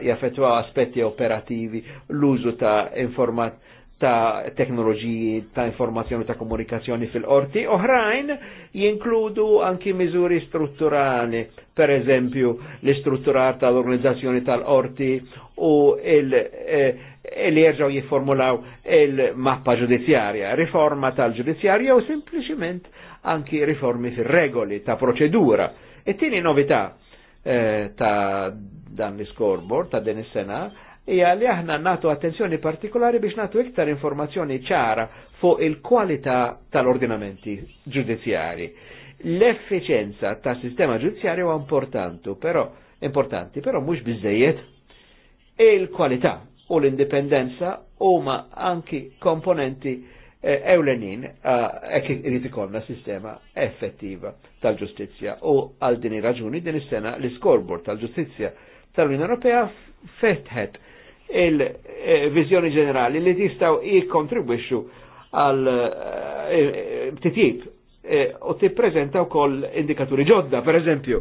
jaffetwa aspetti operativi, l-użu ta' informat ta' teknoloġiji ta' informazzjoni ta' komunikazzjoni fil-qorti, oħrajn jinkludu anki miżuri strutturali, per eżempju l-istrutturar tal-organizzazzjoni tal orti u il- eh, E li jerġaw jiformulaw il-mappa ġudizzjarja, riforma tal-ġudizzjarja u sempliciment anki riformi fil-regoli ta' proċedura. E tini novità eh, ta' dan l-scoreboard ta' din is-sena hija li aħna natu attenzjoni partikolari biex natu iktar informazzjoni ċara fuq il-kwalità tal-ordinamenti ġudizzjari. L-effiċenza ta' sistema ġudizzjari huwa importanti, però importanti, però mhux biżejjed e il-kwalità u l-indipendenza u ma anki komponenti eh, ewlenin eh, ek irid ikollna sistema effettiva tal-ġustizzja u għal din raġuni din is-sena l-iskorbor tal-ġustizzja tal-Unjoni Ewropea fetħet il-vizjoni eh, ġenerali li tistaw jikkontribwixxu għal titjib u tippreżenta wkoll indikaturi ġodda, per eżempju,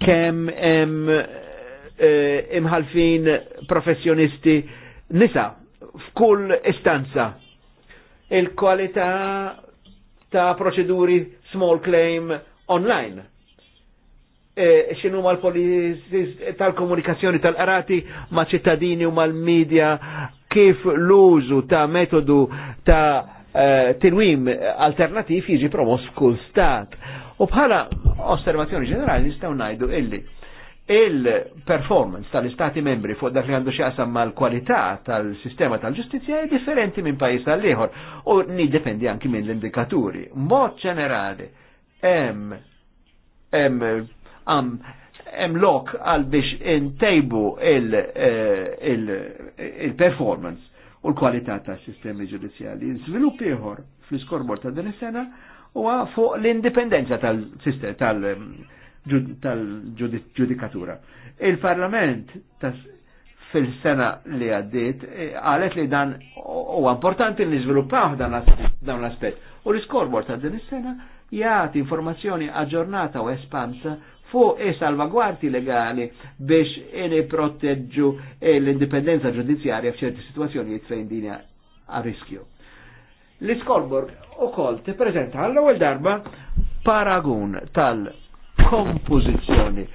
kem Eh, imħalfin professjonisti nisa f'kull istanza. Il-kwalità ta' proċeduri small claim online. Eh, xinu ma l-polizis tal-komunikazzjoni tal-arati ma ċittadini u mal-medja kif l-użu ta' metodu ta' eh, tinwim alternativ jiġi promos kull stat. U bħala osservazzjoni ġenerali nistaw najdu illi il-performance tal-istati membri fuq dak li għandu xaqsam mal kwalità tal-sistema tal-ġustizja è differenti minn pajis tal-liħor u ni anki minn l-indikaturi. Mod ġenerali, em, em, am, em lok għal biex intejbu il-performance eh, il, il, il u l-kwalità tal-sistemi ġudizzjali. Svilupp ieħor fl-iskorbor ta' din is-sena huwa fuq l-indipendenza tal-sistema tal-, -sistema, tal tal-ġudikatura. Il-Parlament fil-sena li għaddit e, għalet li dan u importanti li nizviluppaw dan l-aspet. U l-iskorbor ta' din is-sena jgħat informazzjoni aġġornata u espansa fuq e salvaguardi legali biex ene proteġġu l-indipendenza ġudizzjarja f'ċerti situazzjonijiet fejn dinja a rischio. L-iskorbor u kol te prezenta għall-ewwel darba paragun tal- tal-kompożizzjoni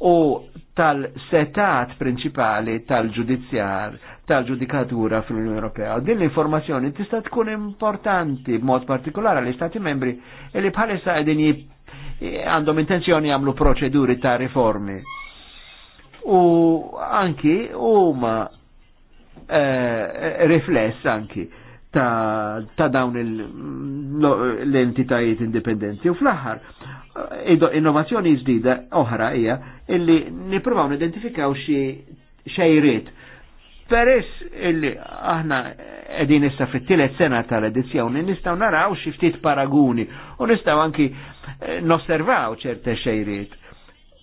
u tal-setat principali tal-ġudizzjar, tal-ġudikatura fl-Unjoni Ewropea. Din l-informazzjoni tista' tkun importanti b'mod partikolari għal istati membri li bħalissa qegħdin għandhom intenzjoni jagħmlu proċeduri ta' riformi. U anki huma eh, eh rifless anki ta', ta dawn l-entitajiet indipendenti. U fl-aħħar, innovazzjoni ġdida oħra hija illi nippruvaw nidentifikaw xi xejriet. Peress illi aħna qegħdin issa fit-tielet sena tal-edizzjoni nistgħu naraw xi ftit paraguni u nistgħu anki eh, nosservaw ċerte xejriet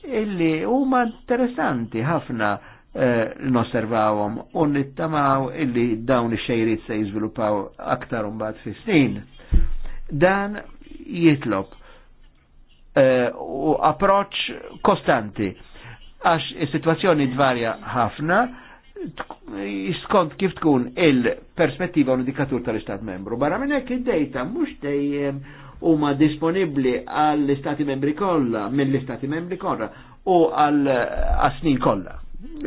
illi huma interessanti ħafna eh, nosservawhom u nittamaw illi dawn ix-xejriet se jiżviluppaw aktar mbagħad fi snin. Dan jitlob Eh, u approċ kostanti għax is-sitwazzjoni dvarja ħafna skont kif tkun il-perspettiva u l-indikatur tal-Istat membru. Barra minn hekk id-dejta mhux dejjem huma disponibbli għall-Istati membri kollha, mill-Istati membri kollha u għall snin kollha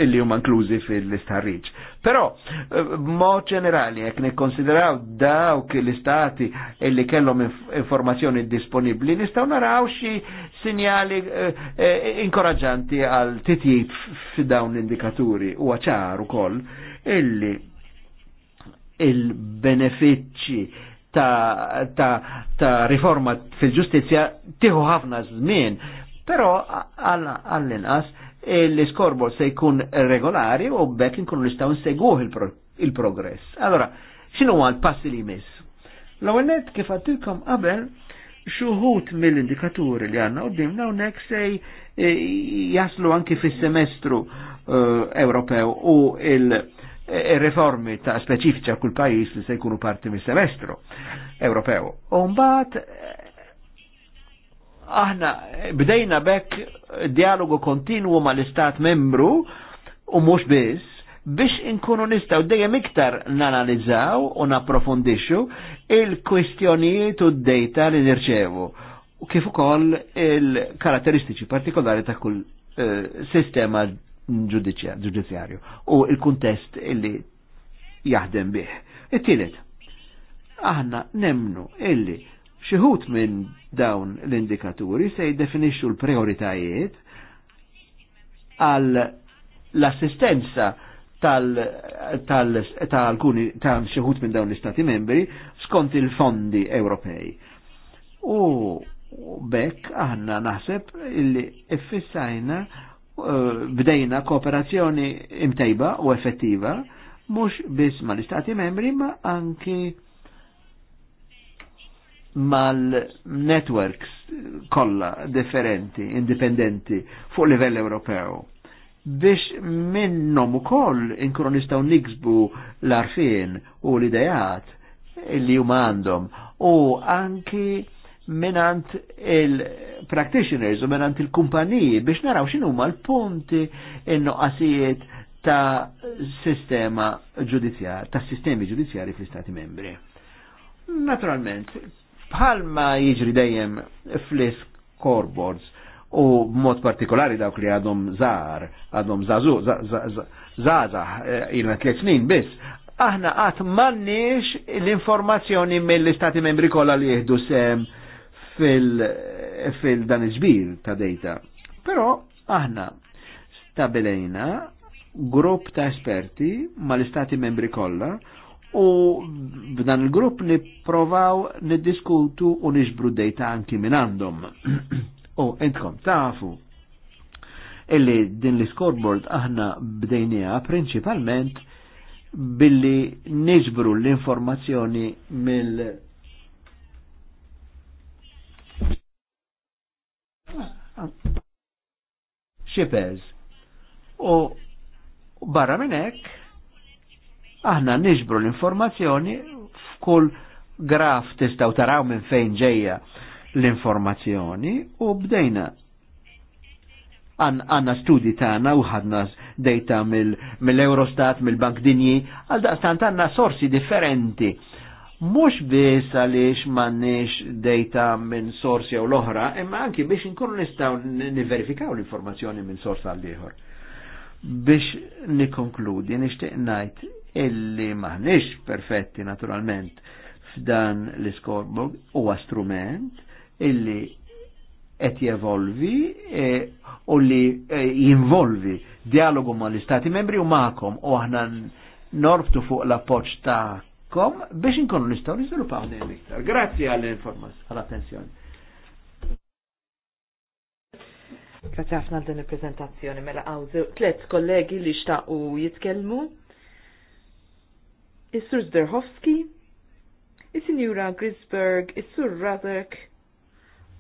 illi huma inklużi fil-istarriġ. Però, eh, mod ġenerali, jek nikkonsideraw dawk l-istati illi kellhom informazzjoni disponibli, nistaw naraw xi sinjali eh, eh, inkoraġanti għal titjib f'dawn l-indikaturi u ċar ukoll illi il-benefiċċi ta', ta, ta riforma fil-ġustizja tiħu ħafna żmien, però għall-inqas l-scoreboard se jkun regolari u bekk nkunu nistgħu nseguh il-progress. Allora, x'inhu għal passi li jmiss? L-ewwel net kif għattilkom qabel xuħut mill-indikaturi li għanna dimna unnek sej e, jaslu anki fis semestru uh, e, Ewropew u e, il-reformi ta' speċifiċa kull pajis li se jkunu parti mis semestru Ewropew. Umbat aħna bdejna bekk dialogu kontinwu mal-istat membru u mhux biss biex inkunu nistaw dejjem iktar nanalizzaw u napprofondixxu il-kwestjonijiet u d-dejta li nirċevu u kif ukoll il-karatteristiċi partikolari ta' kull eh, sistema ġudizzjarju u il-kuntest illi jaħdem bih. It-tielet, aħna nemnu illi Xieħut minn dawn l-indikaturi se jiddefinixxu l-prioritajiet għal l-assistenza tal-alkuni ta' xieħut minn dawn l-Istati membri skont il-fondi Ewropej. U bekk aħna naħseb illi effissajna eh, bdejna kooperazzjoni imtejba u effettiva mhux biss mal istati membri ma anki mal-networks kolla differenti, indipendenti, fuq livell Ewropew. Biex minnom u koll inkronistaw niksbu l-arfin u l-idejat li huma għandhom u anki minant il-practitioners u minant il-kumpaniji biex naraw xinu huma l-punti in qasijiet ta' sistema ġudizjar, ta' sistemi ġudizzjari fl-Stati membri. Naturalment, bħalma jiġri dejjem fl-scoreboards u mod partikolari dawk li għadhom zar, għadhom zazu, zaza, eh, ilna tliet snin biss, aħna għat mannix l-informazzjoni mill-istati membri kolla li jihdu sem fil-dan iġbir ta' dejta. Pero aħna stabilejna grupp ta' esperti ma l-istati membri kolla u b'dan il-grupp nipprovaw niddiskutu u nixbru dejta anki minn għandhom. u entkom tafu illi din l-scoreboard aħna bdejnija principalment billi niġbru l-informazzjoni mill xipez u barra minnek aħna niġbru l-informazzjoni f'kull graf tistaw taraw minn fejn ġejja l-informazzjoni u bdejna għanna studi tagħna u ħadna data mill-Eurostat, mil mill-Bank Dinji, għal daqstant għanna sorsi differenti. Mux biss għaliex m'għandniex data minn sors jew l-oħra, imma anki biex inkunu nistgħu niverifikaw l-informazzjoni minn sorsa għal dieħor Biex nikonkludi, nixtieq ngħid illi maħniex perfetti naturalment f'dan l-scoreboard huwa strument illi qed jevolvi eh, u li eh, jinvolvi dialogu ma' l-istati membri u maħkom u aħna norbtu fuq l-appoġġ ta'kom biex inkunu nistgħu niżviluppaw dejjem iktar. Grazzi għall-informazzjoni, għall-attenzjoni. Grazie ħafna din il-prezentazzjoni mela għawżu tliet kollegi li xtaqu jitkellmu. Is-Sur Zderhovski, Is-Sinjura Grisberg, Is-Sur Radek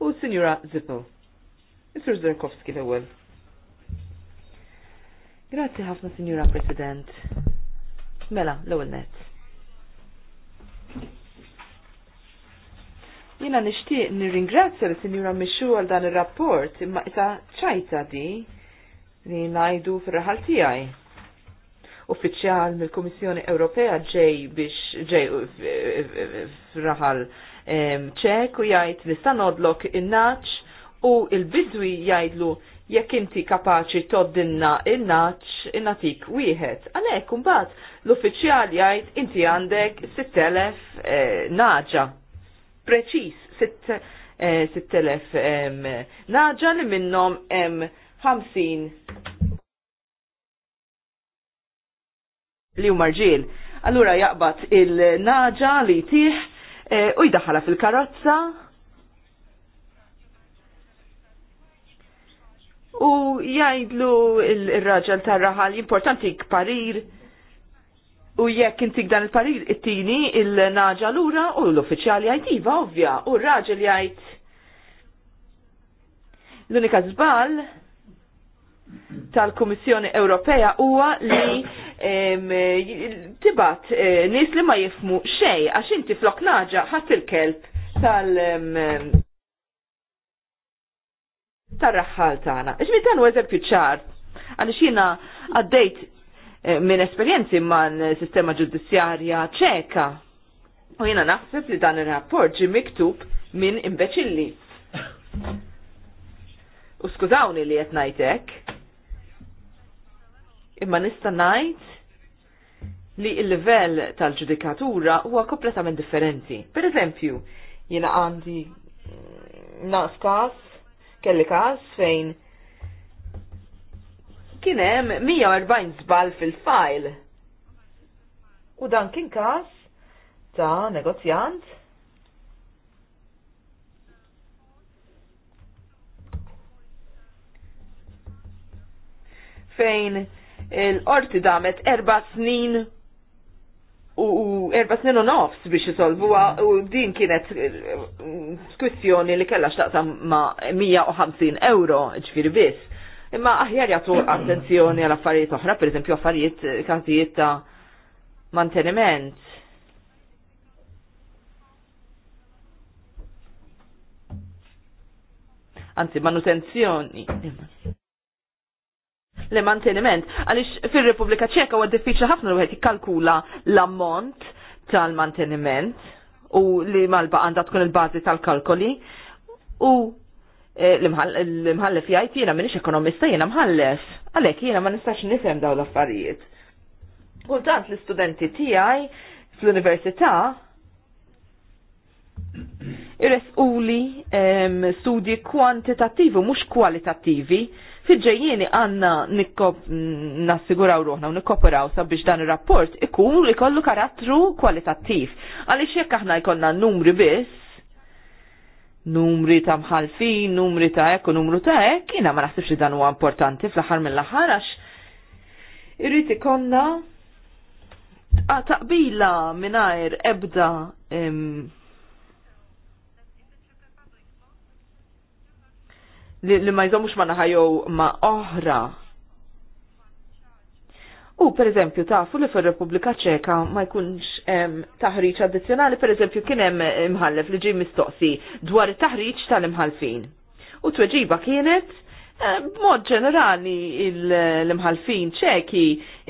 u Sinjura Zippel. Is-Sur Zderkovski l-ewwel. Grazzi ħafna, Sinjura President. Mela, l-ewwel net. Jina nishtiq nirringrazzja li Sinjura Mixu għal dan ir-rapport imma isa ċajta di li ngħidu fir-raħal tiegħi uffiċjal mill-Kummissjoni Ewropea ġej biex ġej raħal ċek u jgħid nista' nodlok in-naċ u il-bidwi jgħidlu jekk inti kapaċi toddinna in naċ innatik wieħed. Għalhekk mbagħad l-uffiċjal jgħid inti għandek 6.000 eh, naġa. Preċis, 6.000 eh, naġa li hemm 50 li huma marġiel, Allura jaqbad il-naġa li tih e, u jdaħħala fil-karozza u jgħidlu il-raġel tar-raħal importanti parir u jekk intik dan il-parir it-tini il-naġa l-ura u l-uffiċjali jgħid iva ovvja u r-raġel jgħid l-unika żball tal-Kummissjoni Ewropea huwa li tibat eh, nis li ma jifmu xej għax inti flok naġa ħadd il-kelb tal- tar-raħħal tagħna. Ġmi dan eżempju ċar. Għaliex jiena għaddejt eh, minn esperjenzi man sistema ġudizzjarja ċeka. U jiena naħseb li dan ir-rapport ġi miktub minn imbeċilli. U skużawni li qed ngħidlek Imma nista' ngħid li l-livell tal-ġudikatura huwa kompletament differenti. Per eżempju, jiena għandi mm, naqs każ, kelli każ fejn kien hemm 140 żball fil-fajl. U dan kien każ ta' negozjant fejn il-qorti damet erba snin u erba snin u nofs biex jisolvu u din kienet eh, kwestjoni li kellha xtaqsam ma' 150 euro ġfir biss. Imma aħjar jagħtu attenzjoni għal affarijiet oħra, pereżempju affarijiet każijiet ta' manteniment. Anzi, manutenzjoni l-manteniment. Għalix fil-Repubblika ċeka huwa diffiċli ħafna li wieħed jikkalkula l-ammont tal-manteniment u li malba għandha tkun il-bażi tal-kalkoli u eh, l-imħallef jgħid jiena minix ekonomista jiena mħallef. Għalhekk jiena ma nistax nifhem dawn l-affarijiet. Kultant l-istudenti tiegħi fl-università uli studji kwantitattivi mhux kwalitattivi fil għanna nikkop nassiguraw ruħna u nikkoperaw sabiex dan ir-rapport ikun ikollu karattru kwalitattiv. Għaliex jekk aħna jkollna numri biss, numri ta' mħalfin, numri ta' ekk u numru ta' ekk, jina ma naħsibx li dan huwa importanti fl-aħħar mill-aħħar għax irrid ikonna taqbila mingħajr ebda li ma jżomux ma naħa jew ma oħra. U per eżempju tafu li fir-Repubblika Ċeka ma jkunx taħriġ addizzjonali, per eżempju kien hemm imħallef li ġie mistoqsi dwar it-taħriġ tal-imħalfin. U tweġiba kienet b'mod ġenerali l-imħalfin ċeki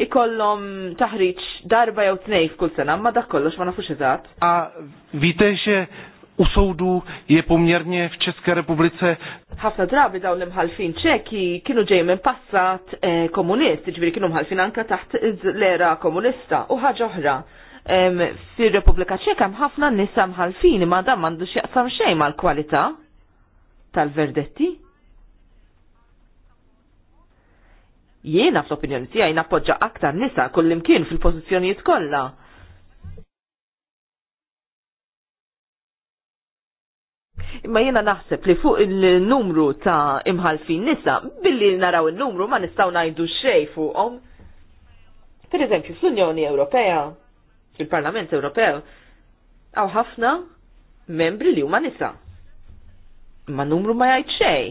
ikollhom taħriġ darba jew tnejn f'kull sena, ma dak kollox ma nafux eżatt. Vitex u soudu je poměrně v České republice. Ħafna drabi dawn l-imħalfin ċeki kienu ġej minn passat eh, komunist, ġviri kienu mħalfin anka taħt l-era komunista u ħaġa oħra. Fir Repubblika Ċeka ħafna nisa mħalfin imma dan m'għandu x'jaqsam xejn mal-kwalità tal-verdetti. Jiena fl-opinjoni tiegħi nappoġġa aktar nisa kullimkien fil-pożizzjonijiet kollha ma jena naħseb li fuq il-numru ta' imħalfin nisa, billi naraw il-numru ma nistaw najdu xej fuqhom. Per eżempju, fl-Unjoni Ewropea, fil-Parlament Ewropew, għaw ħafna membri li huma nisa. Ma numru ma jgħid xej.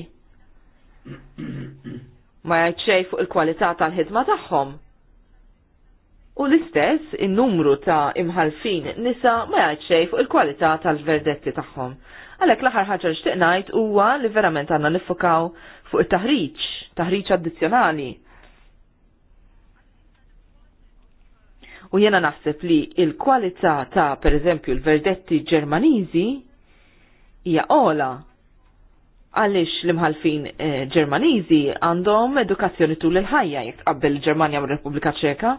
Ma jgħid xej fuq il-kwalità tal-ħidma tagħhom. U l-istess, in-numru ta' imħalfin nisa ma jgħid xej fuq il-kwalità tal-verdetti tagħhom. Għalek l-aħħar ħaġa xtieq ngħid huwa li verament għandna nifokaw fuq it-taħriġ, taħriġ addizzjonali. U jena naħseb li il-kwalità ta' pereżempju l-verdetti Ġermaniżi hija ola għalix l-imħalfin eh, ġermaniżi għandhom edukazzjoni tul il-ħajja jek tqabbel Ġermanja u Repubblika Ċeka.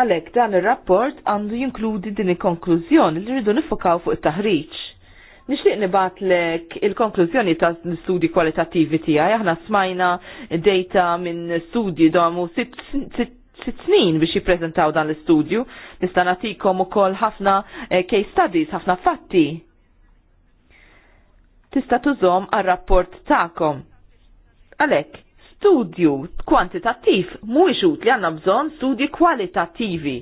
Għalek dan il-rapport għandu jinkludi din il-konklużjoni li rridu nifokaw fuq it-taħriġ. Nixtieq nibat lek il-konklużjoni ta' studi kwalitattivi tiegħi aħna smajna data minn studji domu sitt snin biex jippreżentaw dan l-istudju, nista' nagħtikom ukoll ħafna eh, case studies, ħafna fatti. Tista' tużom għal rapport tagħkom. Għalhekk, studju kwantitattiv mhuwiex utli għandna bżonn studji kwalitattivi.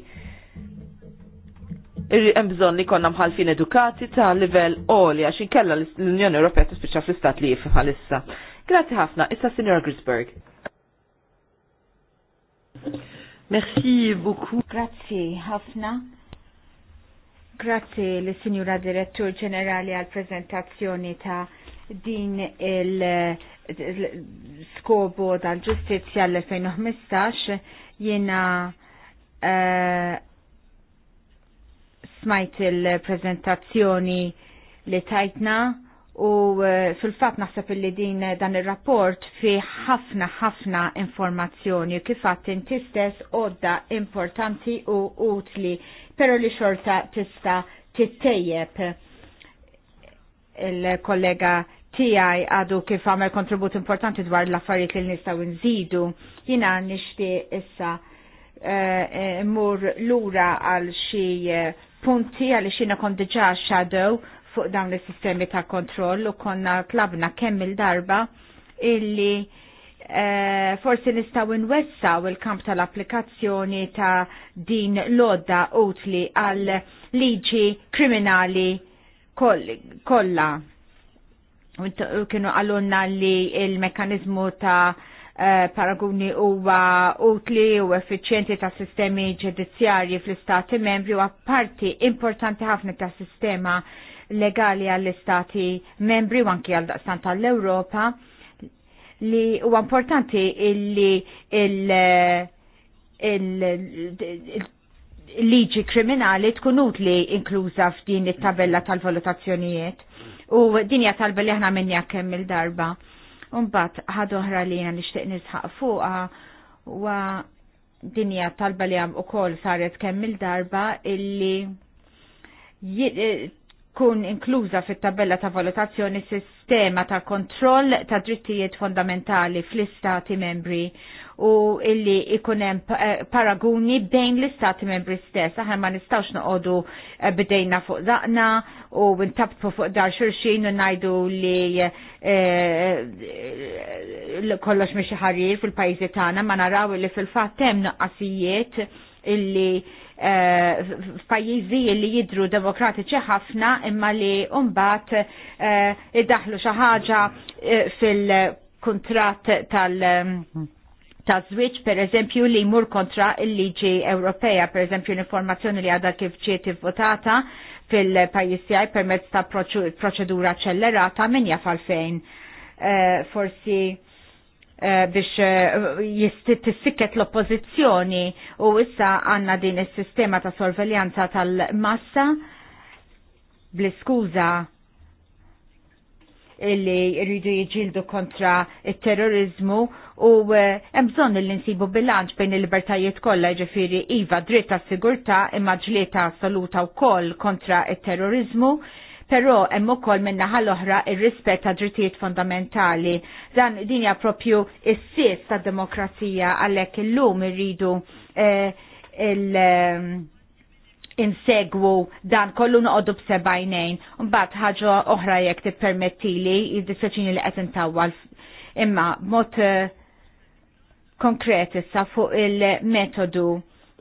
Hemm bżonn li konna mħalfin edukati ta' livell għoli għax inkella l-Unjoni Ewropea tispiċċa fl-istat li bħalissa. Grazzi ħafna, issa Sinjor Grisberg. Merci beaucoup. Grazzi ħafna. Grazzi l-Sinjura Direttur Ġenerali għal prezentazzjoni ta' din il-skobu tal-ġustizja l-2015 jena eh, smajt il-prezentazzjoni li tajtna u fil-fat eh, naħseb li din eh, dan il-rapport fi ħafna ħafna informazzjoni u kifat inti stess odda importanti u utli pero li xorta tista tittejjeb il-kollega tijaj għadu kif għamel kontribut importanti dwar l-affarijiet li nistaw nżidu. Jina nishti issa eh, eh, mur mur lura għal xie eh, punti għal xina kon diġa shadow fuq dawn il-sistemi ta' kontroll u konna tlabna kemm il-darba illi forsi nistaw nwessaw il-kamp tal-applikazzjoni ta' din lodda utli għal liġi kriminali kollha kienu għallunna li il-mekanizmu ta' eh, paraguni huwa utli u effiċjenti ta' sistemi ġudizzjarji fl-istati membri u parti importanti ħafna ta' sistema legali għall-istati membri u anki għal-daqstan tal-Europa li huwa importanti illi il-liġi kriminali tkun utli inkluża f'din it-tabella tal-valutazzjonijiet U dinja talba li ħna minni kemm il-darba. Umbat ħad oħra li jena nishtiq nisħaq fuqa u dinja talba li għam u kol saret kemm il-darba illi e, kun inkluża fit-tabella ta' valutazzjoni sistema ta' kontroll ta' drittijiet fondamentali fl-istati membri u illi ikunem eh, paraguni bejn l-istati membri stess. Aħna ma nistawx noqodu eh, bdejna fuq daqna u ntabtu fuq dar xurxin u najdu li eh, kollox miex ħarir fil-pajzi tagħna ma naraw li fil-fatt hemm qasijiet illi f'pajjiżi li jidru demokratiċi ħafna imma li mbagħad idaħlu xi ħaġa fil-kuntratt tal- ta' żwieġ pereżempju li jmur kontra il-liġi Ewropea, pereżempju l-informazzjoni li għadha kif ġiet votata fil-pajjiż tiegħi permezz ta' proċedura ċellerata min jafal fejn. Uh, eh, forsi eh, biex eh, tissikket l-oppozizjoni u issa għanna din is-sistema ta' sorveljanza tal-massa bl skuza li rridu jiġildu kontra il-terrorizmu u eh, hemm bżonn li nsibu bilanċ bejn il-libertajiet kollha ġifieri iva dritta sigurtà imma ġlieta assoluta wkoll kontra il-terrorizmu però hemm ukoll min-naħa l-oħra ir-rispett ta' drittijiet fondamentali. Dan din hija propju is-sis tad-demokrazija għalhekk illum irridu eh, il- ehm, insegwu dan kollu noqoddu b'sebajnejn. Mbagħad ħaġa oħra jekk li id-dispeċini li qed intawwal imma mod eh, konkret issa fuq il-metodu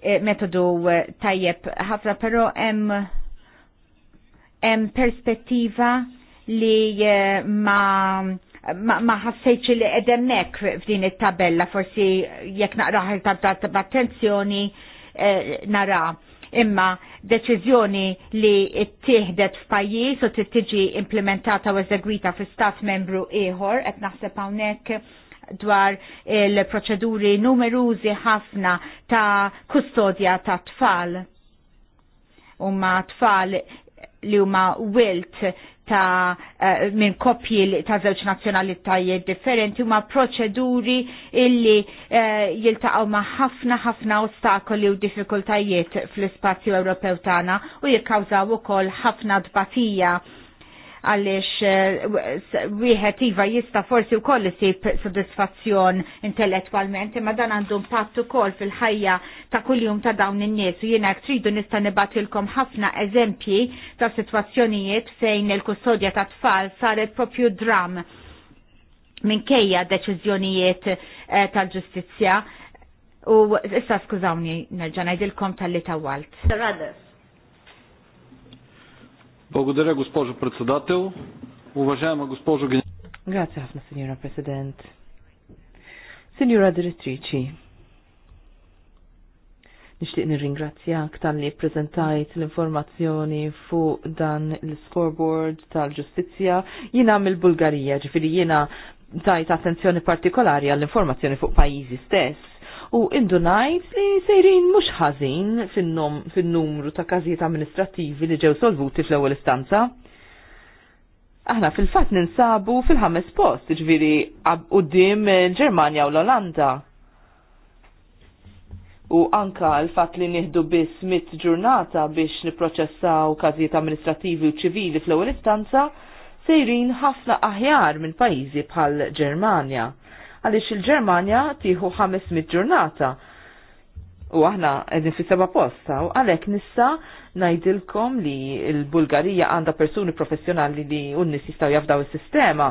eh, metodu eh, tajjeb ħafna però hemm hemm perspettiva li ma ma ħassejċ li edemmek f'din it-tabella forsi jekk naqraħ il-tabella b'attenzjoni nara imma deċiżjoni li ttieħdet f'pajjiż u tiġi implementata u eżegwita fi stat membru ieħor qed naħseb hawnhekk dwar il-proċeduri numerużi ħafna ta' kustodja ta' tfal. Umma tfal li huma wilt ta' eh, minn kopji ta' żewġ nazzjonalitajiet differenti huma proċeduri illi eh, jiltaqgħu ma' ħafna ħafna ostakoli u diffikultajiet fl-ispazju Ewropew tagħna u jikkawżaw ukoll ħafna dbatija għaliex eh, wieħed iva jista' forsi wkoll isib sodisfazzjon intellettwalment, imma dan għandu impatt ukoll fil-ħajja ta' kuljum ta' dawn in-nies u jiena tridu nista' nibatilkom ħafna eżempji ta' sitwazzjonijiet fejn il-kustodja ta' tfal saret propju dram minkejja deċiżjonijiet eh, tal-ġustizzja. U issa skużawni nerġa' ngħidilkom tal-li tawalt. Благодаря, госпожо председател. Уважаема госпожо генерал. Grazie ħafna, Signora President. Signora Direttrici, nishtiq nirringrazzja tal-li prezentajt l-informazzjoni fuq dan l-scoreboard tal-ġustizja jina mill-Bulgarija, ġifiri jina tajt attenzjoni partikolari għall-informazzjoni fuq pajizi stess u indunajt li sejrin mhux ħażin fin-numru ta' każijiet amministrativi li ġew solvuti fl-ewwel istanza. Aħna fil-fatt ninsabu fil-ħames post, ġviri qudiem ġermanja u l-Olanda. U anka l-fatt li nieħdu biss mit ġurnata biex niproċessaw każijiet amministrativi u ċivili fl-ewwel istanza sejrin ħafna aħjar minn pajjiżi bħal Ġermanja għaliex il-Ġermanja tieħu 500 ġurnata. U aħna edin fi seba posta u għalhekk nissa najdilkom li l-Bulgarija għandha persuni professjonali li unnis jistaw jistgħu jafdaw is-sistema.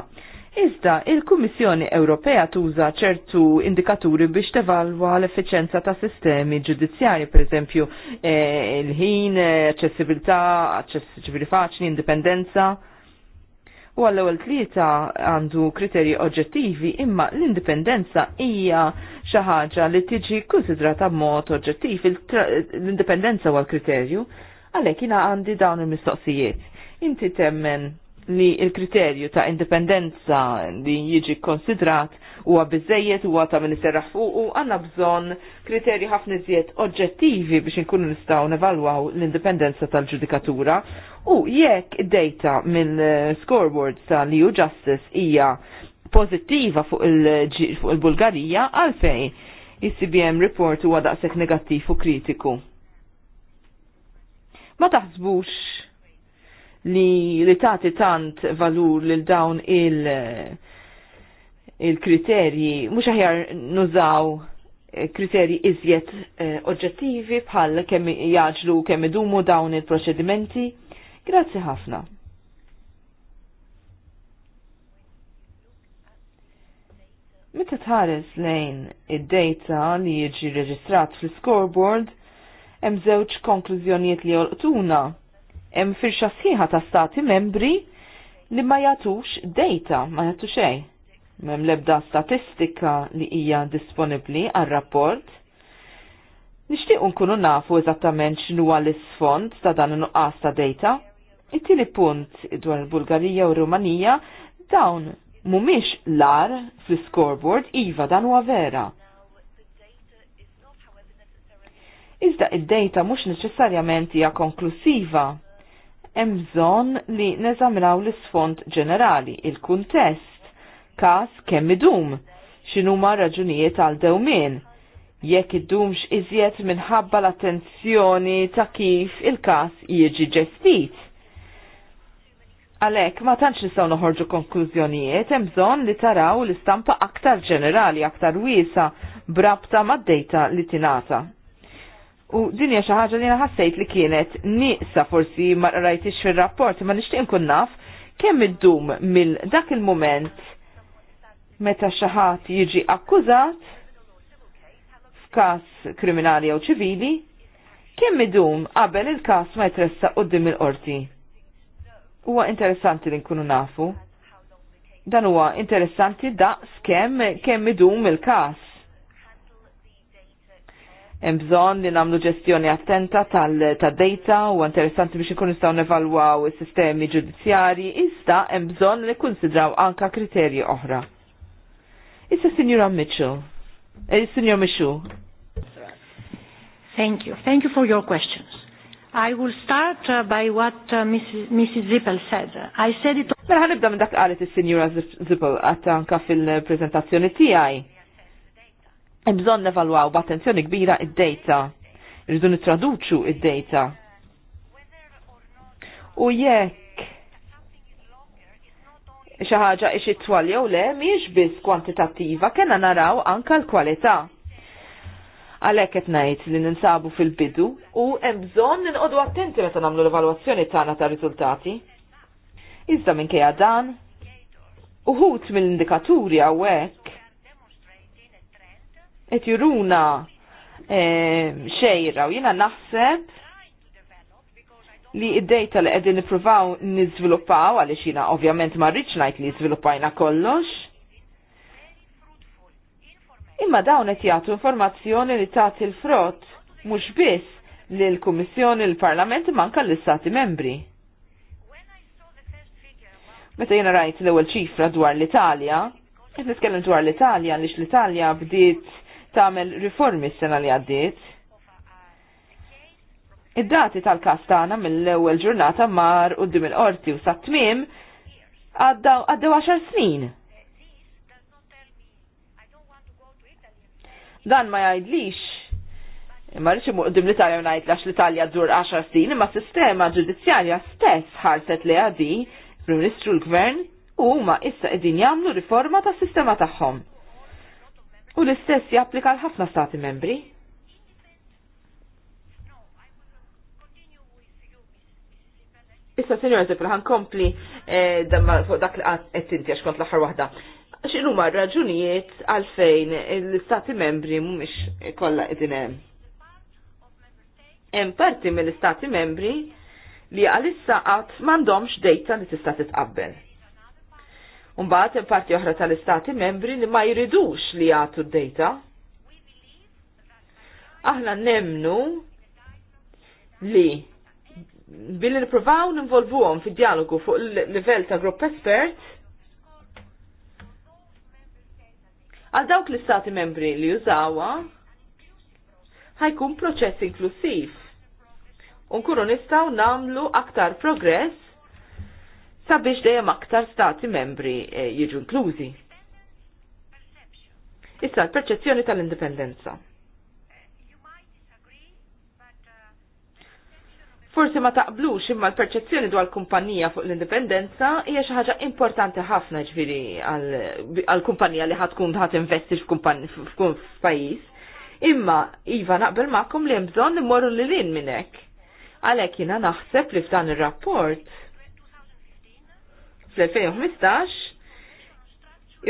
Iżda, il-Kummissjoni Ewropea tuża ċertu indikaturi biex tevalwa l-effiċenza ta' sistemi ġudizzjari, per eżempju, eh, il-ħin, eh, accessibilità, accessibilità faċli, indipendenza u għall ewwel tlieta għandu kriterji oġġettivi imma l-indipendenza hija xi ħaġa li tiġi konsidrata b'mod oġġettiv l-indipendenza huwa l-kriterju għalhekk jiena għandi dawn il-mistoqsijiet. Inti temmen li il-kriterju ta' indipendenza li jiġi konsidrat huwa biżejjed huwa ta' min iserraħ fuq u għandna bżonn kriterji ħafna iżjed oġġettivi biex inkunu nistgħu nevalwaw l-indipendenza tal-ġudikatura U jekk data mill-scoreboard eh, tal-EU Justice hija pozittiva fuq il-Bulgarija, il għalfej il-CBM report huwa daqshekk negattiv u kritiku. Ma taħsbux li li tagħti tant valur lil dawn il- eh, il-kriterji, mhux aħjar nużaw eh, kriterji iżjed oġġettivi bħal kemm jaġlu kemm idumu dawn il-proċedimenti Grazzi ħafna. Meta tħares lejn id-data li jiġi reġistrat fil-scoreboard, hemm żewġ konklużjonijiet li jolqtuna. Hemm firxa sħiħa ta' stati membri li ma jagħtux data, ma jagħtu xejn. Mem lebda statistika li hija disponibbli għar-rapport. Nixtieq nkunu nafu eżattament x'inhu l-isfond ta' dan in-nuqqas ta' data. It-tieni punt dwar il-Bulgarija u Rumanija dawn mumiex lar fl-scoreboard iva dan huwa vera. Iżda id-data mhux neċessarjament hija konklusiva. Hemm bżonn li neżaminaw l-isfond ġenerali, il-kuntest, każ kemm idum, x'inhuma raġunijiet għal dewmien, jekk idumx iżjed minħabba l-attenzjoni ta' kif il-każ jiġi ġestit Għalek, ma tantx nistgħu noħorġu konklużjonijiet, hemm bżonn li taraw l-istampa aktar ġenerali, aktar wiesa, brabta mad-dejta li tingħata. U din hija xi ħaġa li ħassejt li kienet nieqsa forsi ma rajtix fir-rapport, ma nixtieq nkun naf kemm id-dum mill dak il-moment meta xi ħadd jiġi akkużat f'każ kriminali jew ċivili, kemm idum qabel il-każ ma jitressaq quddiem il-qorti huwa interessanti li nkunu nafu. Dan huwa interessanti daqs kemm kemm idum il-każ. Hemm bżonn li nagħmlu ġestjoni attenta tad-data u interessanti biex ikun nistgħu nevalwaw is-sistemi ġudizzjarji, iżda hemm bżonn li kkunsidraw anka kriterji oħra. Issa Signora Mitchell. Eh, Signor Mishu. Michu. Thank you. Thank you for your questions. I will start uh, by what uh, Mrs. Mrs. Zippel said. I said it... Mela ħanibda minn dak qalet il-Sinjura Zippel għatta anka fil-prezentazzjoni tiegħi. Bżonn nevalwaw b'attenzjoni kbira id-data. Irridu nitraduċu id-data. U jekk xi ħaġa ixi twal jew le mhijiex biss kwantitattiva kellna naraw anka l-kwalità Għalhekk qed ngħid li ninsabu fil-bidu u hemm bżonn ninqodu attenti meta nagħmlu l-evalwazzjoni tagħna ta' riżultati. Iżda minkejja dan, uħut mill-indikaturi hawnhekk qed juruna eh, xejra u jiena naħseb li id-data li qegħdin nippruvaw niżviluppaw għaliex jiena ovvjament ma rridx ngħid li żviluppajna kollox imma dawn qed jagħtu informazzjoni li tagħti l-frott mhux biss lil kummissjoni l-Parlament manka l-Istati membri. Meta jiena rajt l-ewwel ċifra dwar l-Italja, qed nitkellem dwar l-Italja għaliex l-Italja bdiet tagħmel riformi s-sena li għaddiet. Id-dati tal kastana tagħna mill-ewwel ġurnata mar qudiem il-qorti u sa tmiem għaddew 10 snin Dan ma jgħidlix Imma rriċi muqdim l-Italja unajt lax l-Italja dżur 10 sin, ma sistema ġudizzjarja stess ħarset li għadi, prim-ministru l-gvern, u huma issa qegħdin jagħmlu riforma tas sistema tagħhom. U l-istess japplika l ħafna stati membri. Issa, Sinjor Zipra, ħankompli eh, fuq dak li għed tinti għax kont l-aħħar waħda xinu ma raġunijiet għalfejn l-istati membri mumiex kolla idinem. Hemm parti mill-istati membri li għalissa qatt m'għandhomx dejta li tista' titqabbel. Umbagħad hemm parti oħra tal-istati membri li ma jridux li jagħtu d-dejta. Aħna nemnu li billi nippruvaw ninvolvuhom fid-dialogu fuq il-livell ta' grupp espert Għal dawk l-istati membri li jużawa, ħajkun proċess inklusiv. Unkunu nistaw namlu aktar progress sabiex dejjem aktar stati membri eh, jiġu inklużi. Issa l-perċezzjoni tal-indipendenza. Forsi ma taqblux imma l-perċezzjoni dwar l-kumpanija fuq l-indipendenza hija xi ħaġa importanti ħafna ġifieri għall-kumpanija li ħadkun ħadd investi f'kun f'pajjiż. Imma iva naqbel magħkom li hemm bżonn immorru lil hinn minn hekk. Għalhekk jiena naħseb li f'dan ir-rapport fl-2015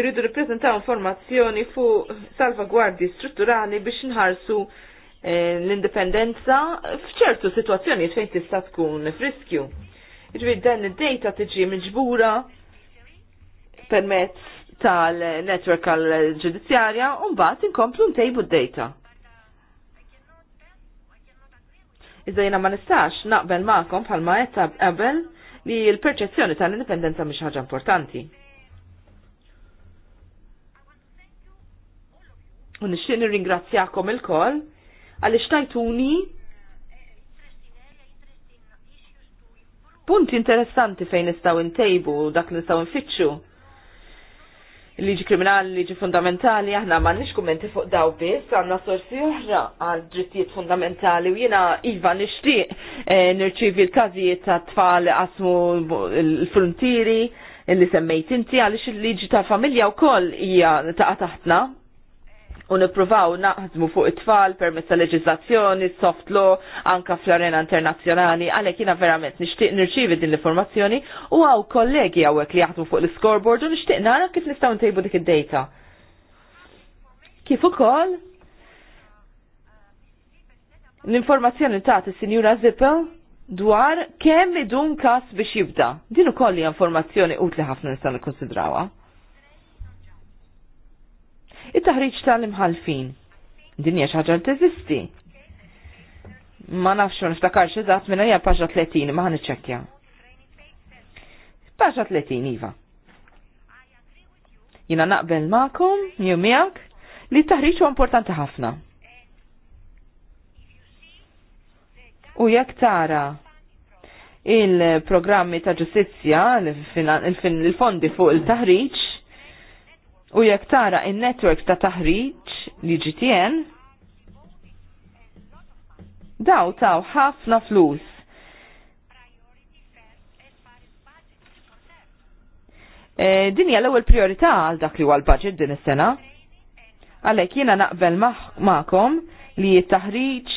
irridu rippreżentaw informazzjoni fuq salvagwardji strutturali biex inħarsu Eh, l-indipendenza fċertu situazzjoni fejn tista' tkun friskju. Ġvid dan id-data tiġi miġbura permezz tal-network għal-ġudizzjarja u mbagħad inkomplu ntejbu d-data. Iżda jena ma nistax naqbel ma'kom ma qed qabel li l-perċezzjoni tal-indipendenza mhix ħaġa importanti. U nixtieq nirringrazzjakom il-koll għaliex tajtuni punti interessanti fejn nistgħu ntejbu dak li nistgħu nfittxu. Liġi kriminali, liġi fundamentali, aħna m'għandniex kummenti fuq daw biss, għandna sorsi oħra għal drittijiet fundamentali u jiena iva nixtieq eh, nirċivi l-każijiet ta' tfal qasmu l-fruntieri, li semmejt inti għaliex il-liġi ta' familja wkoll hija taqa' taħtna u nippruvaw naħdmu fuq it-tfal permezz tal leġiżlazzjoni, soft law, anka fl-arena internazzjonali, għalhekk jiena verament nixtieq nirċievi din l-informazzjoni u għaw kollegi hawnhekk li jaħdmu fuq l-scoreboard u nixtieq nara kif nistgħu ntejbu dik id-data. Kif ukoll? L-informazzjoni ta' t-Sinjura Zippel dwar kemm idun kas biex jibda. Din ukoll informazzjoni utli ħafna nistgħu nikkonsidrawha it-taħriġ tal-imħalfin. Dinja hija xi ħaġa teżisti. Ma nafxu niftakar niftakarx eżatt minn paġa 30 ma ħaniċċekkja. Paġa 30 iva. Jina naqbel ma'kom, jew miegħek li t-taħriġ huwa importanti ħafna. U jekk tara il-programmi ta' ġustizzja, il-fondi fuq il-taħriġ, U jekk tara in-networks ta' taħriġ li GTN, daw taw ħafna flus. E, din hija l-ewwel priorità għal dak li huwa l-budget din is-sena. Għalhekk jiena naqbel magħkom li t-taħriġ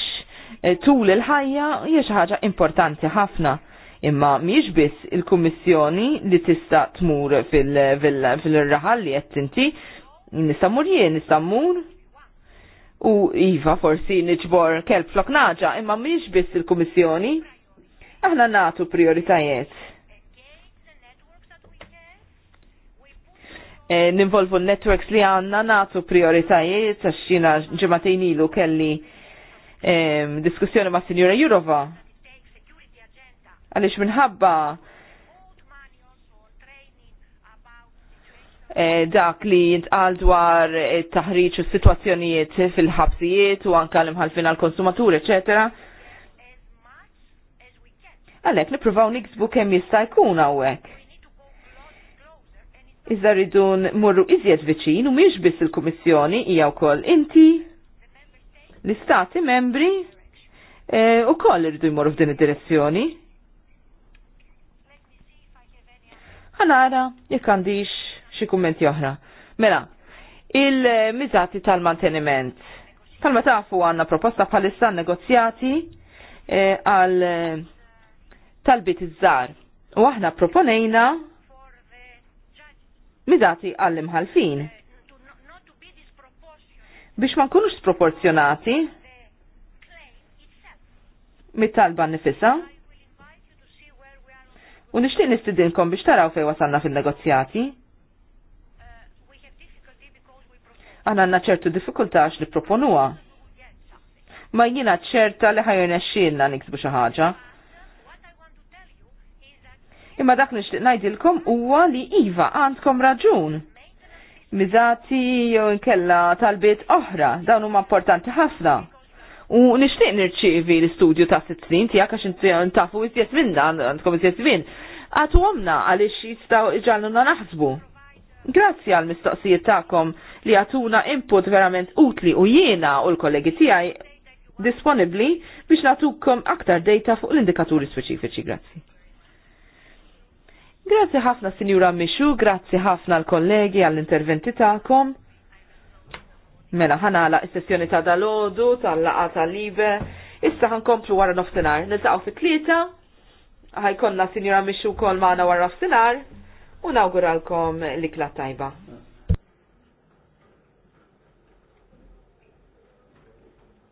e, tul il-ħajja hija xi ħaġa importanti ħafna Imma miex biss il-Kummissjoni li tista' tmur fil-raħal li jettinti, inti, nista' mur jien, nista' mur u iva forsi niġbor kelb flok naġa, imma miex biss il-Kummissjoni. Aħna natu prioritajiet. E, ninvolvu networks li għanna natu prioritajiet, għaxina jina ilu kelli diskussjoni ma' Sinjura Jurova Għaliex minħabba eh, dak li jintqal dwar eh, taħriġ u situazzjonijiet fil-ħabsijiet u anka l-imħalfin għal-konsumatur, eccetera. Għalek niprofaw niksbu kem jista' jkun hawnhekk. Iżda rridu morru iżjed viċin u miex biss il-Kummissjoni hija wkoll inti l-istati membri eh, u koll irridu jmorru f'din id-direzzjoni. għanara, jekk għandix xi kummenti oħra. Mela, il mizati tal-manteniment. Palma tafu għanna proposta bħalissa negozjati eh, għal eh, talbit iż-żar. U aħna proponejna Mizati għall-imħalfin. Biex ma nkunux sproporzjonati mit-talba nifisa, U nixtieq nistidilkom biex taraw fejn wasalna fil negozjati Għanna għanna ċertu diffikultax li proponuwa. Ma jina ċerta li ħajrna xilna niksbu xi ħaġa. Imma dak nixtieq ngħidilkom huwa li iva għandkom raġun. Miżati jew inkella talbiet oħra, dawn huma importanti ħafna U nixtieq nirċievi l-istudju ta' sitt snin tiegħek għax inti tafu iżjed minn dan għandkom iżjed minn. Għatu għomna għaliex jistgħu iġalluna naħsbu. Grazzi għal mistoqsijiet tagħkom li għatuna input verament utli u jiena u l-kollegi tiegħi disponibbli biex nagħtukom aktar data fuq l-indikaturi speċifiċi. Grazzi. Grazzi ħafna Sinjura Mixu, grazzi ħafna l-kollegi għall-interventi tagħkom. Mela ħana s-sessjoni ta' dalodu, tal-laqa tal-libe, issa ħankomplu wara nofsinar. Niltaqgħu fit-tlieta, ħajkonna Sinjora Mixu kol magħna wara nofsinar u nawguralkom l-ikla tajba.